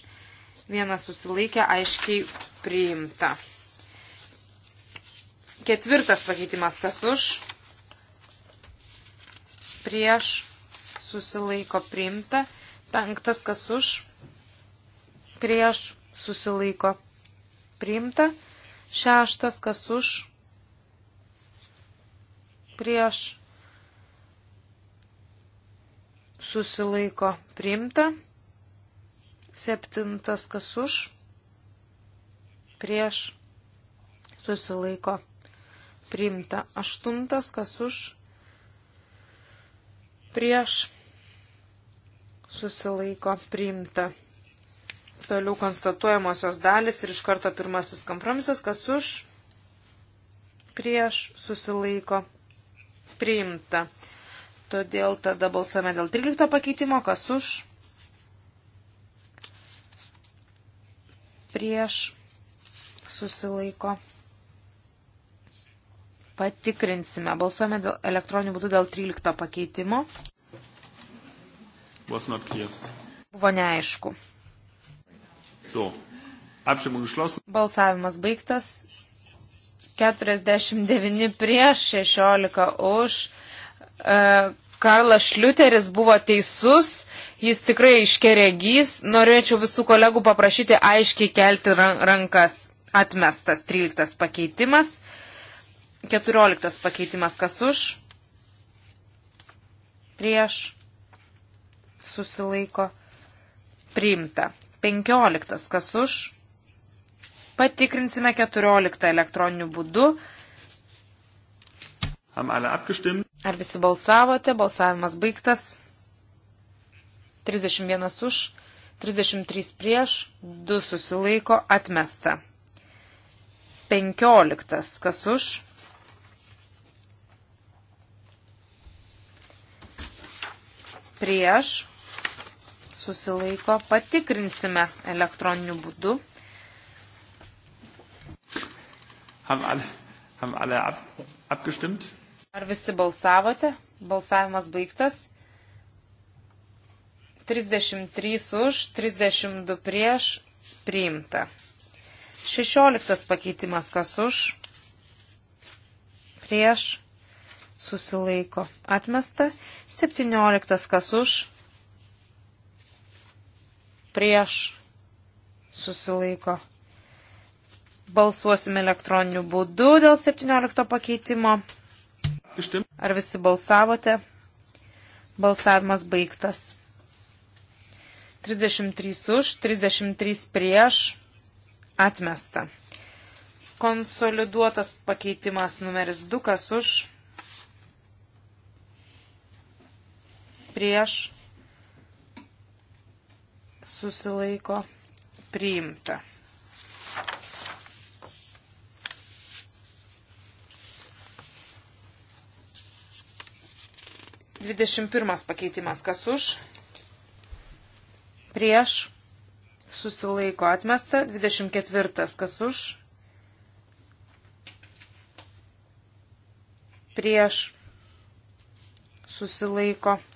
vienas susilaikė, aiškiai priimta. Ketvirtas pakeitimas, kas už, prieš, susilaiko priimta. Penktas, kas už, prieš, susilaiko priimta. Šeštas, kas už, prieš susilaiko priimta. Septintas, kas už, prieš susilaiko priimta. Aštuntas, kas už, prieš susilaiko priimta. Toliau konstatuojamosios dalis ir iš karto pirmasis kompromisas, kas už, prieš, susilaiko, priimta. Todėl tada balsuojame dėl 13 pakeitimo, kas už, prieš, susilaiko. Patikrinsime. Balsuojame dėl, elektroniniu būdu dėl 13 pakeitimo. Buvo neaišku. So. Apšimung išlosim. Balsavimas baigtas. 49 prieš, 16 už. Uh, Karlas Šliuteris buvo teisus, jis tikrai iškeregys. Norėčiau visų kolegų paprašyti aiškiai kelti rankas. Atmestas 13 pakeitimas. 14 pakeitimas kas už? Prieš. Susilaiko. Priimta. 15. Kas už? Patikrinsime 14 elektroniniu būdu. Ar visi balsavote? Balsavimas baigtas. 31 už, 33 prieš, 2 susilaiko, atmesta. 15. Kas už? Prieš susilaiko, patikrinsime elektroniniu būdu. Ar visi balsavote? Balsavimas baigtas. 33 už, 32 prieš, priimta. 16 pakeitimas kas už, prieš, susilaiko, atmesta. 17 kas už, prieš susilaiko. Balsuosime elektroniniu būdu dėl 17 pakeitimo. Ar visi balsavote? Balsavimas baigtas. 33 už, 33 prieš, atmesta. Konsoliduotas pakeitimas numeris 2, kas už, prieš, susilaiko priimta. Dvidešimt pirmas pakeitimas, kas už, prieš, susilaiko atmesta, dvidešimt ketvirtas, kas už, prieš, susilaiko atmesta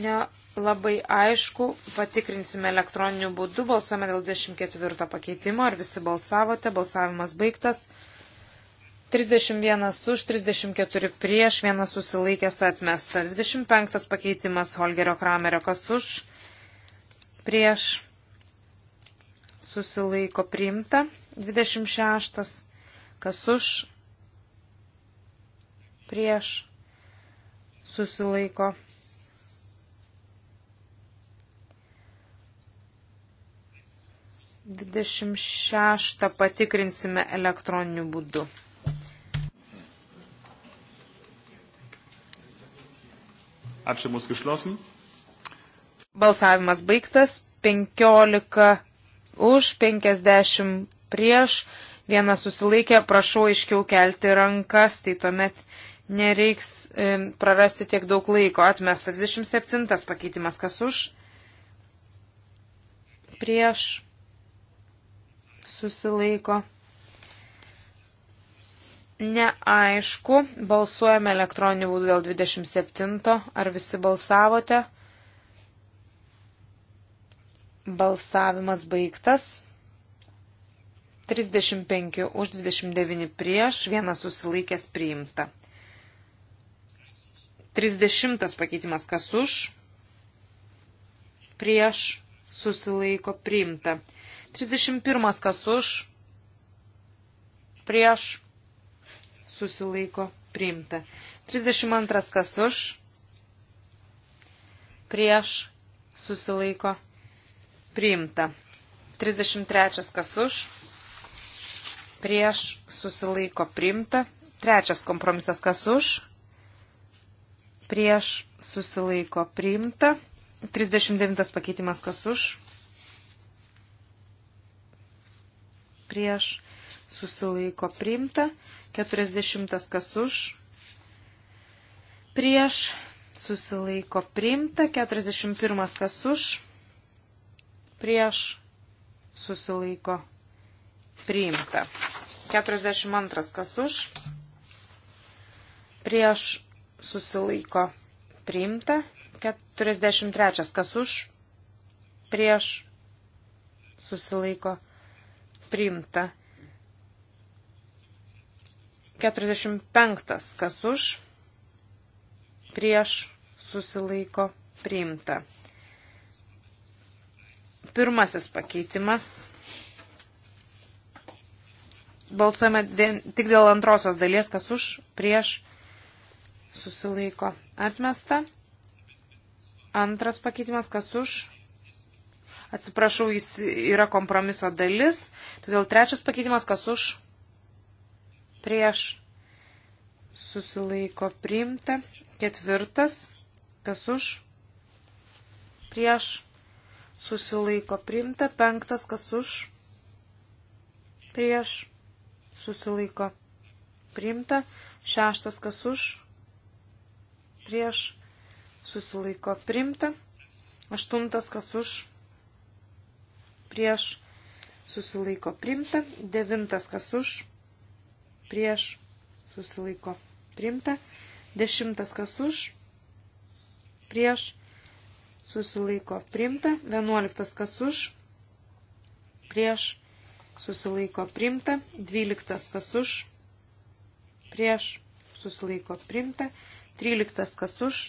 nelabai aišku. Patikrinsime elektroniniu būdu. Balsuojame dėl 24 pakeitimo. Ar visi balsavote? Balsavimas baigtas. 31 už, 34 prieš, vienas susilaikęs atmesta. 25 pakeitimas Holgerio Kramerio kas už, prieš, susilaiko priimta. 26 kas už, prieš, susilaiko priimta 26 patikrinsime elektroniniu būdu. Apšimus išlosim. Balsavimas baigtas. 15 už, 50 prieš, vienas susilaikė, prašau iškiau kelti rankas, tai tuomet nereiks e, prarasti tiek daug laiko. Atmestas 27 pakeitimas, kas už, prieš, susilaiko. Neaišku, balsuojame elektroniniu būdu dėl 27. Ar visi balsavote? Balsavimas baigtas. 35 už 29 prieš, vienas susilaikęs priimta. 30 pakeitimas kas už, prieš, susilaiko priimta. 31 kas už, prieš, susilaiko, priimta. 32 kas už, prieš, susilaiko, priimta. 33 kas už, prieš, susilaiko, priimta. Trečias kompromisas kas už, prieš, susilaiko, priimta. 39 pakeitimas kas už prieš susilaiko priimta, 40 kas už, prieš susilaiko priimta, 41 kas už, prieš susilaiko priimta, 42 kas už, prieš susilaiko priimta, 43 kas už, prieš susilaiko priimta. 45. Kas už, prieš, susilaiko, priimta. Pirmasis pakeitimas. Balsuojame tik dėl antrosios dalies, kas už, prieš, susilaiko, atmesta. Antras pakeitimas, kas už, Atsiprašau, jis yra kompromiso dalis. Todėl trečias pakeitimas, kas už, prieš, susilaiko priimta. Ketvirtas, kas už, prieš, susilaiko priimta. Penktas, kas už, prieš, susilaiko priimta. Šeštas, kas už, prieš, susilaiko priimta. Aštuntas, kas už, prieš prieš susilaiko primta, devintas kas už, prieš susilaiko primta, dešimtas kas už, prieš susilaiko primta, vienuoliktas kas už, prieš susilaiko primta, dvyliktas kas už, prieš susilaiko primta, tryliktas kas už,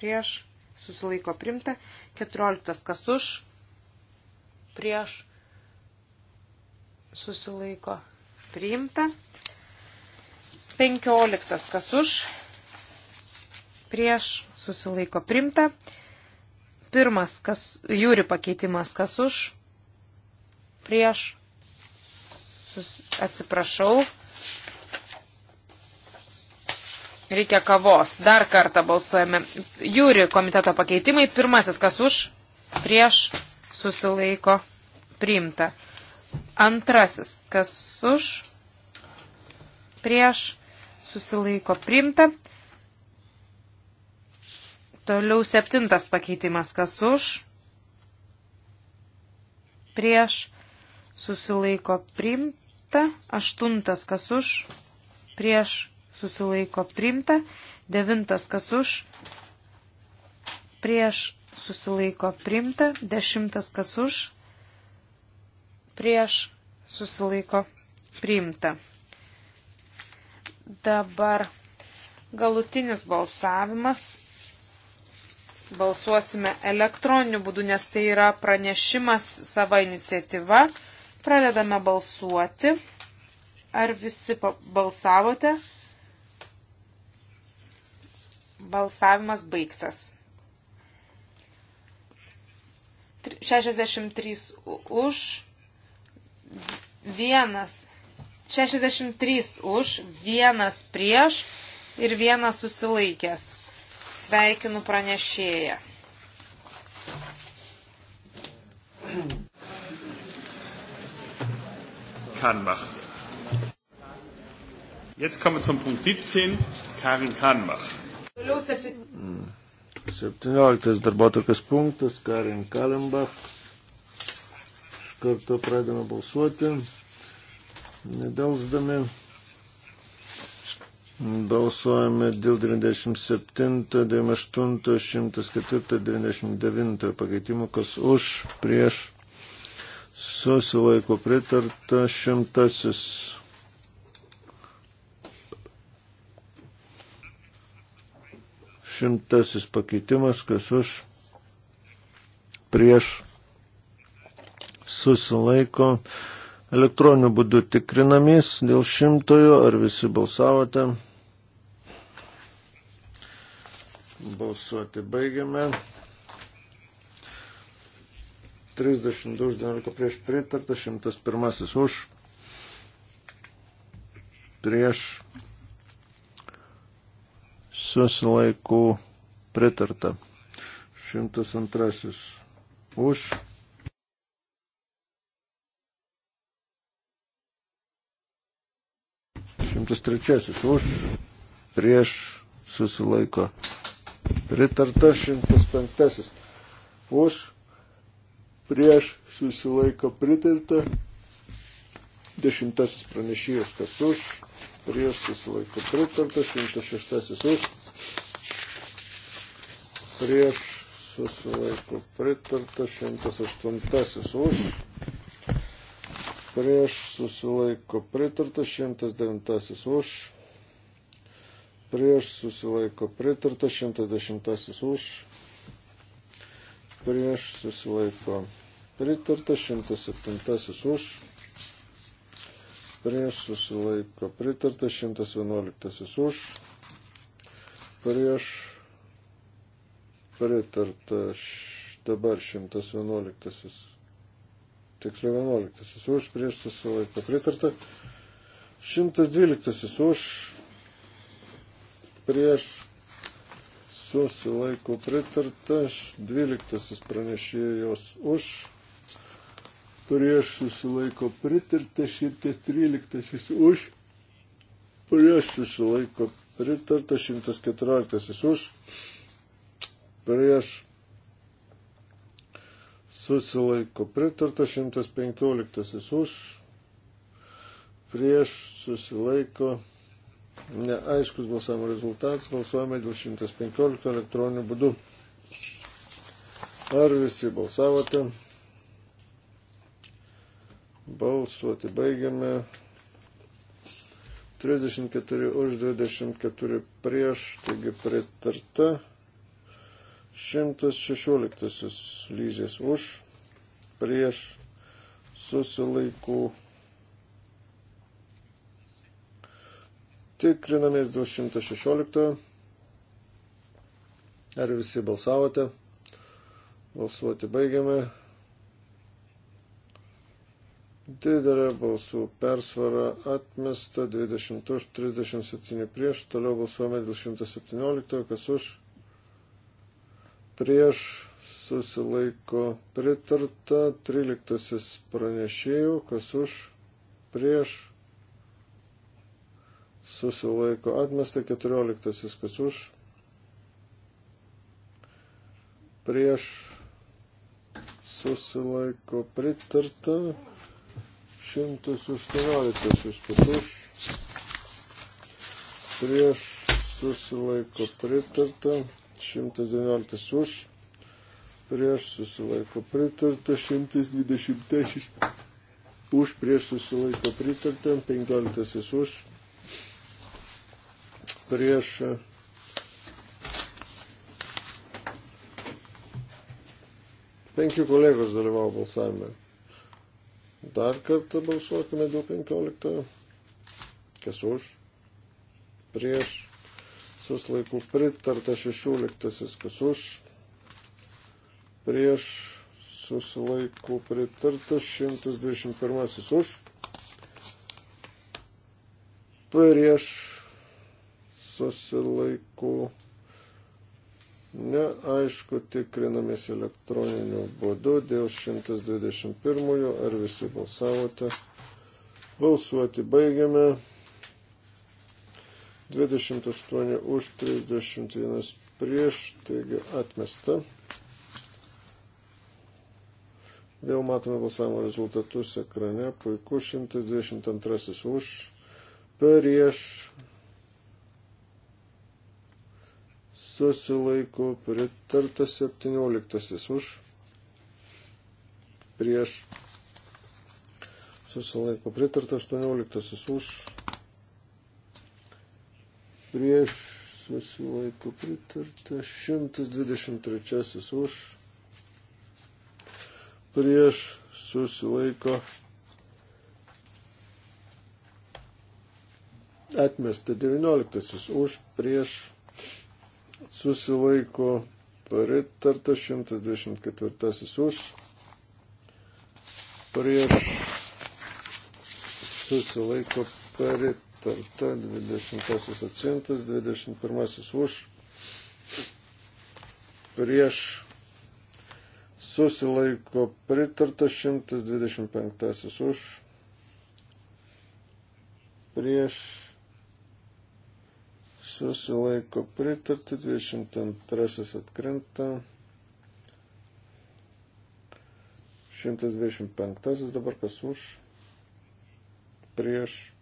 prieš susilaiko primta, keturioliktas kas už, prieš susilaiko priimta. 15. Kas už prieš susilaiko priimta. Pirmas, kas jūri pakeitimas, kas už prieš. Sus, atsiprašau. Reikia kavos. Dar kartą balsuojame. Jūri komiteto pakeitimai. Pirmasis, kas už prieš susilaiko priimta. Antrasis, kas už, prieš, susilaiko priimta. Toliau septintas pakeitimas, kas už, prieš, susilaiko priimta. Aštuntas, kas už, prieš, susilaiko priimta. Devintas, kas už, prieš, susilaiko priimta, dešimtas kas už, prieš susilaiko priimta. Dabar galutinis balsavimas. Balsuosime elektroniniu būdu, nes tai yra pranešimas sava iniciatyva. Pradedame balsuoti. Ar visi balsavote? Balsavimas baigtas. 63 už, vienas, 63 už, vienas prieš ir vienas susilaikęs. Sveikinu pranešėją. Kahnbach. Jetzt kommen wir zum Punkt 17, Karin Kahnbach. Toliau 17. Mm. 17 darbotokas punktas, Karin Kalimbach. Iš karto pradame balsuoti. Nedelsdami. Balsuojame dėl 97, 98, 104, 99 pakeitimų, kas už, prieš, susilaiko pritarta, šimtasis Šimtasis pakeitimas, kas už prieš susilaiko elektroniniu būdu tikrinamis dėl šimtojo, ar visi balsavote. Balsuoti baigiame. 32 už 11 prieš pritarta, 101 už prieš susilaikų pritarta. 102 už. Šimtas trečiasis už, prieš susilaiko. Pritarta šimtas penktasis už, prieš susilaiko pritarta. Dešimtasis pranešėjas, kas už, prieš susilaiko pritarta. Šimtas šeštasis už prieš susilaiko pritarta 108 už, prieš susilaiko pritarta 109 už, prieš susilaiko pritarta 110 už, prieš susilaiko pritarta 107 už, prieš susilaiko pritarta 111 už, prieš pritarta dabar 111. Tiksliau 11. Už prieš susilaiko pritarta. 112. Už prieš susilaiko pritarta. 12. Pranešėjos už prieš susilaiko pritarta. 113. Už prieš susilaiko pritarta. 114. Už prieš susilaiko pritarta 115 už, prieš susilaiko neaiškus balsavimo rezultatas, balsuojame dėl 115 elektroninių būdų. Ar visi balsavote? Balsuoti baigiame. 34 už 24 prieš, taigi pritarta. 116 lyzės už, prieš susilaikų. Tikrinamės 216. Ar visi balsavote? Balsuoti baigiame. Didelė balsų persvara atmesta 20 už 37 prieš, toliau balsuojame 217, kas už prieš susilaiko pritarta, 13 pranešėjų, kas už, prieš susilaiko atmesta, 14 kas už, prieš susilaiko pritarta, 118 kas už, prieš susilaiko pritarta. 119 už, prieš susilaiko pritarta, 120 už, prieš susilaiko pritarta, 15 už, prieš Penki kolegos dalyvavo balsavime. Dar kartą balsuokime dėl 15. Kas už? Prieš susilaikų pritarta 16, kas už, prieš susilaikų pritarta 121 už, prieš susilaikų neaišku tikrinamės elektroniniu būdu dėl 121 ar visi balsavote. Balsuoti baigiame. 28 už 31 prieš, taigi atmesta. Vėl matome balsavimo rezultatus ekrane. Puiku, 122 už, prieš, susilaiko, pritarta 17 už, prieš, susilaiko, pritarta 18 už prieš susilaiko pritarta, 123 už, prieš susilaiko atmesta, 19 už, prieš susilaiko pritarta, 124 už, prieš susilaiko pritarta pritarta, 20 atsimtas, 21 už, prieš susilaiko pritarta, 125 už, prieš susilaiko pritarta, 22 atkrenta. 125 dabar kas už, prieš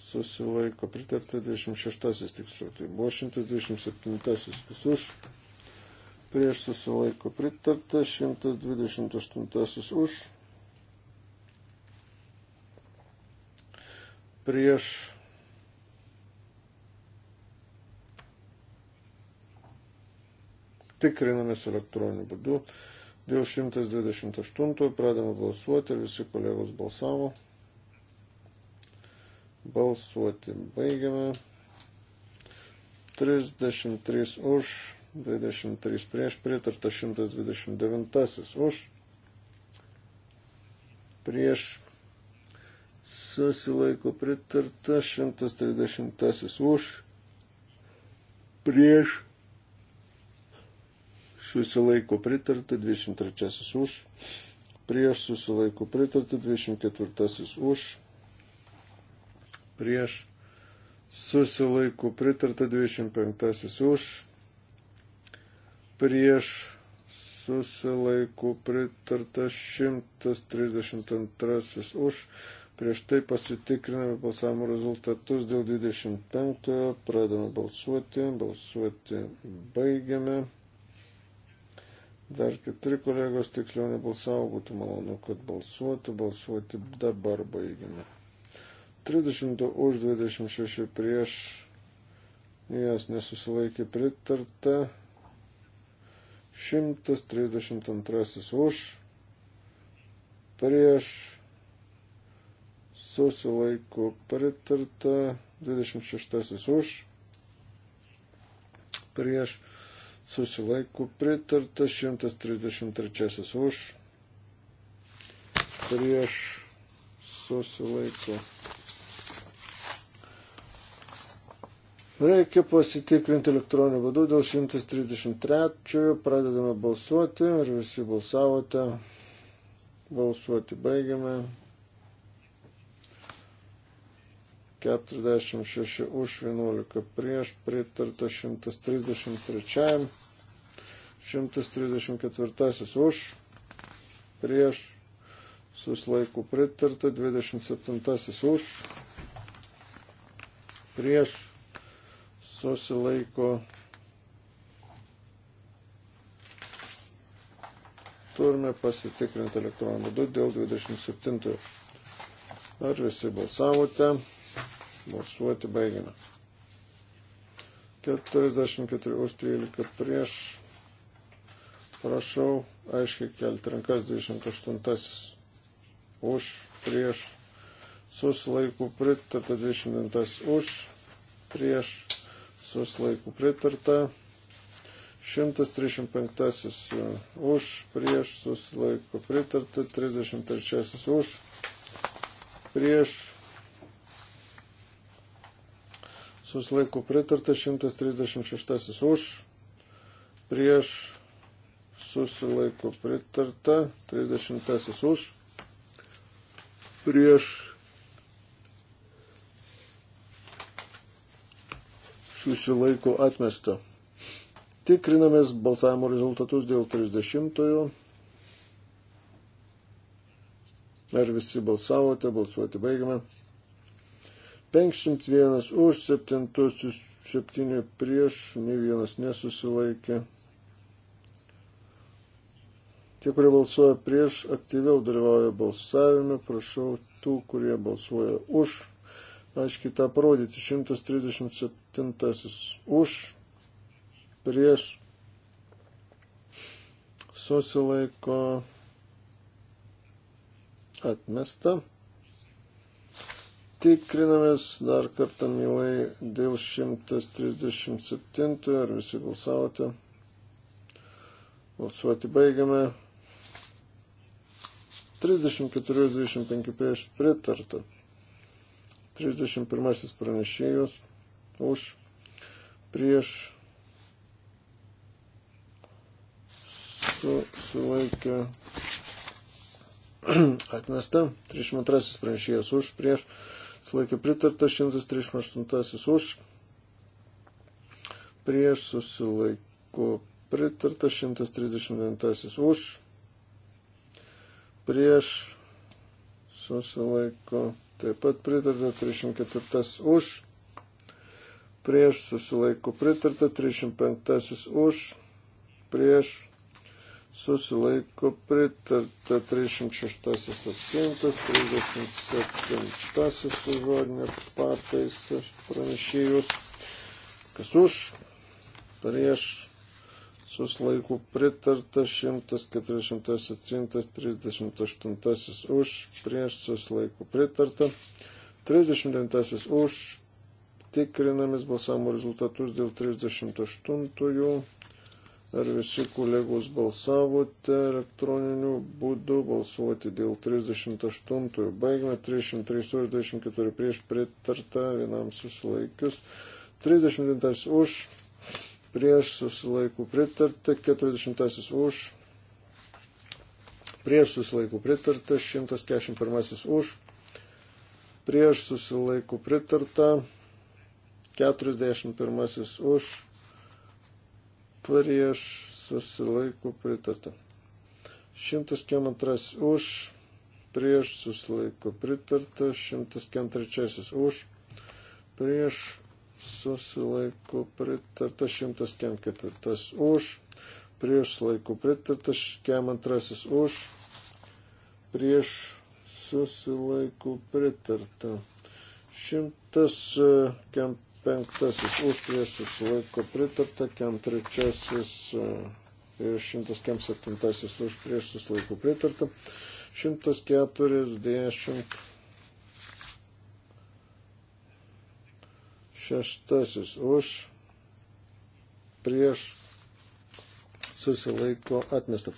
susilaiko pritarta 26 tiksliau, tai buvo 127 kas už, prieš susilaiko pritarta 128 už, prieš tikrinamės elektroniniu būdu. Dėl 128 pradėjome balsuoti ir visi kolegos balsavo. Balsuoti baigiame. 33 už, 23 prieš, pritarta 129 už, prieš, susilaiko pritarta 130 už, prieš, susilaiko pritarta 23 už, prieš susilaiko pritarta 24 už prieš susilaikų pritarta 25 už, prieš susilaikų pritarta 132 už, prieš tai pasitikriname balsavimo rezultatus dėl 25, pradame balsuoti, balsuoti baigiame. Dar keturi kolegos tiksliau nebalsavo, būtų malonu, kad balsuotų, balsuoti dabar baigiame. 32 už 26 prieš jas nesusilaikė pritarta. 132 už prieš susilaiko pritarta. 26 už prieš susilaiko pritarta. 133 už prieš susilaiko pritarta Reikia pasitikrinti elektroniniu būdu dėl 133. Pradedame balsuoti. Ar visi balsavote? Balsuoti baigiame. 46 už 11 prieš pritarta 133. 134 už prieš susilaikų pritarta 27 už prieš susilaiko turime pasitikrinti elektroniniu būdu dėl 27. Ar visi balsavote? Balsuoti baigime. 44 už 13 prieš. Prašau aiškiai kelti rankas 28. Už prieš. Susilaikų pritarta 29. Už prieš susilaikų pritarta. 135 e, už, prieš susilaiko pritarta, 33 už, prieš susilaiko pritarta, 136 už, prieš susilaiko pritarta, 30 už, prieš susilaiko atmesta. Tikrinamės balsavimo rezultatus dėl 30-ojo. Ar visi balsavote, balsuoti baigiame. 51 už 7, 7 prieš, nei vienas nesusilaikė. Tie, kurie balsuoja prieš, aktyviau dalyvauja balsavime. Prašau tų, kurie balsuoja už, aiškiai tą parodyti. 137 už, prieš, susilaiko atmesta. Tikrinamės dar kartą, mielai, dėl 137, ar visi balsavote. Balsuoti baigiame. 34-25 prieš pritartą. 31 pranešėjus už prieš susilaikę atmesta, 32 pranešėjas už prieš sulaikė pritarta, 138 už prieš susilaiko pritarta, 139 už prieš susilaiko pritarta Taip pat pritarta 34 už, prieš susilaiko pritarta 35 už, prieš susilaiko pritarta 36 apsimtas, 37 su žodinė pataisa pranešėjus, kas už, prieš susilaikų pritarta 147-38 už, prieš susilaikų pritarta 39 už, tikrinamis balsavimo rezultatus dėl 38-ųjų. Ar visi kolegos balsavote elektroniniu būdu balsuoti dėl 38-ųjų? Baigime 303 už, 24 prieš pritarta, vienam susilaikius. 39 už, prieš susilaikų pritarta, 40 už, prieš susilaikų pritarta, 141 už, prieš susilaikų pritarta, 41 už, prieš susilaikų pritarta, 102 už, prieš susilaikų pritarta, 103 už, prieš susilaiko pritarta 104 už, prieš laiko pritarta 102 už, prieš susilaiko pritarta 105 už, prieš susilaiko pritarta 103 ir 107 už prieš susilaiko pritarta, 140 šeštasis už, prieš, susilaiko atmesta.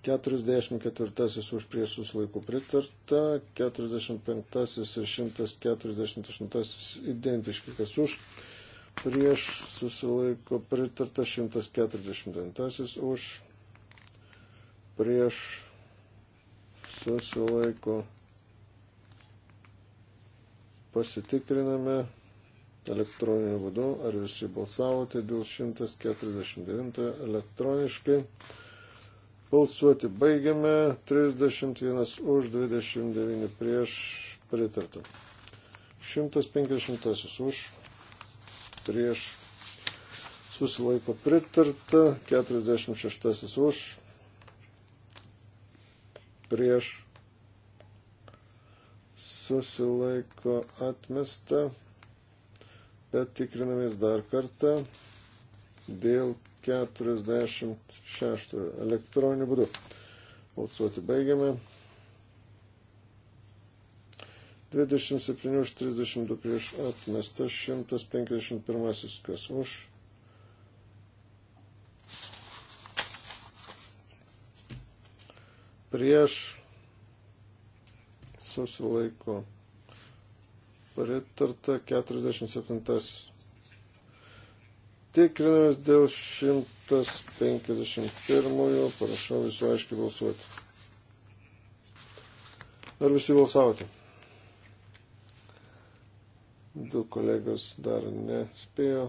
44 už priesus laikų pritarta, 45 ir 148 identiški, kas už, prieš susilaiko pritarta, 149 už, prieš susilaiko pasitikriname elektroniniu būdu, ar visi balsavote dėl 149 elektroniškai. Balsuoti baigiame, 31 už, 29 prieš, pritarta. 150 už, prieš, susilaiko pritarta, 46 už, prieš, susilaiko atmesta bet tikrinamės dar kartą dėl 46 elektroninių būdų. Balsuoti baigiame. 27 už 32 prieš atmestas 151 kas už. Prieš susilaiko pritarta 47. Tikrinamės dėl 151. Prašau visų aiškiai balsuoti. Ar visi balsavote? Du kolegos dar nespėjo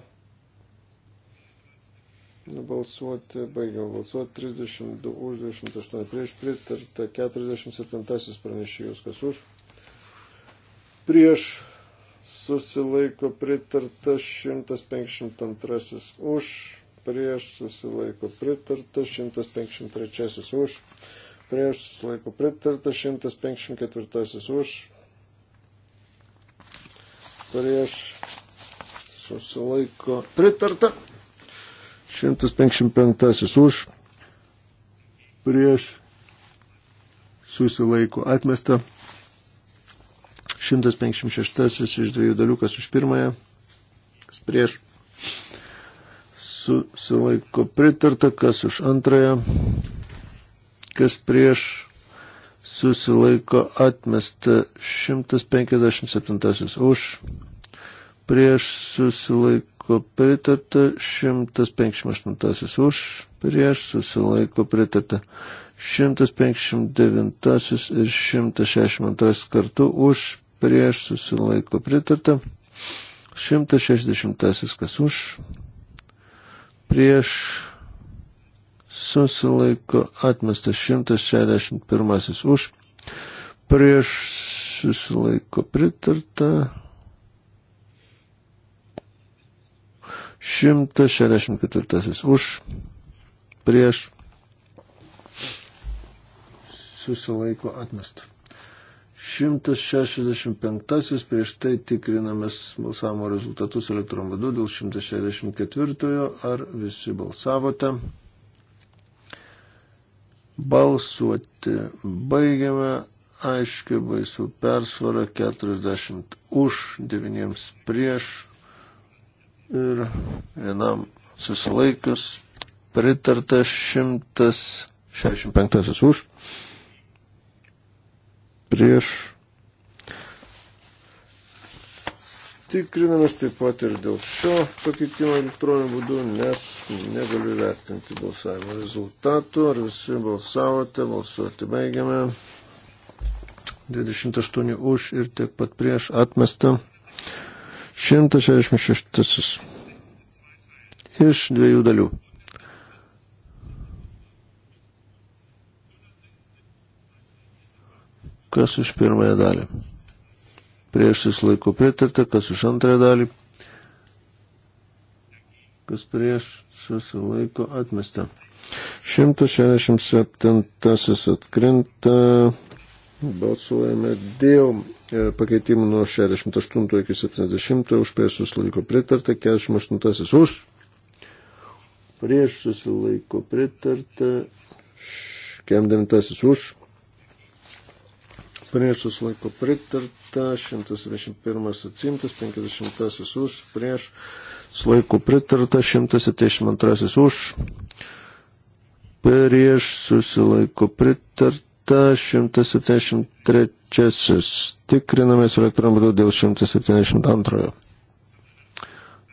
balsuoti. Baigiam balsuoti. 32 už, 28 prieš pritarta. 47 pranešėjus kas už. Prieš susilaiko pritarta 152 už, prieš susilaiko pritarta 153 už, prieš susilaiko pritarta 154 už, prieš susilaiko pritarta 155 už, prieš susilaiko atmesta 156 iš dviejų dalių, kas už pirmąją, kas prieš. Susilaiko pritarta, kas už antrąją, kas prieš. Susilaiko atmesta 157 už, prieš susilaiko pritarta 158 už, prieš susilaiko pritarta 159 ir 162 kartu už prieš susilaiko pritarta. 160 kas už, prieš susilaiko atmestas 161 už, prieš susilaiko pritarta. 164 už, prieš susilaiko atmestą. 165 prieš tai tikrinamės balsavimo rezultatus elektroniniu būdu dėl 164. Ar visi balsavote? Balsuoti baigiame. Aiškiai baisų persvara 40 už, 9 prieš ir vienam susilaikius pritarta 165 už prieš. Tikrinamės taip pat ir dėl šio pakeitimo elektroniniu būdu, nes negaliu vertinti balsavimo rezultatų. Ar visi balsavote, balsuoti baigiame. 28 už ir tiek pat prieš atmestą. 166 iš dviejų dalių. Kas už pirmąją dalį? Prieš susilaiko pritarta, kas už antrąją dalį? Kas prieš susilaiko atmesta. 167 atkrinta. Balsuojame dėl e, pakeitimų nuo 68 iki 70 už prieš susilaiko pritarta, 48 už. Prieš susilaiko pritarta, 49 už prieš susilaiko pritarta, 121 atsimtas, 50 už, prieš susilaiko pritarta, 172 už, prieš susilaiko pritarta, 173 tikrinamės elektroniniu būdu dėl 172.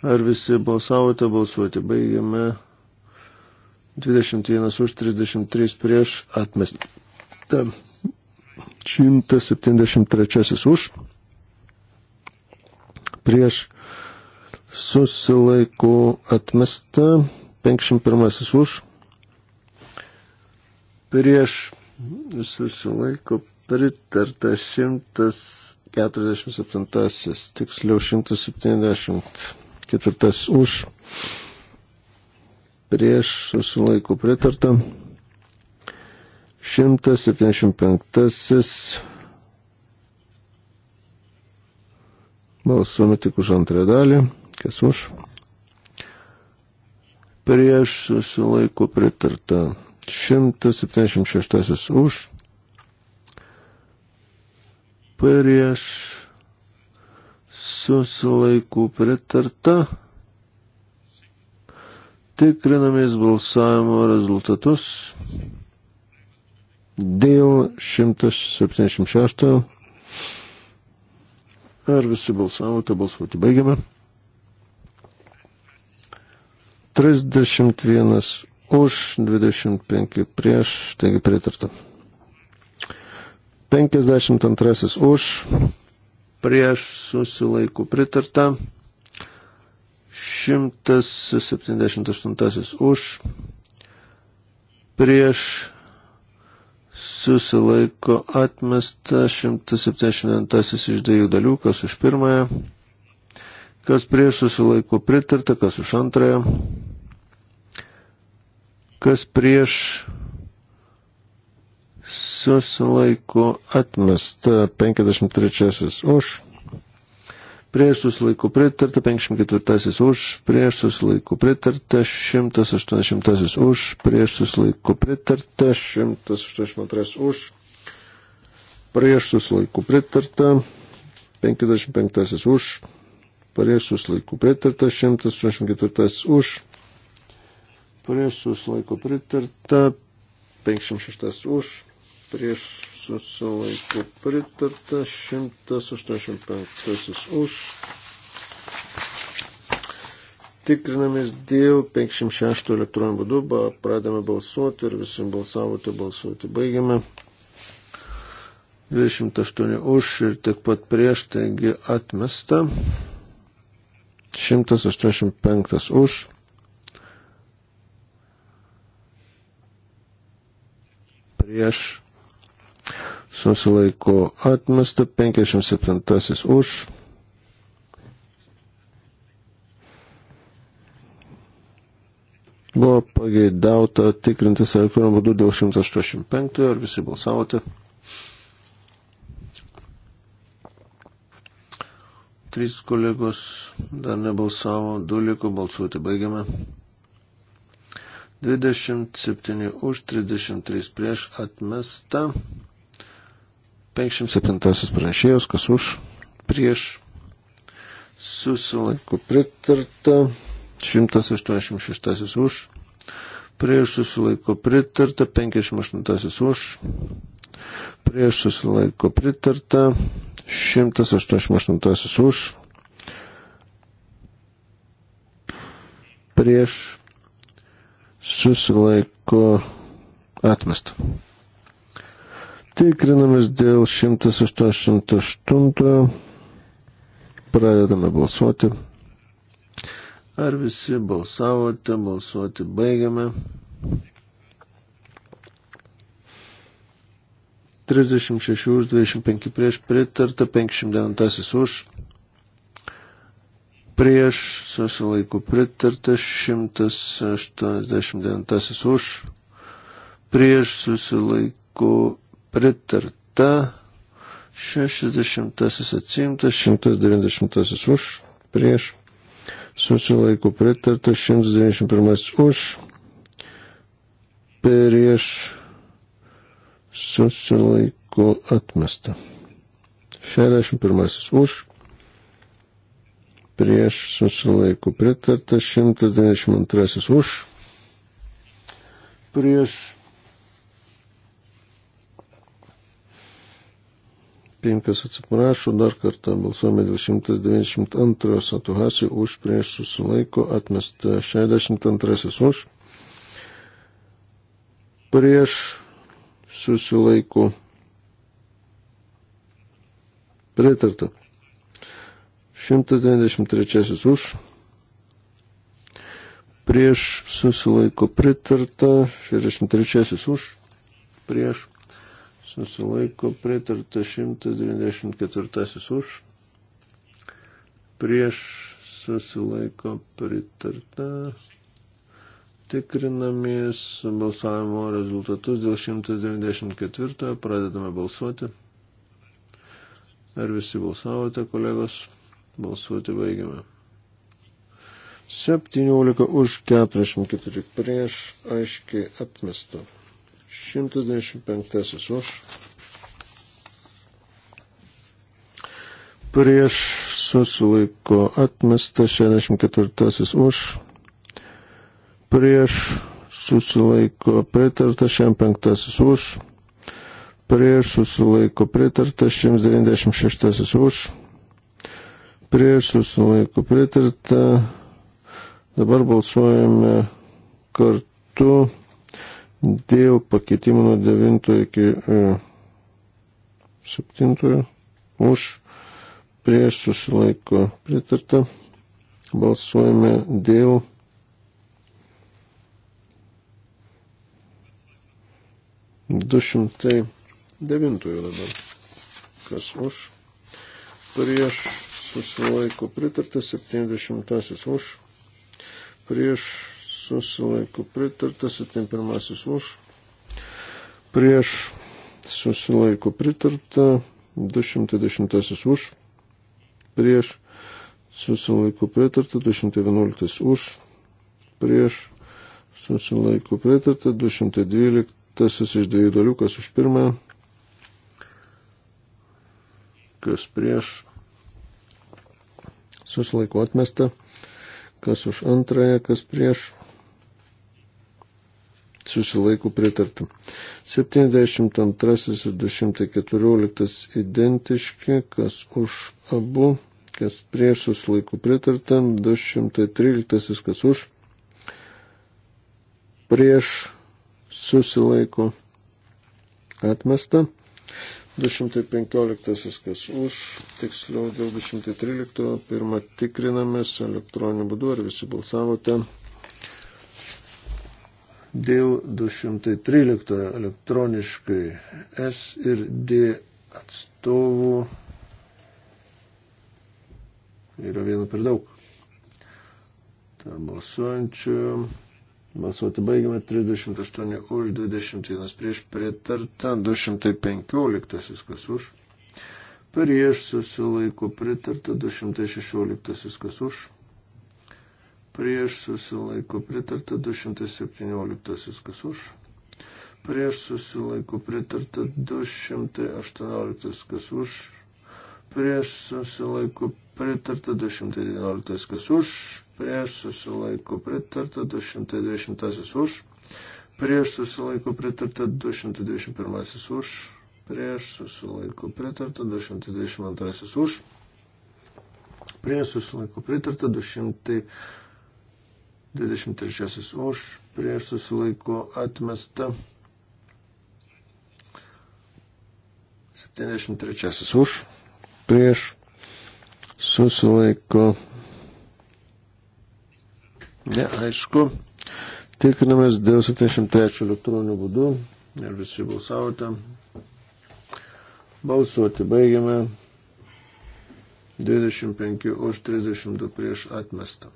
Ar visi balsavote, balsuoti baigiame. 21 už 33 prieš atmestą. 173 už, prieš susilaikų atmesta, 51 už, prieš susilaiko pritarta 147, tiksliau 174 už, prieš susilaiko pritarta. 175. Balsuome tik už antrąją dalį. Kas už? Prieš susilaiko pritarta. 176 už. Prieš susilaiko pritarta. Tikrinamės balsavimo rezultatus dėl 176. Ar visi balsavote, balsuoti baigiame. 31 už, 25 prieš, taigi pritarta. 52 už, prieš susilaikų pritarta. 178 už, prieš susilaiko atmesta 172 iš dviejų dalių, kas už pirmąją, kas prieš susilaiko pritarta, kas už antrąją, kas prieš susilaiko atmesta 53 už prieš susilaikų pritarta, 54 už, prieš susilaikų pritarta, 180 už, prieš susilaikų pritarta, 182 už, prieš susilaikų pritarta, 55 už, prieš susilaikų pritarta, 184 už, prieš susilaikų pritarta, 56 už, prieš susilaiko pritarta, 185 už. Tikrinamės dėl 56 elektroninių būdų, pradėme balsuoti ir visi balsavote, balsuoti baigiame. 28 už ir tiek pat prieš, taigi atmesta. 185 už. prieš susilaiko atmesta, 57 už. Buvo pageidauta tikrintis elektroniniu būdu dėl 185, ar visi balsavote? 3 kolegos dar nebalsavo, 2 liko balsuoti, baigiame. 27 už, 33 prieš atmestą. 57 pranešėjos, kas už, prieš, susilaiko pritarta, 186 už, prieš susilaiko pritarta, 58 už, prieš susilaiko pritarta, 188 už, prieš susilaiko atmestą. Tikrinamės dėl 188. Pradedame balsuoti. Ar visi balsavote, balsuoti baigiame. 36 už, 25 prieš, pritarta 509 už, prieš, susilaikų pritarta 189 už, prieš susilaikų pritarta 60 atsimtas, 190 už, prieš, susilaiko pritarta 191 už, prieš, susilaiko atmesta. 61 už, prieš susilaiko pritarta, 192 už, prieš Pirmininkas atsiprašo, dar kartą balsuojame dėl 192 Satuhasi už prieš susilaiko atmesta 62 už prieš susilaiko pritarta 193 už prieš susilaiko pritarta 63 už prieš susilaiko pritarta 194 už, prieš susilaiko pritarta. Tikrinamis balsavimo rezultatus dėl 194 pradedame balsuoti. Ar visi balsavote, kolegos? Balsuoti baigiame. 17 už 44 prieš aiškiai atmestą. 195 už. Prieš susilaiko atmestas 64 už. Prieš susilaiko pritartas 105 už. Prieš susilaiko pritartas 196 už. Prieš susilaiko pritarta. Dabar balsuojame kartu dėl pakeitimų nuo 9 iki 7 e, už prieš susilaiko pritarta. Balsuojame dėl du šimtai devintojo dabar. Kas už? Prieš susilaiko pritarta 70 už. Prieš susilaiko pritarta, 71 už, prieš susilaiko pritarta, 210 už, prieš susilaiko pritarta, 211 už, prieš susilaiko pritarta, 212 iš dviejų dalių, kas už pirmą, kas prieš susilaiko atmesta, kas už antrąją, kas prieš susilaikų pritarta. 72 ir 214 identiški, kas už abu, kas prieš susilaikų pritarta, 213 kas už, prieš susilaiko atmesta. 215 kas už, tiksliau dėl 213, pirmą tikrinamės elektroniniu būdu, ar visi balsavote dėl 213 elektroniškai S ir D atstovų yra viena per daug. Tarp balsuojančių. Balsuoti baigiame 38 už, 21 prieš pritarta, 215 kas už. Prieš susilaiko pritarta, 216 kas už prieš susilaiko pritarta 217, kas už, prieš susilaiko pritarta 218, kas už, prieš susilaiko pritarta 219, kas už, prieš susilaiko pritarta 220 už, prieš susilaiko pritarta 221 už, prieš susilaiko pritarta 222 už, prieš susilaiko pritarta 200. 23 už, prieš susilaiko atmesta. 73 už, prieš susilaiko. Neaišku. Tikrinamės dėl 73 elektroninių būdų ir visi balsavote. Balsuoti baigiame. 25 už 32 prieš atmestą.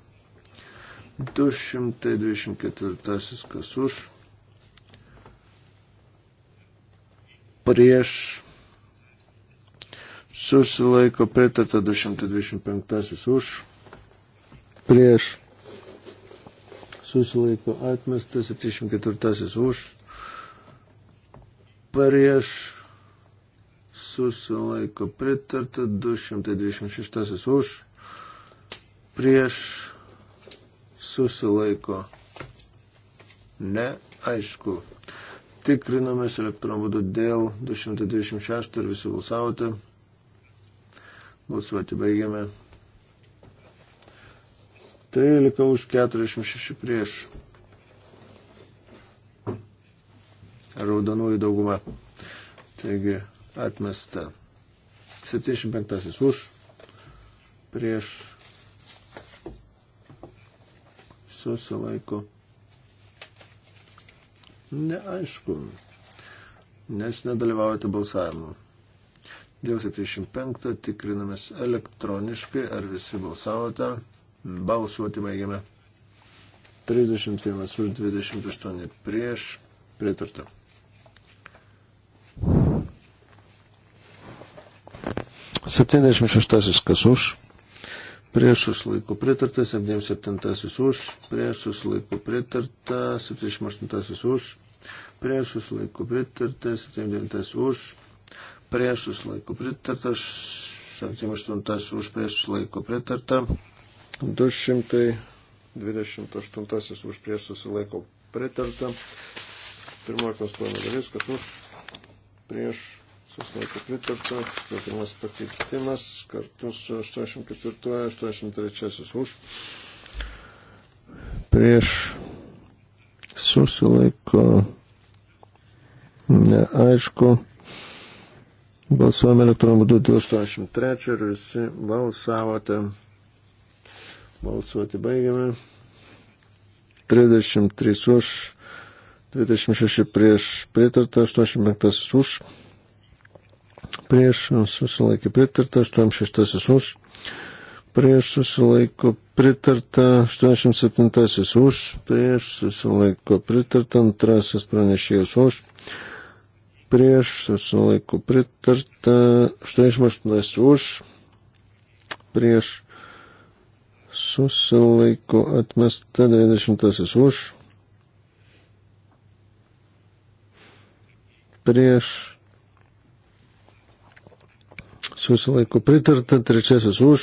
224 kas už, prieš, susilaiko pritarta 225 už, prieš, susilaiko atmestas 74 už, prieš, susilaiko pritarta 226 už, prieš, susilaiko. Neaišku. Tikrinamės elektroniniu būdu dėl 226 ir visi balsavote. Balsuoti baigiame. 13 už 46 prieš. Raudonųjų dauguma. Taigi atmesta. 75 už prieš susilaiko. Neaišku, nes nedalyvaujate balsavimu. Dėl 75 tikrinamės elektroniškai, ar visi balsavote. Balsuoti baigiame. 31 už 28 prieš pritartą. Septyniasdešimt šeštasis kas už? prieš susilaiko pritarta, 77 už, prieš susilaiko pritarta, 78 už, prieš susilaiko pritarta, 79 už, prieš susilaiko pritarta, 78 už, prieš susilaiko pritarta, 228 už, prieš susilaiko pritarta, pirmoji konstatuojama dalis, kas už, prieš susilaikė pritarta, 31 pakeitimas kartu su 84, 83 už. Prieš susilaiko neaišku. Balsuojame elektroniniu būdu dėl 83 ir visi balsavote. Balsuoti baigiame. 33 už, 26 prieš pritarta, 85 už prieš susilaikė pritarta, 86 už, prieš susilaiko pritarta, 87 už, prieš susilaiko pritarta, antrasis pranešėjas už, prieš susilaiko pritarta, 88 už, prieš susilaiko atmesta, 90 už, prieš susilaiko pritarta, trečiasis už,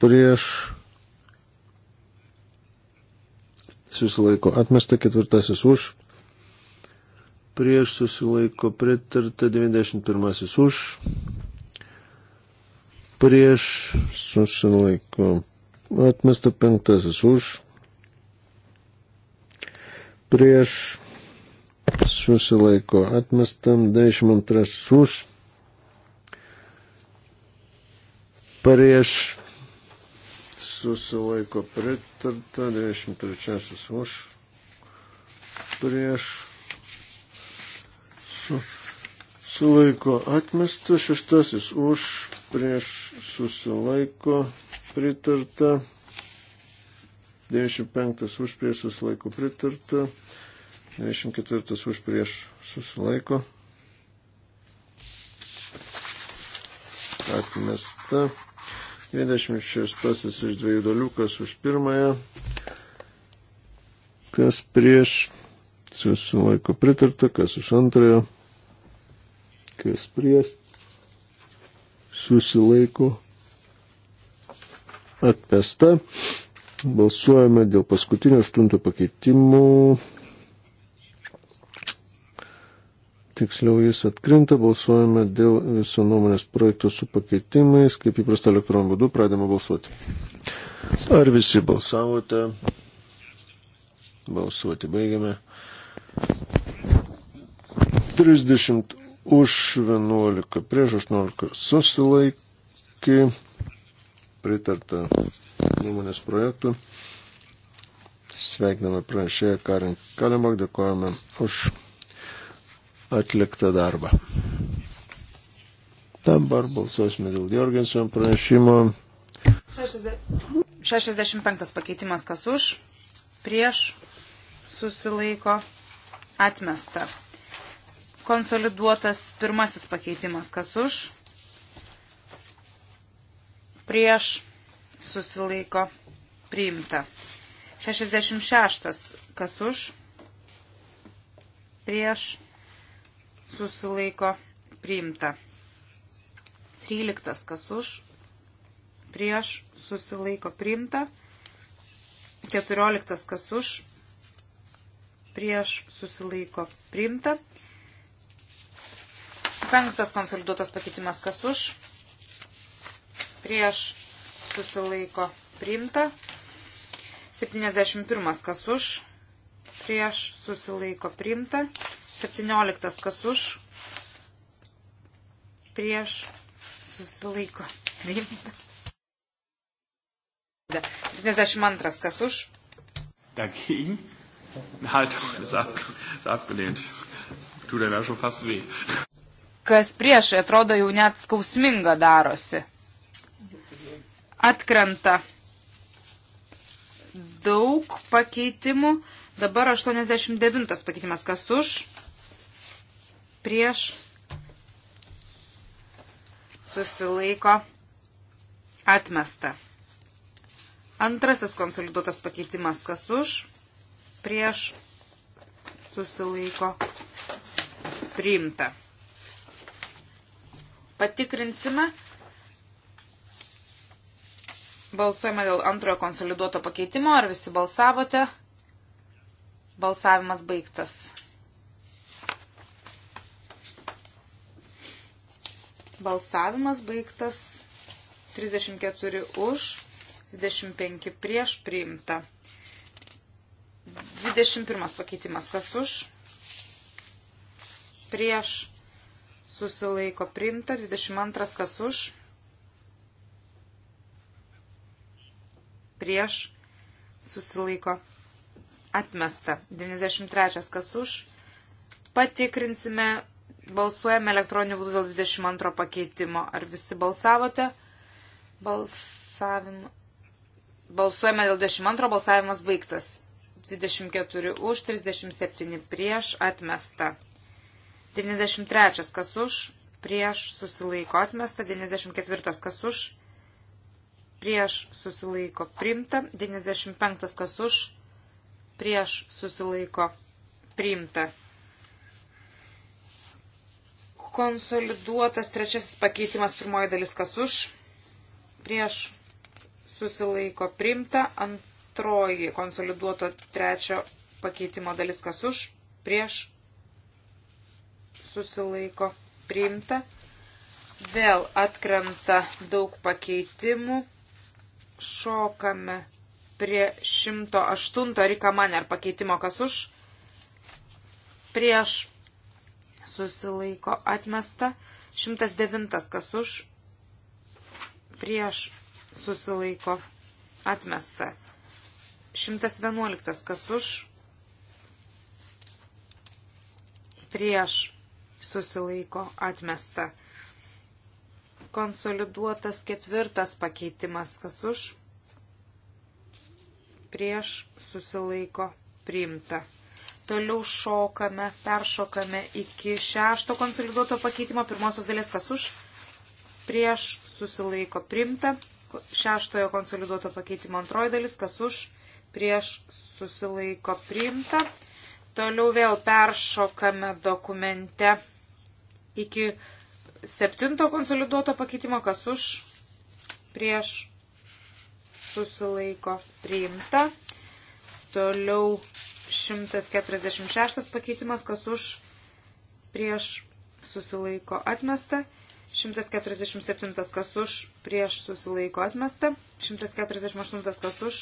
prieš, susilaiko atmesta, ketvirtasis už, prieš susilaiko pritarta, 91 už, prieš susilaiko atmesta, penktasis už, prieš susilaiko atmestam, 92 už prieš susilaiko pritarta, 93 už, prieš su, sulaiko atmesta, šeštasis už, prieš susilaiko pritarta, 95 už, prieš susilaiko pritarta, 94 už, prieš susilaiko atmesta. 26 iš dviejų dalių, kas už pirmąją, kas prieš, susilaiko pritarta, kas už antrąją, kas prieš, susilaiko atmesta. Balsuojame dėl paskutinio aštunto pakeitimų. tiksliau jis atkrinta, balsuojame dėl viso nuomonės projekto su pakeitimais, kaip įprasta elektroniniu būdu, pradėme balsuoti. Ar visi balsavote? Balsuoti baigiame. 30 už 11, prieš 18 susilaikė, pritarta nuomonės projektų. Sveikiname pranešėją Karin Kalemak, dėkojame už atliktą darbą. Dabar balsuosime dėl Jorgensen pranešimo. 65 pakeitimas kas už, prieš, susilaiko, atmesta. Konsoliduotas pirmasis pakeitimas kas už, prieš, susilaiko, priimta. 66 kas už, prieš, susilaiko priimta. 13 kas už, prieš susilaiko priimta. 14 kas už, prieš susilaiko priimta. Penktas konsoliduotas pakeitimas kas už, prieš susilaiko priimta. 71 kas už, prieš susilaiko priimta. 17 kas už, prieš, susilaiko, priimta. 72 kas už. Dagegen. Haltung ist, ab, ist abgelehnt. Tut er da schon fast weh. Kas prieš, atrodo, jau net skausminga darosi. Atkrenta daug pakeitimų. Dabar 89 pakeitimas. Kas už? prieš, susilaiko, atmesta. Antrasis konsoliduotas pakeitimas, kas už, prieš, susilaiko, priimta. Patikrinsime. Balsuojame dėl antrojo konsoliduoto pakeitimo. Ar visi balsavote? Balsavimas baigtas. Balsavimas baigtas 34 už, 25 prieš priimta. 21 pakeitimas kas už, prieš susilaiko priimta, 22 kas už, prieš susilaiko atmesta, 93 kas už, patikrinsime Balsuojame elektroniniu būdu dėl 22 pakeitimo. Ar visi balsavote? Balsavim... Balsuojame dėl 22, balsavimas baigtas. 24 už, 37 prieš, atmesta. 93 kas už, prieš, susilaiko, atmesta. 94 kas už, prieš, susilaiko, priimta. 95 kas už, prieš, susilaiko, priimta. Konsoliduotas trečiasis pakeitimas, pirmoji dalis kas už, prieš susilaiko primta, antroji konsoliduoto trečio pakeitimo dalis kas už, prieš susilaiko primta. Vėl atkrenta daug pakeitimų. Šokame prie 108 Rika Maner pakeitimo kas už. Prieš susilaiko atmesta, 109 kas už, prieš susilaiko atmesta, 111 kas už, prieš susilaiko atmesta, konsoliduotas ketvirtas pakeitimas kas už, prieš susilaiko priimta. Toliau šokame, peršokame iki šešto konsoliduoto pakeitimo. Pirmosios dalies kas už, prieš susilaiko primta. Šeštojo konsoliduoto pakeitimo antroji dalis kas už, prieš susilaiko primta. Toliau vėl peršokame dokumente iki septinto konsoliduoto pakeitimo kas už, prieš susilaiko priimta. Toliau 146 pakeitimas, kas už prieš susilaiko atmesta. 147 kas už prieš susilaiko atmesta. 148 kas už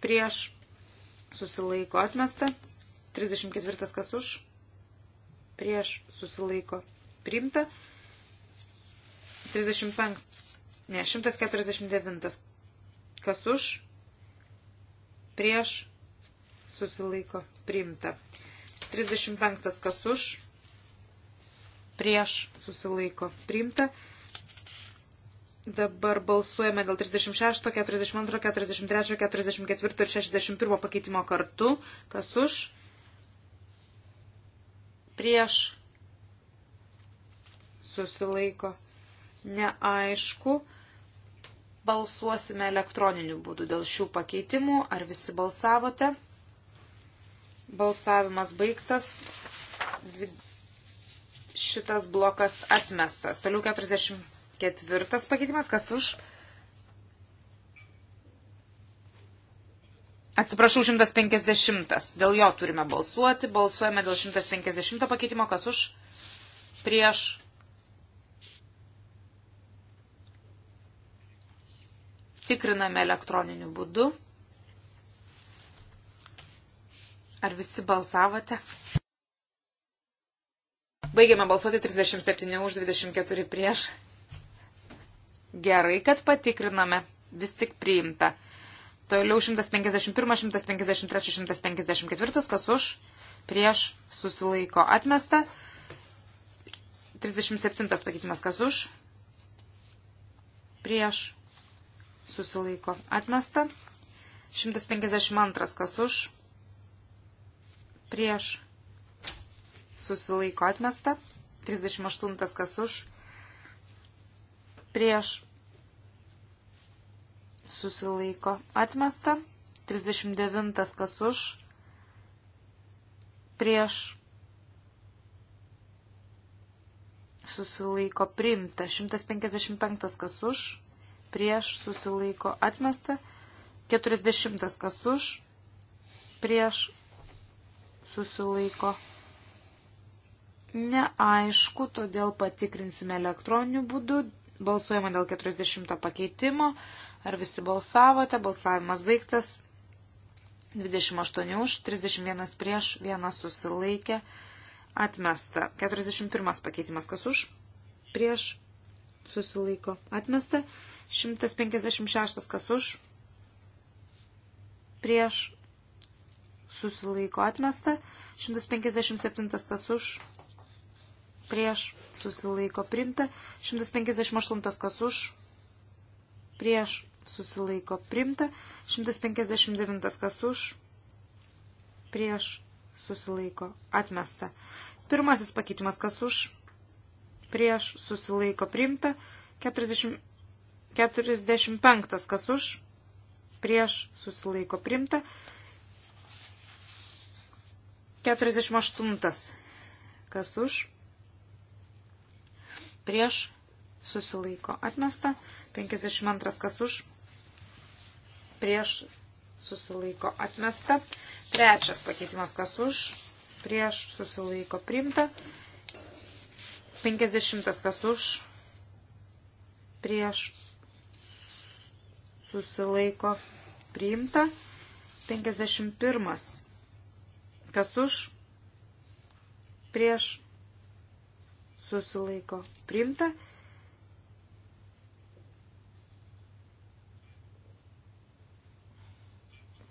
prieš susilaiko atmesta. 34 kas už prieš susilaiko priimta. 35, ne, 149 kas už prieš susilaiko priimta. 35 kas už, prieš susilaiko priimta. Dabar balsuojame dėl 36, 42, 43, 44 ir 61 pakeitimo kartu. Kas už? Prieš susilaiko. Neaišku. Balsuosime elektroniniu būdu dėl šių pakeitimų. Ar visi balsavote? Balsavimas baigtas. Dvi... Šitas blokas atmestas. Toliau 44 pakeitimas. Kas už? Atsiprašau, 150. Dėl jo turime balsuoti. Balsuojame dėl 150 pakeitimo. Kas už? Prieš tikriname elektroniniu būdu. Ar visi balsavote? Baigiame balsuoti 37 už 24 prieš. Gerai, kad patikriname. Vis tik priimta. Toliau 151, 153, 154, kas už, prieš, susilaiko atmesta. 37 pakeitimas, kas už, prieš, susilaiko atmesta. 152 kas už, prieš susilaiko atmesta. 38 kas už, prieš susilaiko atmesta. 39 kas už, prieš susilaiko priimta. 155 kas už, prieš susilaiko atmesta, 40 kas už, prieš susilaiko neaišku, todėl patikrinsime elektroniniu būdu, balsuojama dėl 40 pakeitimo, ar visi balsavote, balsavimas baigtas, 28 už, 31 prieš, 1 susilaikė, atmesta, 41 pakeitimas kas už, prieš susilaiko, atmesta, 42 156 kas už, prieš susilaiko atmesta, 157 kas už, prieš susilaiko primta, 158 kas už, prieš susilaiko primta, 159 kas už, prieš susilaiko atmesta. Pirmasis pakeitimas kas už, prieš susilaiko primta, 40. 45. Kas už? Prieš susilaiko primta. 48. Kas už? Prieš susilaiko atmesta. 52. Kas už? Prieš susilaiko atmesta. Trečias pakeitimas. Kas už? Prieš susilaiko primta. 50. Kas už? Prieš susilaiko priimta. 51. Kas už, prieš susilaiko priimta.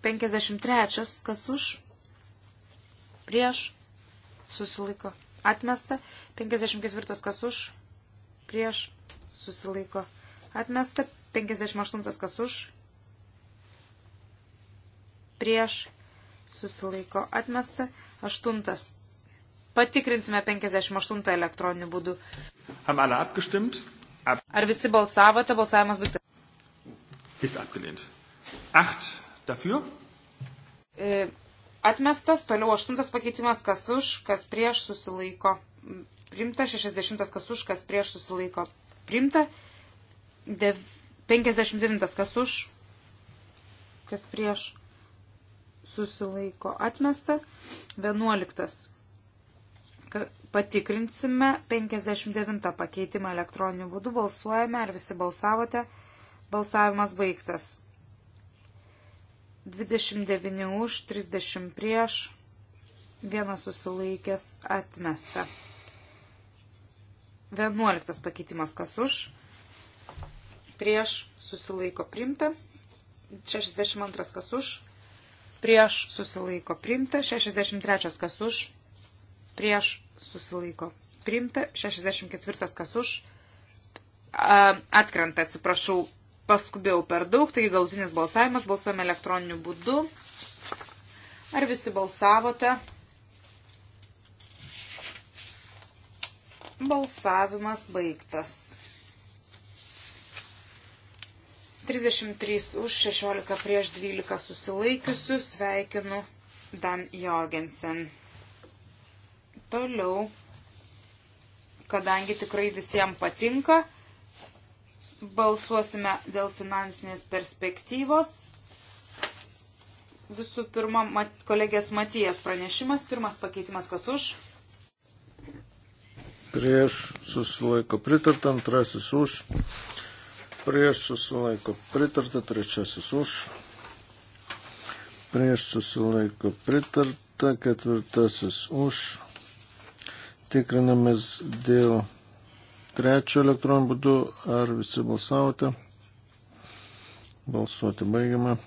Penkiasdešimt trečias, kas už, prieš, susilaiko, atmesta. Penkiasdešimt ketvirtas, kas už, prieš, susilaiko, atmesta. 58 kas už, prieš, susilaiko atmesta, 8. Patikrinsime 58 elektroniniu būdu. Ar visi balsavote, balsavimas baigtas? Ist abgelehnt. 8 dafür. E, atmestas, toliau 8 pakeitimas, kas už, kas prieš susilaiko. Primta 60, kas už, kas prieš susilaiko. Primta 9 59 kas už, kas prieš susilaiko atmesta. 11 patikrinsime 59 pakeitimą elektroniniu būdu, balsuojame, ar visi balsavote, balsavimas baigtas. 29 už, 30 prieš, vienas susilaikęs atmesta. 11 pakeitimas kas už, prieš susilaiko primta, 62 kas už, prieš susilaiko primta, 63 kas už, prieš susilaiko primta, 64 kas už, atkrenta, atsiprašau, paskubėjau per daug, taigi galutinis balsavimas, balsuojame elektroniniu būdu. Ar visi balsavote? Balsavimas baigtas. 33 už 16 prieš 12 susilaikiusių sveikinu Dan Jorgensen. Toliau, kadangi tikrai visiems patinka, balsuosime dėl finansinės perspektyvos. Visų pirma, mat, kolegės Matijas pranešimas, pirmas pakeitimas kas už. Prieš susilaiko pritarta, antrasis už prieš susilaiko pritarta, trečiasis už, prieš susilaiko pritarta, ketvirtasis už. Tikrinamės dėl trečio elektroniniu būdu, ar visi balsavote. Balsuoti baigiame.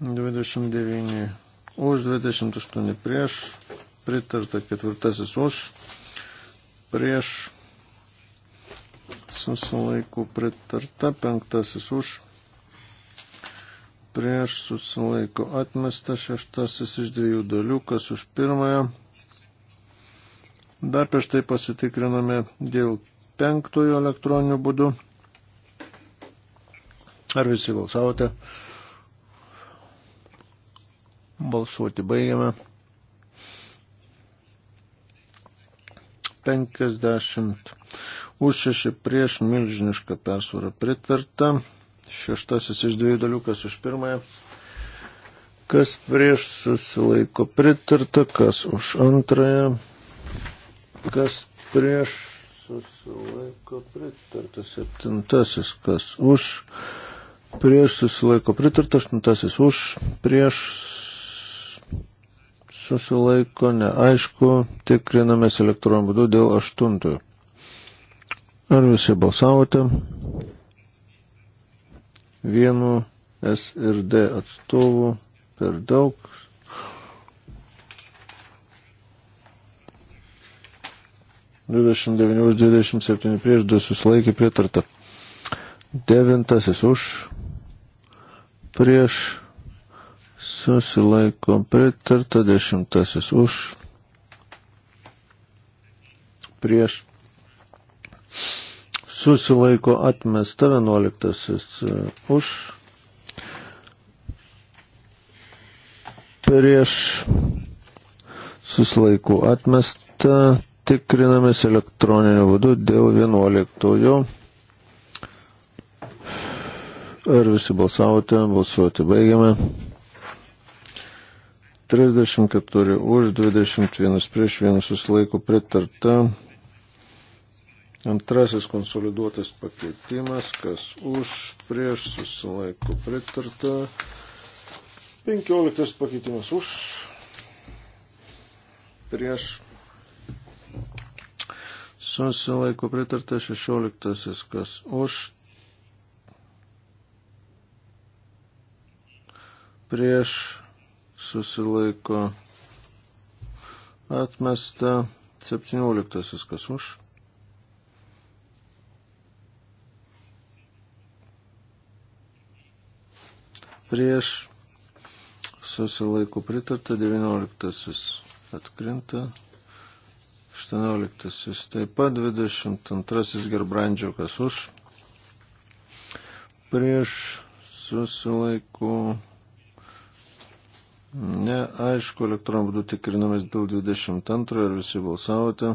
29 už, 28 prieš, pritarta ketvirtasis už, prieš susilaiko pritarta, penktasis už, prieš susilaiko atmesta, šeštasis iš dviejų dalių, kas už pirmąją. Dar prieš tai pasitikriname dėl penktojo elektroninių būdų. Ar visi balsavote? Balsuoti baigiame. 50 už 6 prieš milžinišką persvarą pritarta. Šeštasis iš dviejų dalių, kas už pirmąją, kas prieš susilaiko pritarta, kas už antrąją, kas prieš susilaiko pritarta. Septintasis, kas už prieš susilaiko pritarta, aštuntasis už, prieš susilaiko neaišku, tikrinamės elektroniniu būdu dėl aštuntojo. Ar visi balsavote? Vienu S ir D atstovu per daug. Dvidešimt devynius, dvidešimt septyni prieš du susilaikė pritarta. Devintasis už prieš susilaiko pritarta, dešimtasis už prieš susilaiko atmesta 11 e, už, prieš susilaiko atmesta, tikrinamės elektroniniu būdu dėl 11. Ar visi balsavote, balsuoti baigiame. 34 už, 21 prieš, 1 susilaiko pritarta. Antrasis konsoliduotas pakeitimas, kas už, prieš, susilaiko pritarta. Penkioliktas pakeitimas už, prieš, susilaiko pritarta. Šešioliktasis, kas už, prieš, susilaiko atmesta. Septynioliktasis, kas už prieš susilaiko pritarta, 19 atkrinta, 18 taip pat, 22 gerbrandžio kas už, prieš susilaiko neaišku, elektroniniu būdu tikrinamės dėl 22 ir visi balsavote.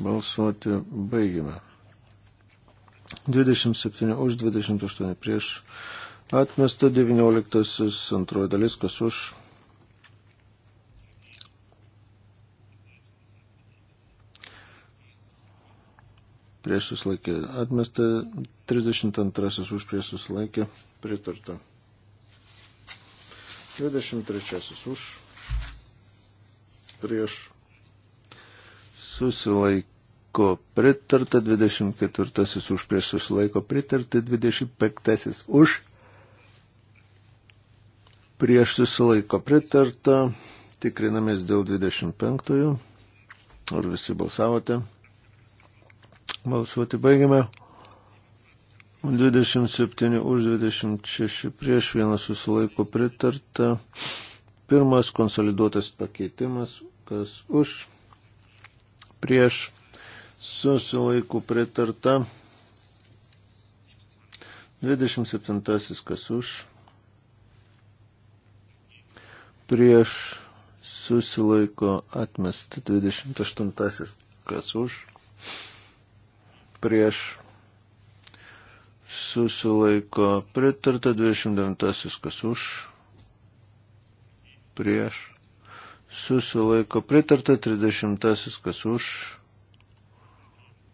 Balsuoti baigime. 27 už, 28 prieš Atmesta 19 antroji dalis, kas už. Prieš susilaikė. Atmesta 32 už prieš susilaikė. Pritarta. 23 už. Prieš susilaiko pritarta 24 už prieš susilaiko pritarta 25 už prieš susilaiko pritarta. Tikrinamės dėl 25-ojų. Ar visi balsavote? Balsuoti baigiame. 27 už 26 prieš vieną susilaiko pritarta. Pirmas konsoliduotas pakeitimas, kas už prieš susilaikų pritarta. 27 kas už prieš susilaiko atmesta 28. Kas už? Prieš susilaiko pritarta 29. Kas už? Prieš susilaiko pritarta 30. Kas už?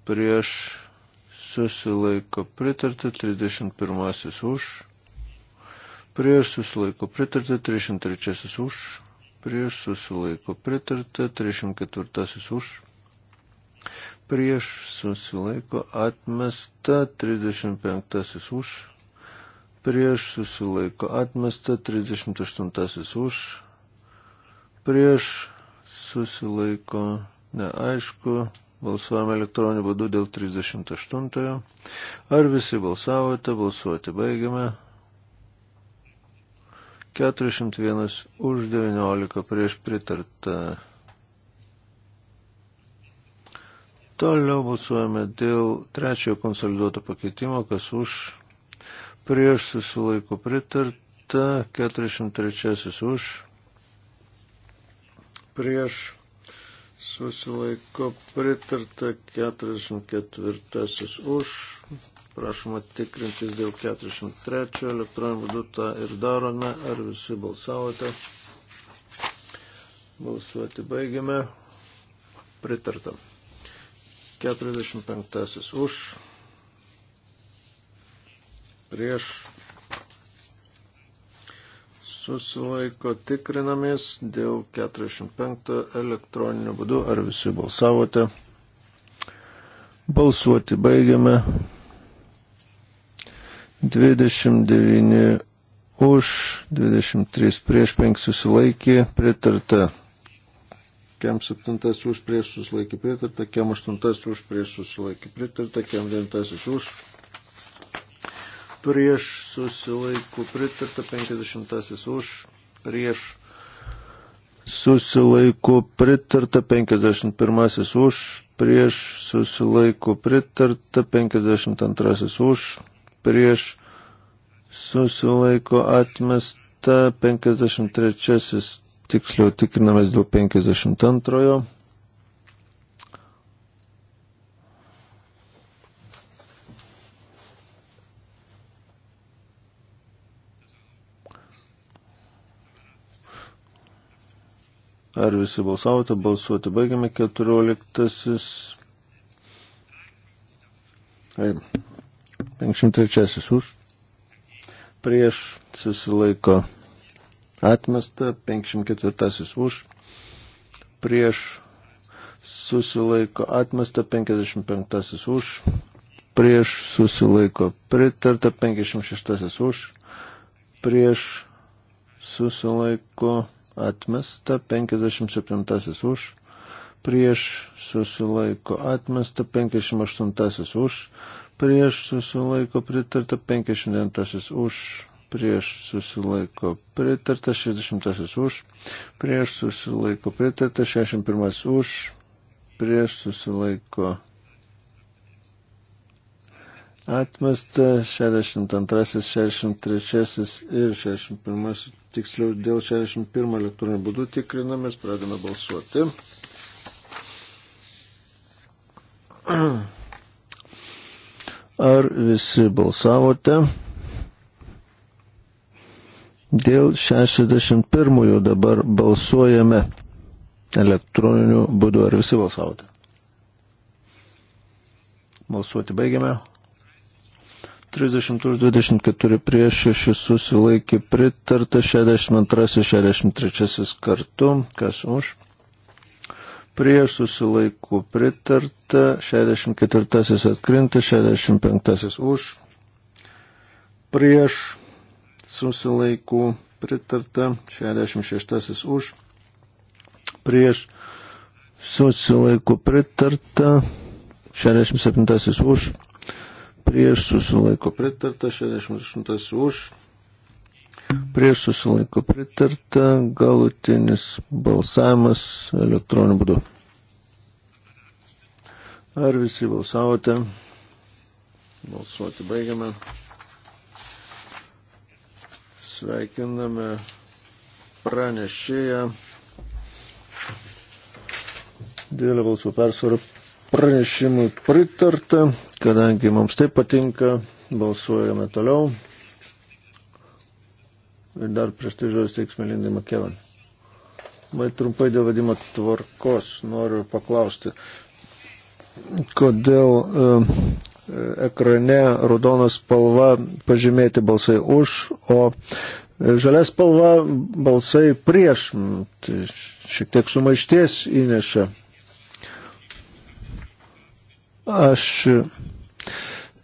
Prieš susilaiko pritarta 31. Už prieš susilaiko pritarta, 303 už, prieš susilaiko pritarta, 304 už, prieš susilaiko atmesta, 35 už, prieš susilaiko atmesta, 38 už, prieš susilaiko neaišku, Balsuojame elektroniniu būdu dėl 38. Ar visi balsavote? Balsuoti baigiame. 401 už 19 prieš pritartą. Toliau balsuojame dėl trečiojo konsoliduoto pakeitimo, kas už prieš susilaiko pritarta, 403 už prieš susilaiko pritarta, 44 už Prašoma tikrintis dėl 43 elektroninių būdų tą ir darome. Ar visi balsavote? Balsuoti baigiame. Pritartam. 45 už. Prieš. Susilaiko tikrinamės dėl 45 elektroninių būdų. Ar visi balsavote? Balsuoti baigiame. 29 už, 23 prieš 5 susilaikė, pritarta. Kem 7 už prieš susilaikė pritarta, Kem 8 už prieš susilaikė pritarta, Kem 9 už prieš susilaikų pritarta, 50 už prieš susilaikų pritarta, 51 už prieš susilaikų pritarta, 52 už prieš susilaiko atmesta 53, tiksliau tikrinamės dėl 52. Ar visi balsavote? Balsuoti baigiame 14. Eim. 53 už, prieš susilaiko atmesta, 54 už, prieš susilaiko atmesta, 55 už, prieš susilaiko pritarta, 56 už, prieš susilaiko atmesta, 57 už, prieš susilaiko atmesta, 58 už, prieš susilaiko pritarta, 59 už prieš susilaiko pritarta, 60 už prieš susilaiko pritarta, 61 už prieš susilaiko atmesta, 62, 63 ir 61, tiksliau dėl 61 elektroninių būdų tikrinamės, pradame balsuoti. Ar visi balsavote? Dėl 61 dabar balsuojame elektroniniu būdu. Ar visi balsavote? Balsuoti baigiame. 30 už 24 prieš 6 susilaikė pritarta 62-63 kartu. Kas už? prieš susilaikų pritarta, 64 atkrinta, 65 už, prieš susilaikų pritarta, 66 už, prieš susilaikų pritarta, 67 už, prieš susilaiko pritarta, 68 už, prieš susilaiko pritarta, galutinis balsavimas elektroniniu būdu. Ar visi balsavote? Balsuoti baigiame. Sveikiname pranešėją. Didelė balsų persvara pranešimui pritarta, kadangi mums tai patinka, balsuojame toliau. Ir dar prieš tai žodis teiksime Lindai Makevan. Mai trumpai dėl vadimo tvarkos noriu paklausti, kodėl e, e ekrane raudonas spalva pažymėti balsai už, o e, žalia spalva balsai prieš. Tai šiek tiek sumaišties įneša. Aš e,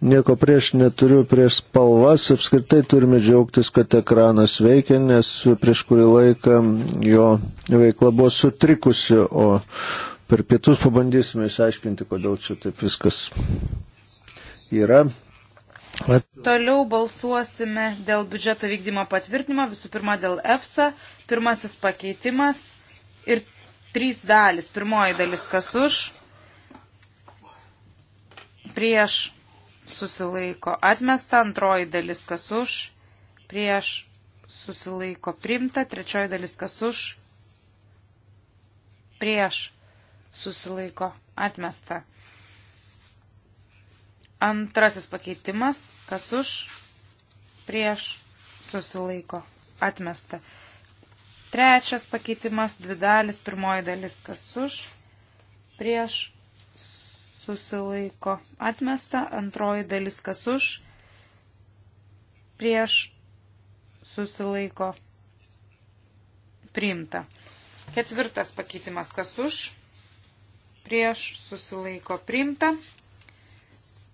nieko prieš neturiu prieš spalvas, apskritai turime džiaugtis, kad ekranas veikia, nes prieš kurį laiką jo veikla buvo sutrikusi, o per pietus pabandysime išaiškinti, kodėl čia taip viskas yra. At... Toliau balsuosime dėl biudžeto vykdymo patvirtinimo, visų pirma dėl EFSA, pirmasis pakeitimas ir trys dalis. Pirmoji dalis kas už, prieš susilaiko atmesta, antroji dalis kas už, prieš susilaiko primta, trečioji dalis kas už, prieš susilaiko atmesta. Antrasis pakeitimas, kas už, prieš susilaiko atmesta. Trečias pakeitimas, dvi dalis, pirmoji dalis, kas už, prieš susilaiko atmesta, antroji dalis kas už, prieš susilaiko priimta. Ketvirtas pakeitimas kas už, prieš susilaiko priimta.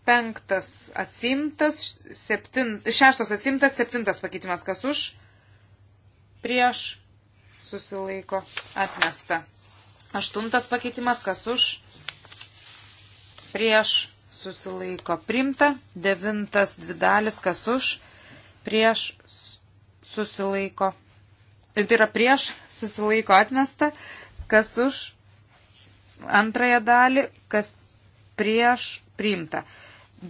Penktas atsimtas, septint, šeštas atsimtas, septintas pakeitimas kas už, prieš susilaiko atmesta. Aštuntas pakeitimas kas už, prieš susilaiko primta, devintas dvi dalis, kas už, prieš susilaiko, e, tai yra prieš susilaiko atmesta, kas už antrąją dalį, kas prieš primta.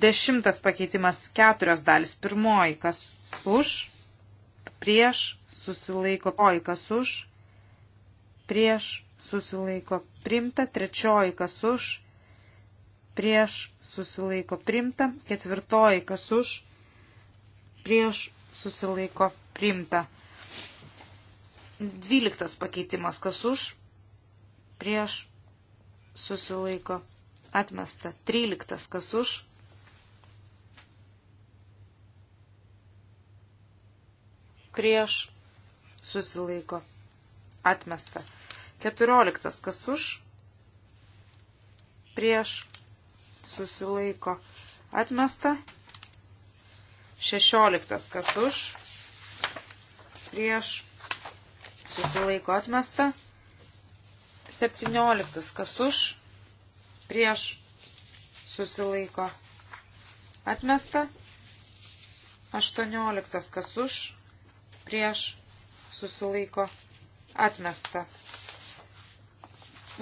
Dešimtas pakeitimas keturios dalis, pirmoji, kas už, prieš susilaiko, oji, kas už, prieš susilaiko primta, trečioji, kas už, prieš susilaiko primta, ketvirtoji kas už, prieš susilaiko primta. Dvyliktas pakeitimas kas už, prieš susilaiko atmesta. Tryliktas kas už. Prieš susilaiko atmesta. Keturioliktas kas už. Prieš susilaiko atmesta. 16. Kas už, prieš, susilaiko atmesta. 17. Kas už, prieš, susilaiko atmesta. 18. Kas už, prieš, susilaiko atmesta.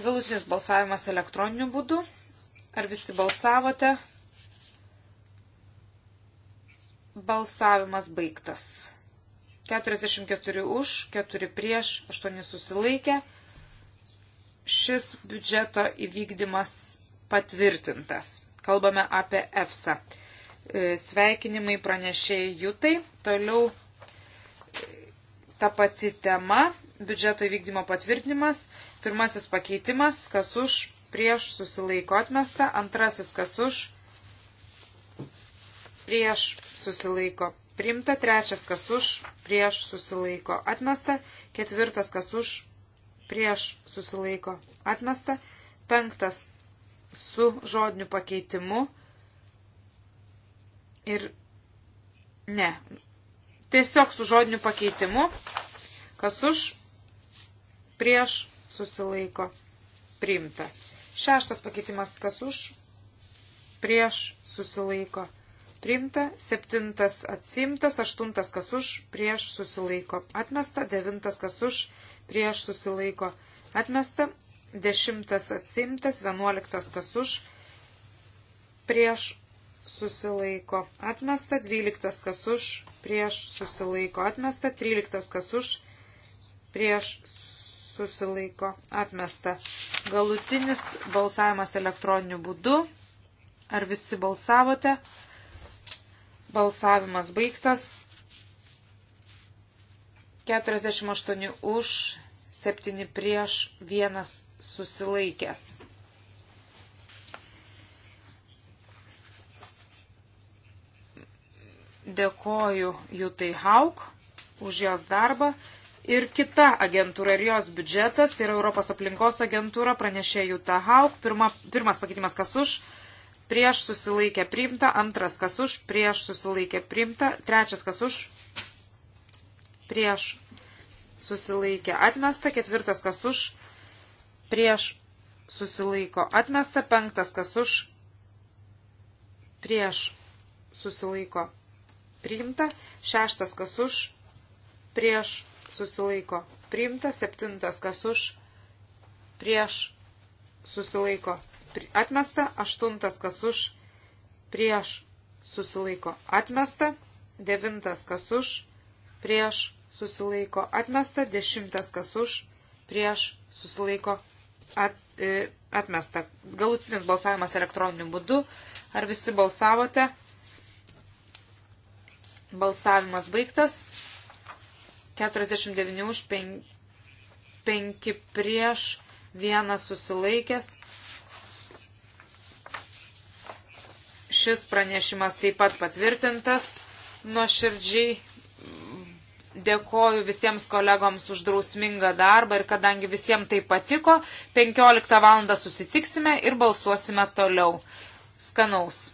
Galutinis balsavimas elektroniniu būdu. Ar visi balsavote? Balsavimas baigtas. 44 už, 4 prieš, 8 susilaikė. Šis biudžeto įvykdymas patvirtintas. Kalbame apie EFSA. E, sveikinimai pranešėjai Jutai. Toliau e, ta pati tema. Biudžeto įvykdymo patvirtinimas. Pirmasis pakeitimas. Kas už, prieš susilaiko atmesta, antrasis kas už, prieš susilaiko primta, trečias kas už, prieš susilaiko atmesta, ketvirtas kas už, prieš susilaiko atmesta, penktas su žodiniu pakeitimu ir ne, tiesiog su žodiniu pakeitimu, kas už prieš susilaiko priimta. Šeštas pakeitimas kas už, prieš susilaiko priimta, septintas atsimtas, aštuntas kas už, prieš susilaiko atmesta, devintas kas už, prieš susilaiko atmesta, dešimtas atsimtas, vienuoliktas kas už, prieš susilaiko atmesta, dvyliktas kas už, prieš susilaiko atmesta, tryliktas kas už, prieš susilaiko atmesta. Galutinis balsavimas elektroniniu būdu. Ar visi balsavote? Balsavimas baigtas. 48 už, 7 prieš, 1 susilaikęs. Dėkoju Jutai Hauk už jos darbą ir kita agentūra ir jos biudžetas, tai yra Europos aplinkos agentūra, pranešė Juta Hauk. Pirma, pirmas pakeitimas kas už, prieš susilaikė priimta, antras kas už, prieš susilaikė priimta, trečias kas už, prieš susilaikė atmesta, ketvirtas kas už, prieš susilaiko atmesta, penktas kas už, prieš susilaiko priimta, šeštas kas už, prieš susilaiko. Priimta septintas, kas už, prieš, susilaiko. Atmesta aštuntas, kas už, prieš, susilaiko. Atmesta devintas, kas už, prieš, susilaiko. Atmesta dešimtas, kas už, prieš, susilaiko. At, e, atmesta. Galutinis balsavimas elektroniniu būdu. Ar visi balsavote? Balsavimas baigtas. 49 už 5, 5 prieš, vienas susilaikęs. Šis pranešimas taip pat patvirtintas. Nuoširdžiai dėkoju visiems kolegoms už drausmingą darbą ir kadangi visiems tai patiko, 15 val. susitiksime ir balsuosime toliau. Skanaus.